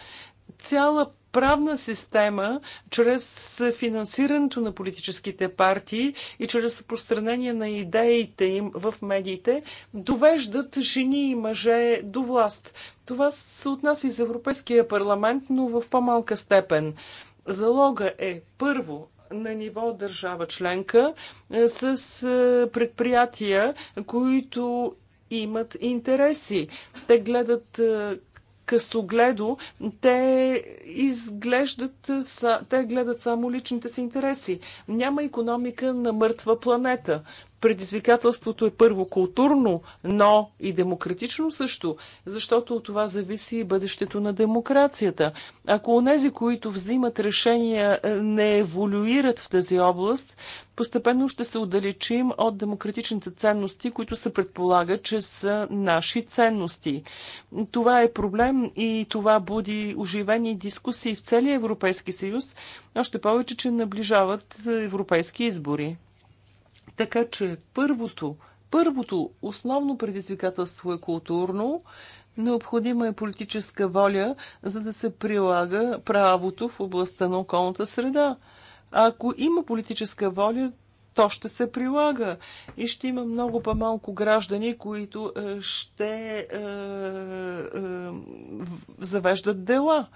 цяла правна система, чрез финансирането на политическите партии и чрез разпространение на идеите им в медиите, довеждат жени и мъже до власт. Това се отнася и за Европейския парламент, но в по-малка степен. Залога е първо на ниво държава членка е, с е, предприятия, които имат интереси. Те гледат е, късогледо, те изглеждат, те гледат само личните си интереси. Няма економика на мъртва планета. Предизвикателството е първо културно, но и демократично също, защото от това зависи и бъдещето на демокрацията. Ако онези, които взимат решения, е, не еволюират в тази област, постепенно ще се отдалечим от демократичните ценности, които се предполага, че са наши ценности. Това е проблем и това буди оживени дискусии в целия Европейски съюз, още повече, че наближават е, европейски избори. Така че първото, първото основно предизвикателство е културно. Необходима е политическа воля, за да се прилага правото в областта на околната среда. А ако има политическа воля, то ще се прилага и ще има много по-малко граждани, които е, ще е, е, завеждат дела,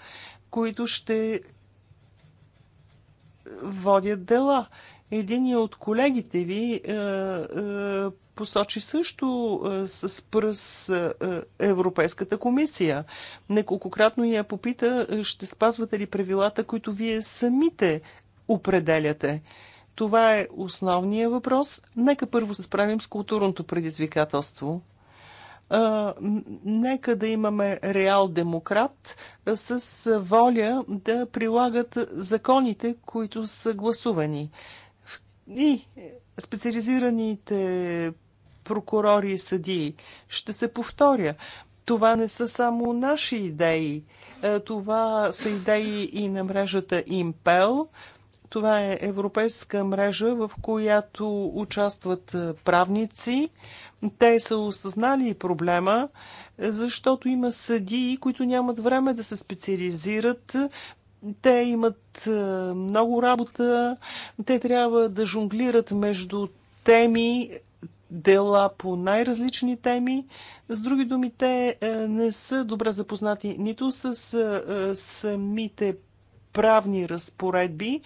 които ще водят дела. Е, един от колегите ви е, е, посочи също е, с пръс е, Европейската комисия. Неколкократно я попита, е, ще спазвате ли правилата, които вие самите определяте. Това е основният въпрос. Нека първо се справим с културното предизвикателство. А, е, нека да имаме реал демократ е, с воля да прилагат законите, които са гласувани и специализираните прокурори и съдии. Ще се повторя. Това не са само наши идеи. Е, това са идеи и на мрежата Impel. Това е европейска мрежа, в която участват правници. Те са осъзнали проблема, защото има съдии, които нямат време да се специализират, те имат е, много работа. Те трябва да жонглират между теми, дела по най-различни теми. С други думи, те е, не са добре запознати нито с е, самите правни разпоредби.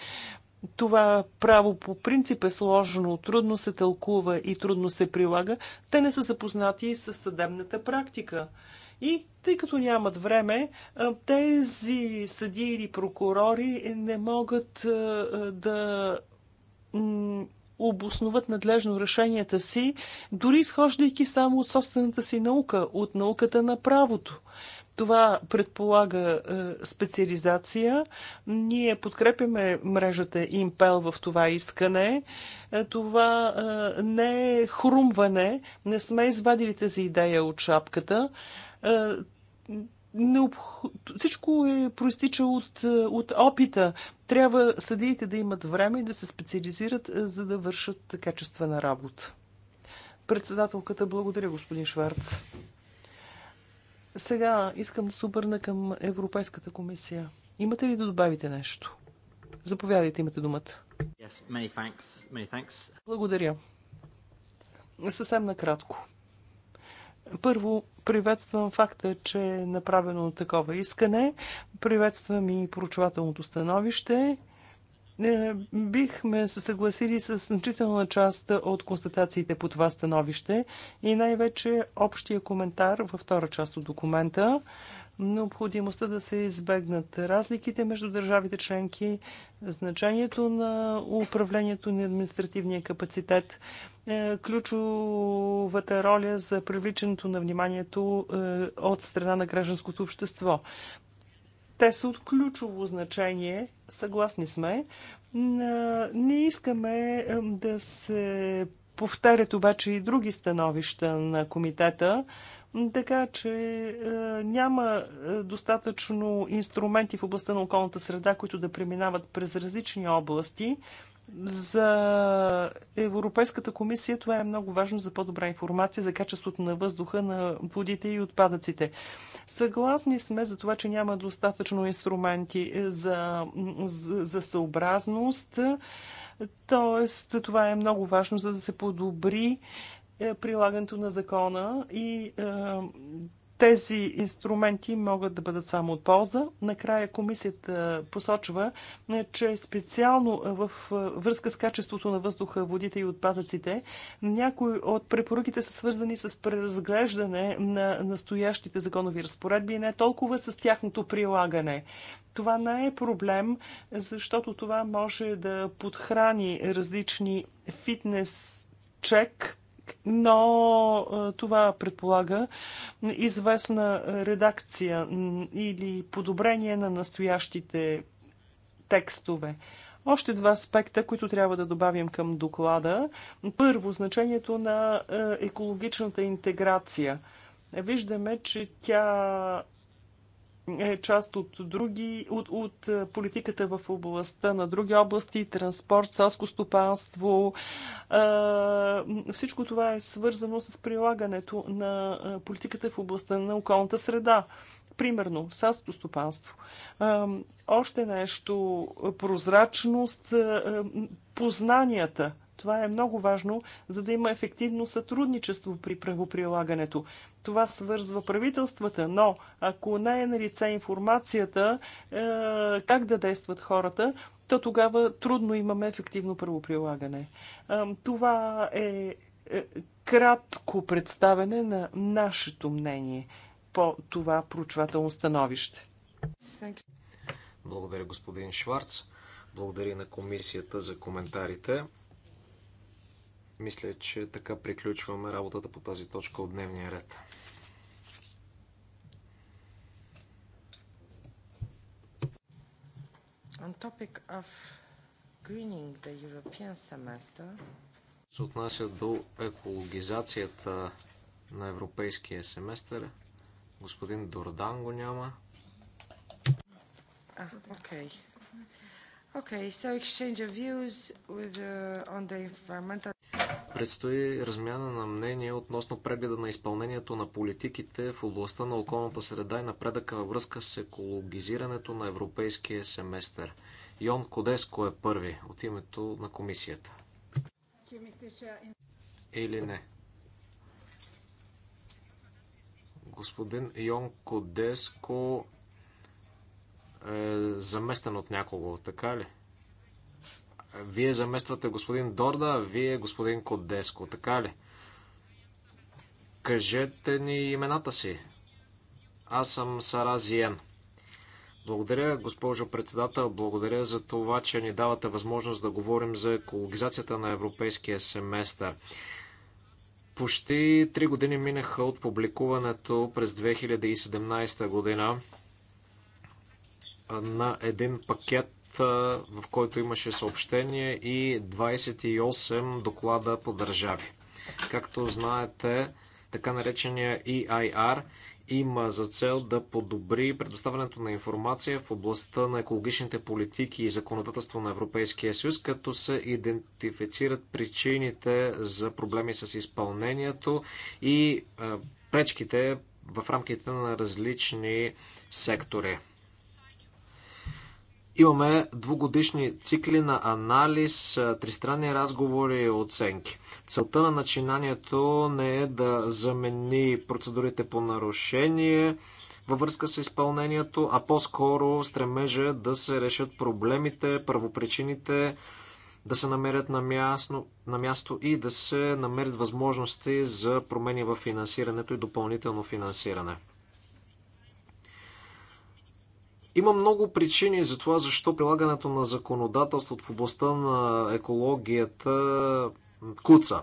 Това право по принцип е сложно, трудно се тълкува и трудно се прилага. Те не са запознати с съдебната практика. И тъй като нямат време, тези съди или прокурори не могат да обосноват надлежно решенията си, дори изхождайки само от собствената си наука, от науката на правото. Това предполага специализация. Ние подкрепяме мрежата Impel в това искане. Това не е хрумване. Не сме извадили тази идея от шапката необх... всичко е проистича от, е, от опита. Трябва съдиите да имат време и да се специализират, е, за да вършат качествена работа. Председателката, благодаря, господин Шварц. Сега искам да се обърна към Европейската комисия. Имате ли да добавите нещо? Заповядайте, имате думата. Yes, many thanks. Many thanks. Благодаря. Съвсем накратко. Първо, приветствам факта, че е направено такова искане. Приветствам и проучвателното становище. Е, бихме се съгласили с значителна част от констатациите по това становище и най-вече общия коментар във втора част от документа. Необходимостта да се избегнат разликите между държавите членки, значението на управлението на административния капацитет – е, ключовата роля за привличането на вниманието е, от страна на гражданското общество. Те са от ключово значение, съгласни сме. Е, не искаме да се повтарят обаче и други становища на комитета, така че няма достатъчно инструменти в областта на околната среда, които да преминават през различни области, за Европейската комисия това е много важно за по-добра информация за качеството на въздуха, на водите и отпадъците. Съгласни сме за това, че няма достатъчно инструменти за, за, за съобразност. Тоест, това е много важно, за да се подобри е, прилагането на закона и е, тези инструменти могат да бъдат само от полза. Накрая комисията посочва, е, че специално в е, връзка с качеството на въздуха, водите и отпадъците, някои от препоръките са свързани с преразглеждане на настоящите законови разпоредби и не толкова с тяхното прилагане. Това не е проблем, защото това може да подхрани различни фитнес чек език, но е, това предполага известна редакция или подобрение на настоящите текстове. Още два аспекта, които трябва да добавим към доклада. Първо, значението на е, екологичната интеграция. Виждаме, че тя е част от други, от, от е, политиката в областта на други области, транспорт, селско стопанство. Е, всичко това е свързано с прилагането на е, политиката в областта на околната среда. Примерно, селското стопанство. Още нещо, прозрачност, познанията – това е много важно, за да има ефективно сътрудничество при правоприлагането. Това свързва правителствата, но ако не е на лице информацията е, как да действат хората, то тогава трудно имаме ефективно правоприлагане. Е, това е, е кратко представене на нашето мнение по това проучвателно становище. Благодаря, господин Шварц. Благодаря на комисията за коментарите. Мисля, че така приключваме работата по тази точка от дневния ред. On topic of greening the European semester. Се отнася до екологизацията на европейския семестър. Господин Дордан го няма. А, ah, Okay. Okay, so exchange of views with, uh, on the environmental Предстои размяна на мнение относно прегледа на изпълнението на политиките в областта на околната среда и напредъка във връзка с екологизирането на европейския семестър. Йон Кодеско е първи от името на комисията. Или не? Господин Йон Кодеско е заместен от някого, така ли? Вие замествате господин Дорда, а вие господин Кодеско, така ли? Кажете ни имената си. Аз съм Сара Зиен. Благодаря, госпожо председател. Благодаря за това, че ни давате възможност да говорим за екологизацията на европейския семестър. Почти три години минаха от публикуването през 2017 година на един пакет в който имаше съобщение и 28 доклада по държави. Както знаете, така наречения EIR има за цел да подобри предоставянето на информация в областта на екологичните политики и законодателство на Европейския съюз, като се идентифицират причините за проблеми с изпълнението и пречките в рамките на различни сектори. Имаме двугодишни цикли на анализ, тристранни разговори и оценки. Целта на начинанието не е да замени процедурите по нарушение във връзка с изпълнението, а по-скоро стремежа да се решат проблемите, първопричините, да се намерят на място, на място и да се намерят възможности за промени в финансирането и допълнително финансиране. Има много причини за това, защо прилагането на законодателството в областта на екологията куца.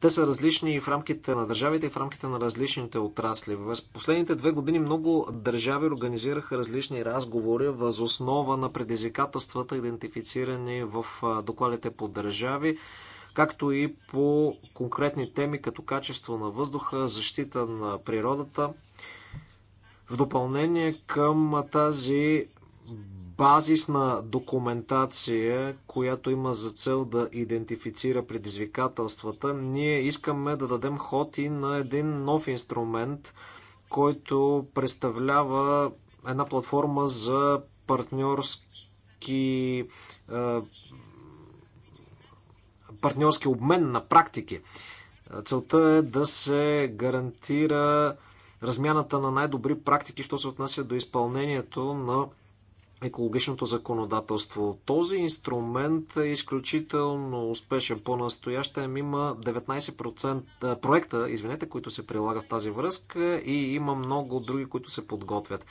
Те са различни и в рамките на държавите, и в рамките на различните отрасли. В последните две години много държави организираха различни разговори въз основа на предизвикателствата, идентифицирани в докладите по държави, както и по конкретни теми като качество на въздуха, защита на природата. В допълнение към тази базисна документация, която има за цел да идентифицира предизвикателствата, ние искаме да дадем ход и на един нов инструмент, който представлява една платформа за партньорски партньорски обмен на практики. Целта е да се гарантира размяната на най-добри практики, що се отнася до изпълнението на екологичното законодателство. Този инструмент е изключително успешен. По-настоящем има 19% проекта, извинете, които се прилагат в тази връзка и има много други, които се подготвят.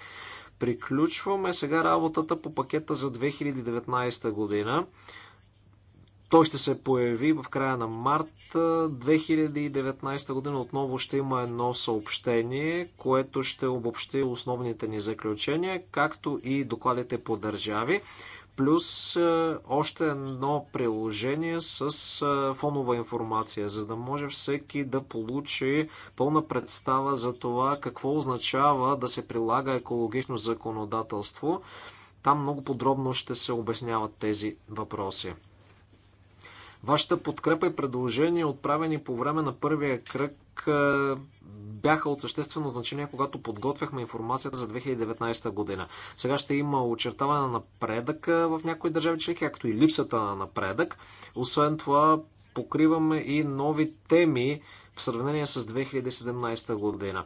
Приключваме сега работата по пакета за 2019 година. Той ще се появи в края на март 2019 година. Отново ще има едно съобщение, което ще обобщи основните ни заключения, както и докладите по държави плюс още едно приложение с фонова информация, за да може всеки да получи пълна представа за това какво означава да се прилага екологично законодателство. Там много подробно ще се обясняват тези въпроси. Вашата подкрепа и предложения, отправени по време на първия кръг, е, бяха от съществено значение, когато подготвяхме информацията за 2019 година. Сега ще има очертаване на напредък в някои държави членки, както и липсата на напредък. Освен това, покриваме и нови теми в сравнение с 2017 година.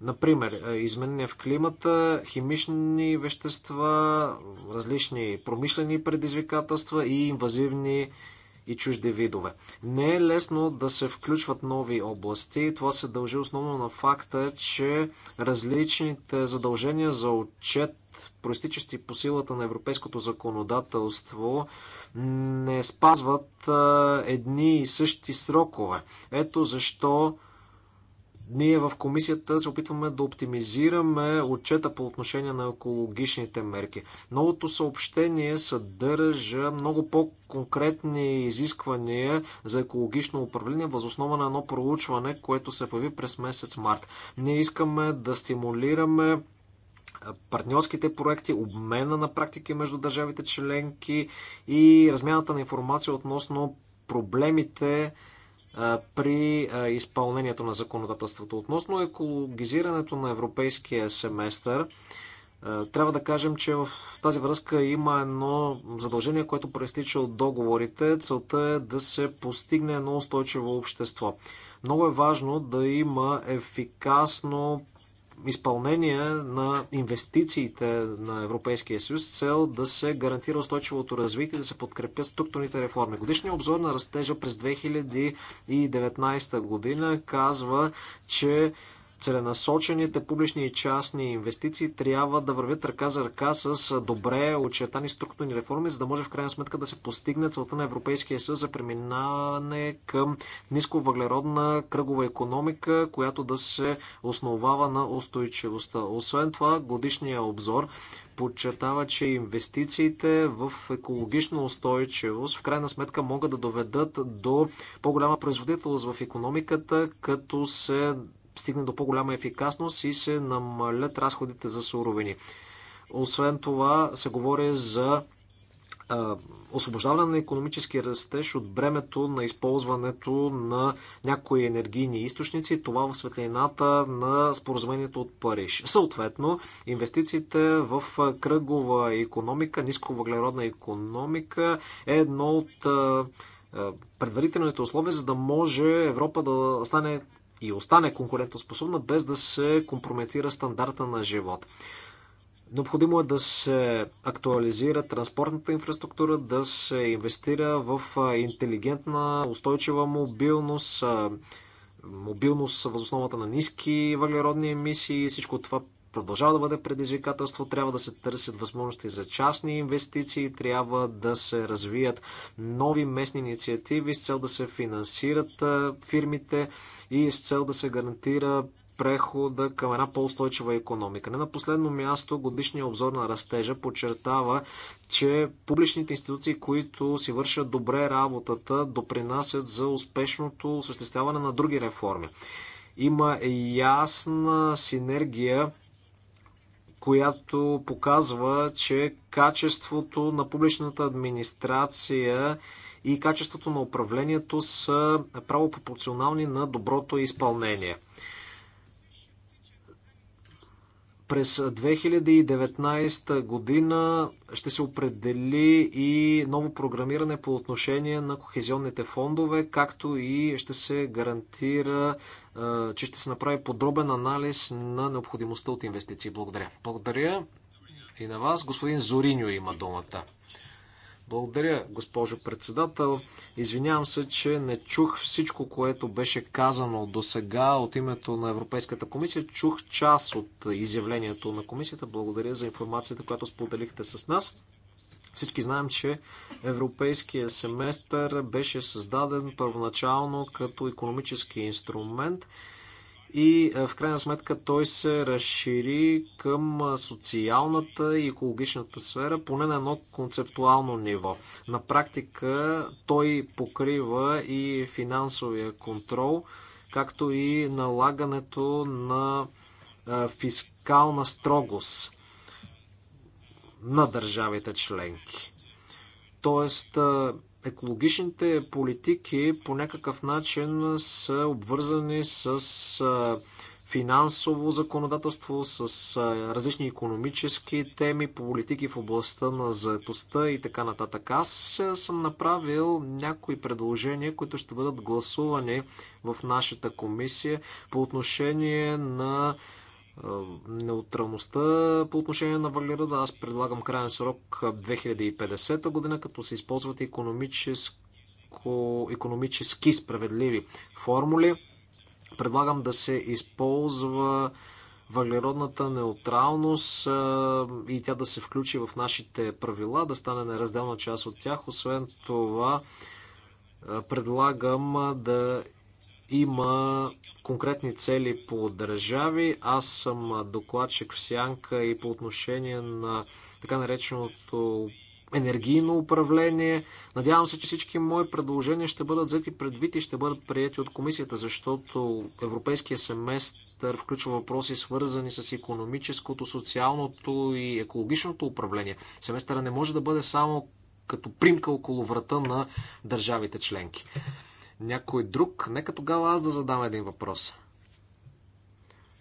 Например, е, изменения в климата, химични вещества, различни промишлени предизвикателства и инвазивни и чужди видове. Не е лесно да се включват нови области. Това се дължи основно на факта, че различните задължения за отчет, проистичащи по силата на европейското законодателство, не спазват едни и същи срокове. Ето защо ние в комисията се опитваме да оптимизираме отчета по отношение на екологичните мерки. Новото съобщение съдържа много по-конкретни изисквания за екологично управление възоснова на едно проучване, което се появи през месец март. Ние искаме да стимулираме партньорските проекти, обмена на практики между държавите членки и размяната на информация относно проблемите, при изпълнението на законодателството. Относно екологизирането на европейския семестър, трябва да кажем, че в тази връзка има едно задължение, което проистича от договорите. Целта е да се постигне едно устойчиво общество. Много е важно да има ефикасно изпълнение на инвестициите на Европейския съюз с цел да се гарантира устойчивото развитие, да се подкрепят структурните реформи. Годишният обзор на растежа през 2019 година казва, че Целенасочените публични и частни инвестиции трябва да вървят ръка за ръка с добре очертани структурни реформи, за да може в крайна сметка да се постигне целта на Европейския съюз за преминаване към нисковъглеродна кръгова економика, която да се основава на устойчивостта. Освен това, годишния обзор подчертава, че инвестициите в екологична устойчивост в крайна сметка могат да доведат до по-голяма производителност в економиката, като се стигне до по-голяма ефикасност и се намалят разходите за суровини. Освен това се говори за освобождаване на економически растеж от бремето на използването на някои енергийни източници, това в светлината на споразумението от Париж. Съответно, инвестициите в кръгова економика, нисковъглеродна економика е едно от предварителните условия, за да може Европа да стане и остане конкурентоспособна, без да се компрометира стандарта на живот. Необходимо е да се актуализира транспортната инфраструктура, да се инвестира в интелигентна, устойчива мобилност, мобилност възосновата на ниски въглеродни емисии. Всичко това продължава да бъде предизвикателство, трябва да се търсят възможности за частни инвестиции, трябва да се развият нови местни инициативи с цел да се финансират фирмите и с цел да се гарантира прехода към една по-устойчива економика. Не на последно място, годишният обзор на растежа подчертава, че публичните институции, които си вършат добре работата, допринасят за успешното осъществяване на други реформи. Има ясна синергия която показва, че качеството на публичната администрация и качеството на управлението са право пропорционални на доброто изпълнение. През 2019 година ще се определи и ново програмиране по отношение на кохезионните фондове, както и ще се гарантира, че ще се направи подробен анализ на необходимостта от инвестиции. Благодаря. Благодаря и на вас. Господин Зориньо има думата. Благодаря, госпожо председател. Извинявам се, че не чух всичко, което беше казано до сега от името на Европейската комисия. Чух част от изявлението на комисията. Благодаря за информацията, която споделихте с нас. Всички знаем, че европейския семестър беше създаден първоначално като економически инструмент – и е, в крайна сметка той се разшири към е, социалната и екологичната сфера, поне на едно концептуално ниво. На практика той покрива и финансовия контрол, както и налагането на е, фискална строгост на държавите членки. Тоест, екологичните политики по някакъв начин са обвързани с финансово законодателство, с различни економически теми, политики в областта на заетостта и така нататък. Аз съм направил някои предложения, които ще бъдат гласувани в нашата комисия по отношение на неутралността по отношение на да Аз предлагам крайен срок 2050 година, като се използват економическо, економически справедливи формули. Предлагам да се използва въглеродната неутралност и тя да се включи в нашите правила, да стане неразделна част от тях. Освен това, предлагам да има конкретни цели по държави. Аз съм докладчик в Сянка и по отношение на така нареченото енергийно управление. Надявам се, че всички мои предложения ще бъдат взети предвид и ще бъдат прияти от комисията, защото европейския семестър включва въпроси свързани с економическото, социалното и екологичното управление. Семестъра не може да бъде само като примка около врата на държавите членки някой друг, нека тогава аз да задам един въпрос.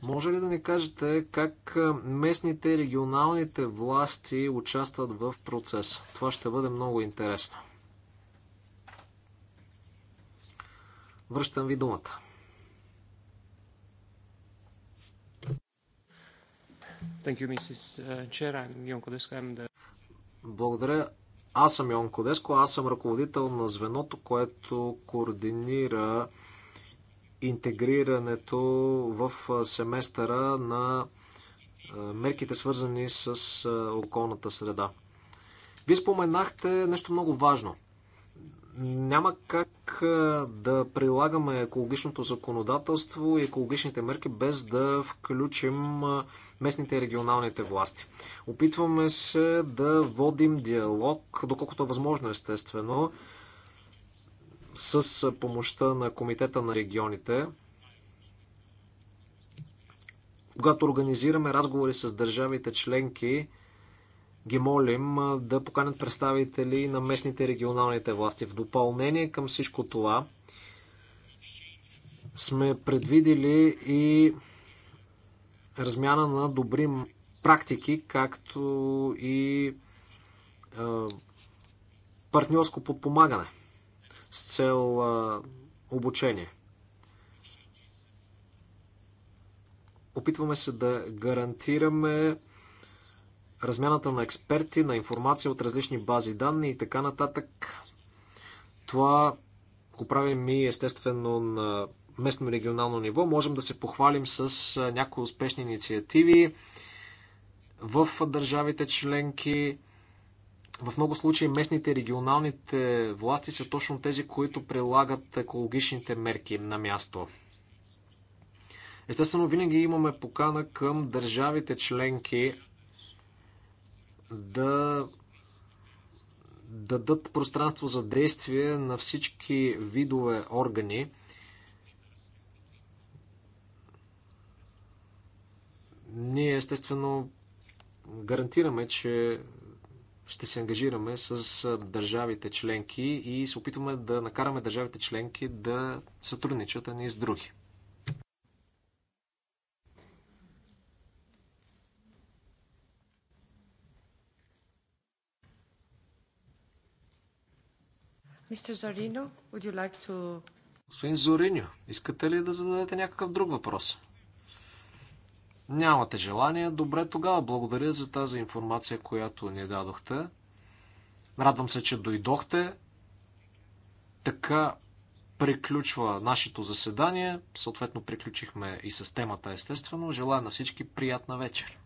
Може ли да ни кажете как местните и регионалните власти участват в процеса? Това ще бъде много интересно. Връщам ви думата. Благодаря. Аз съм Йон Кодеско, аз съм ръководител на звеното, което координира интегрирането в семестъра на мерките свързани с околната среда. Вие споменахте нещо много важно. Няма как да прилагаме екологичното законодателство и екологичните мерки без да включим местните и регионалните власти. Опитваме се да водим диалог, доколкото е възможно естествено, с помощта на Комитета на регионите, когато организираме разговори с държавите членки, ги молим да поканят представители на местните и регионалните власти. В допълнение към всичко това, сме предвидили и размяна на добри практики, както и партньорско подпомагане с цел обучение. Опитваме се да гарантираме размяната на експерти, на информация от различни бази данни и така нататък. Това го правим и естествено на местно и регионално ниво. Можем да се похвалим с някои успешни инициативи в държавите членки. В много случаи местните и регионалните власти са точно тези, които прилагат екологичните мерки на място. Естествено, винаги имаме покана към държавите членки да дадат пространство за действие на всички видове органи Ние естествено гарантираме, че ще се ангажираме с държавите членки и се опитваме да накараме държавите членки да сътрудничат едни с други. Мистер Зорино, would you like to... Господин Зорино, искате ли да зададете някакъв друг въпрос? Нямате желание. Добре, тогава благодаря за тази информация, която ни дадохте. Радвам се, че дойдохте. Така приключва нашето заседание. Съответно, приключихме и с темата, естествено. Желая на всички приятна вечер.